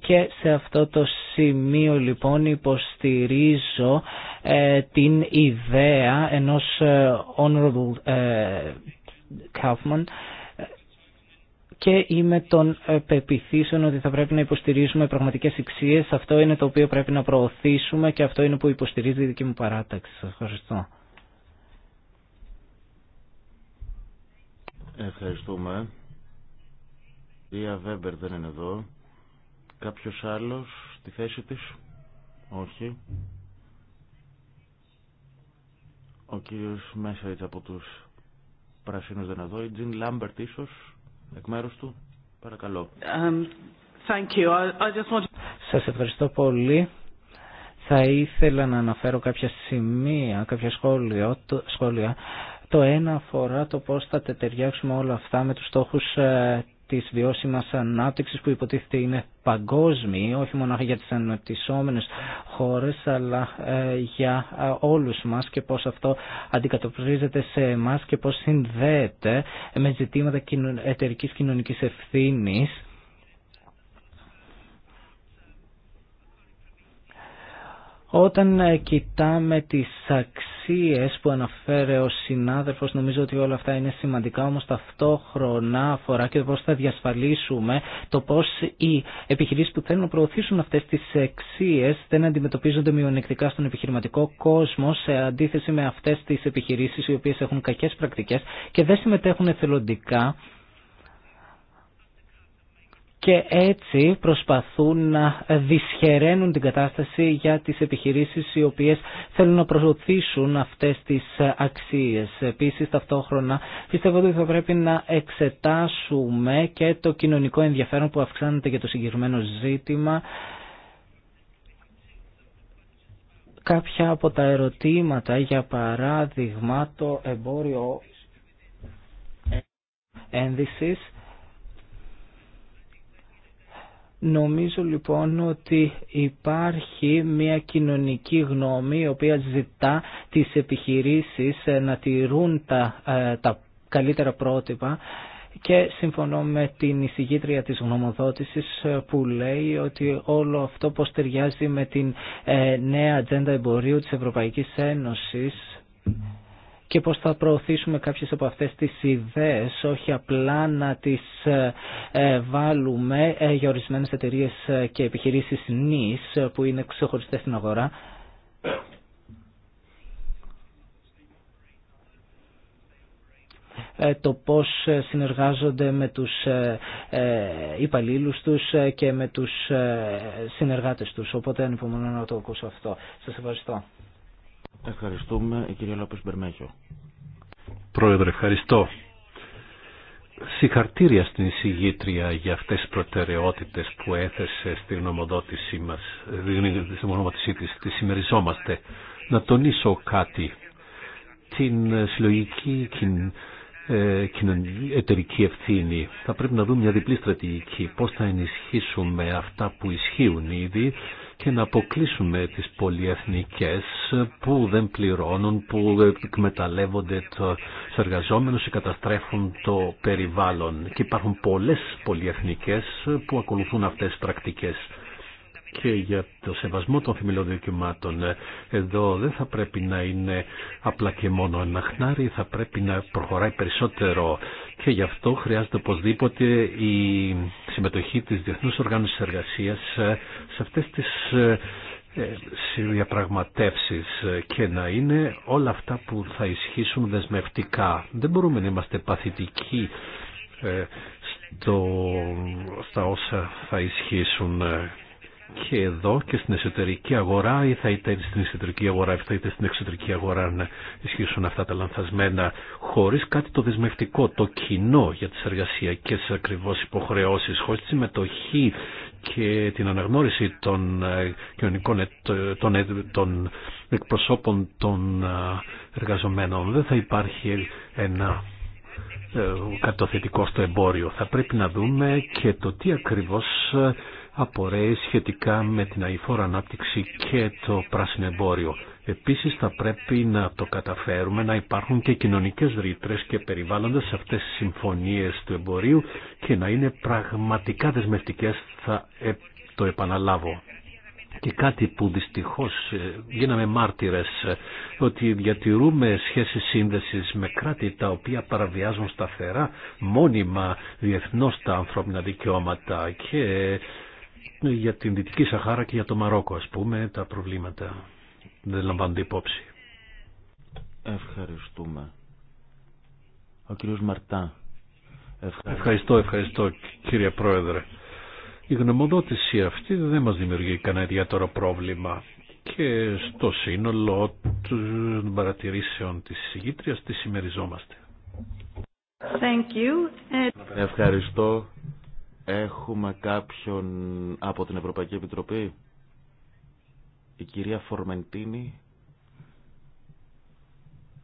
και σε αυτό το σημείο λοιπόν υποστηρίζω ε, την ιδέα ενός ε, Honorable Kaufmann και είμαι των πεπιθήσεων ότι θα πρέπει να υποστηρίζουμε πραγματικές αξίες. Αυτό είναι το οποίο πρέπει να προωθήσουμε και αυτό είναι που υποστηρίζει η δική μου παράταξη. Σας ευχαριστώ. Ευχαριστούμε. Η Αβέμπερ δεν είναι εδώ. Κάποιος άλλος στη θέση της. Όχι. Ο κύριος Μέσαριτς από τους Πρασίνους δεν είναι εδώ. Η Τζιν Λάμπερτ ίσως εκ μέρους του. Παρακαλώ. Um, want... Σας ευχαριστώ πολύ. Θα ήθελα να αναφέρω κάποια σημεία, κάποια σχόλια. Το, σχόλια. το ένα αφορά το πώς θα τετεριάξουμε όλα αυτά με τους στόχους ε, τη βιώσιμας ανάπτυξη που υποτίθεται είναι παγκόσμια, όχι μόνο για τις αναπτυσσόμενες χώρες, αλλά ε, για ε, όλους μας και πώς αυτό αντικατοπτρίζεται σε εμάς και πώς συνδέεται με ζητήματα εταιρικής κοινωνικής ευθύνης Όταν ε, κοιτάμε τις αξίες που αναφέρει ο συνάδελφος, νομίζω ότι όλα αυτά είναι σημαντικά, όμως ταυτόχρονα αφορά και πώς θα διασφαλίσουμε το πώς οι επιχειρήσεις που θέλουν να προωθήσουν αυτές τις αξίες δεν αντιμετωπίζονται μειονεκτικά στον επιχειρηματικό κόσμο σε αντίθεση με αυτές τις επιχειρήσεις οι οποίες έχουν κακές πρακτικές και δεν συμμετέχουν εθελοντικά και έτσι προσπαθούν να δυσχεραίνουν την κατάσταση για τις επιχειρήσεις οι οποίες θέλουν να προωθήσουν αυτές τις αξίες. Επίσης ταυτόχρονα πιστεύω ότι θα πρέπει να εξετάσουμε και το κοινωνικό ενδιαφέρον που αυξάνεται για το συγκεκριμένο ζήτημα Κάποια από τα ερωτήματα, για παράδειγμα το εμπόριο ένδυσης, Νομίζω λοιπόν ότι υπάρχει μια κοινωνική γνώμη η οποία ζητά τις επιχειρήσεις ε, να τηρούν τα, ε, τα καλύτερα πρότυπα και συμφωνώ με την εισηγήτρια της γνωμοδότησης ε, που λέει ότι όλο αυτό πως ταιριάζει με την νέα ατζέντα εμπορίου της Ευρωπαϊκής Ένωσης και πώς θα προωθήσουμε κάποιες από αυτές τις ιδέες, όχι απλά να τις ε, ε, βάλουμε ε, για ορισμένες εταιρείες και επιχειρήσεις νης που είναι ξεχωριστές στην αγορά. το πώς συνεργάζονται με τους υπαλλήλους τους και με τους συνεργάτες τους. Οπότε ανυπομονώ να το ακούσω αυτό. Σας ευχαριστώ. Ευχαριστούμε, κύριε κυρία Μπερμέχιο. Πρόεδρε, ευχαριστώ. Συγχαρτήρια στην εισηγήτρια για αυτές τις προτεραιότητες που έθεσε στη γνωμοδότησή μας, στη γνωμοδότησή της, τη συμμεριζόμαστε. Να τονίσω κάτι. Την ε, συλλογική ε, εταιρική ευθύνη. Θα πρέπει να δούμε μια διπλή στρατηγική. Πώς θα ενισχύσουμε αυτά που ισχύουν ήδη και να αποκλείσουμε τις πολυεθνικές που δεν πληρώνουν, που εκμεταλλεύονται το εργαζόμενους και καταστρέφουν το περιβάλλον. Και υπάρχουν πολλές πολυεθνικές που ακολουθούν αυτές τις πρακτικές και για το σεβασμό των θεμελιώδων δικαιωμάτων. Εδώ δεν θα πρέπει να είναι απλά και μόνο ένα χνάρι, θα πρέπει να προχωράει περισσότερο και γι' αυτό χρειάζεται οπωσδήποτε η συμμετοχή της Διεθνούς Οργάνωσης Εργασίας σε αυτές τις ε, ε, διαπραγματεύσεις ε, και να είναι όλα αυτά που θα ισχύσουν δεσμευτικά. Δεν μπορούμε να είμαστε παθητικοί στα όσα θα ισχύσουν και εδώ και στην εσωτερική αγορά ή θα είτε στην εσωτερική αγορά ή θα είτε στην εξωτερική αγορά να ισχύσουν αυτά τα λανθασμένα χωρίς κάτι το δεσμευτικό, το κοινό για τις εργασιακές ακριβώς υποχρεώσεις, χωρίς τη συμμετοχή και την αναγνώριση των ε, κοινωνικών ε, των, εκπροσώπων των ε, εργαζομένων. Δεν θα υπάρχει ένα κατοθετικό στο εμπόριο. Θα πρέπει να δούμε και το τι ακριβώς απορρέει σχετικά με την αηφόρα ανάπτυξη και το πράσινο εμπόριο. Επίσης θα πρέπει να το καταφέρουμε να υπάρχουν και κοινωνικές ρήτρες και περιβάλλοντας αυτές τις συμφωνίες του εμπορίου και να είναι πραγματικά δεσμευτικές θα ε, το επαναλάβω. Και κάτι που δυστυχώς ε, γίναμε μάρτυρες, ε, ότι διατηρούμε σχέσεις σύνδεσης με κράτη τα οποία παραβιάζουν σταθερά μόνιμα διεθνώς τα ανθρώπινα δικαιώματα και για την Δυτική Σαχάρα και για το Μαρόκο ας πούμε τα προβλήματα δεν λαμβάνονται υπόψη. Ευχαριστούμε. Ο κύριος Μαρτά. Ευχαριστώ. ευχαριστώ, κύριε Πρόεδρε. Η γνωμοδότηση αυτή δεν μας δημιουργεί κανένα ιδιαίτερο πρόβλημα και στο σύνολο των παρατηρήσεων της συγκήτριας τη συμμεριζόμαστε. Thank you. Ευχαριστώ. Έχουμε κάποιον από την Ευρωπαϊκή Επιτροπή. Η κυρία Φορμεντίνη.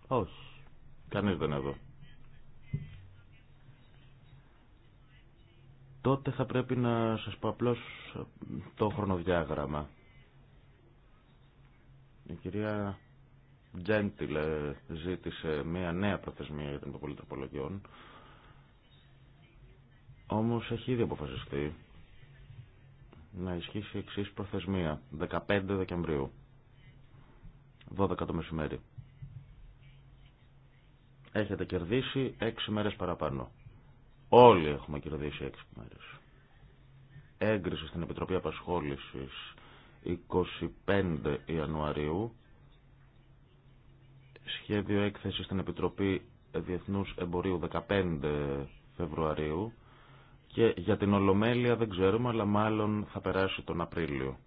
Όχι. Κανείς δεν είναι εδώ. Τότε θα πρέπει να σας πω απλώς το χρονοδιάγραμμα. Η κυρία Τζέντιλε ζήτησε μια νέα προθεσμία για την υποβολή τροπολογιών. Όμως έχει ήδη αποφασιστεί να ισχύσει εξή προθεσμία 15 Δεκεμβρίου 12 το μεσημέρι έχετε κερδίσει 6 μέρες παραπάνω όλοι έχουμε κερδίσει 6 μέρες έγκριση στην Επιτροπή Απασχόλησης 25 Ιανουαρίου σχέδιο έκθεση στην Επιτροπή Διεθνούς Εμπορίου 15 Φεβρουαρίου και για την Ολομέλεια δεν ξέρουμε, αλλά μάλλον θα περάσει τον Απρίλιο.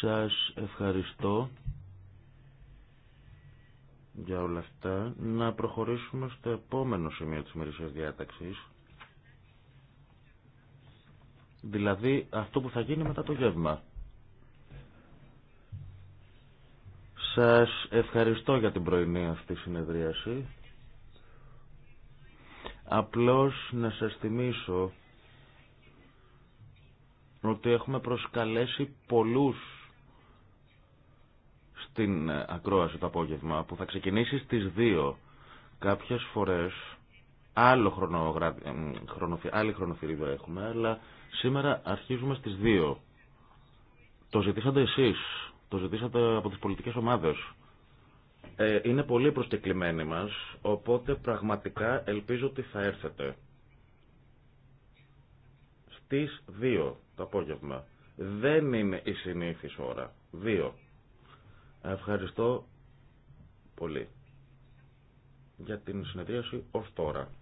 Σας ευχαριστώ για όλα αυτά. Να προχωρήσουμε στο επόμενο σημείο της μερισσίας διάταξης. Δηλαδή αυτό που θα γίνει μετά το γεύμα. Σας ευχαριστώ για την πρωινή αυτή συνεδρίαση. Απλώς να σας θυμίσω ότι έχουμε προσκαλέσει πολλούς στην ακρόαση το απόγευμα που θα ξεκινήσει στις 2 κάποιες φορές άλλο χρονογρα... άλλη χρονοφυρίδα έχουμε αλλά σήμερα αρχίζουμε στις 2 το ζητήσατε εσείς το ζητήσατε από τις πολιτικές ομάδες. Ε, είναι πολύ προσκεκλημένοι μας, οπότε πραγματικά ελπίζω ότι θα έρθετε. Στις 2 το απόγευμα. Δεν είναι η συνήθις ώρα. 2. Ευχαριστώ πολύ για την συνεδρίαση ως τώρα.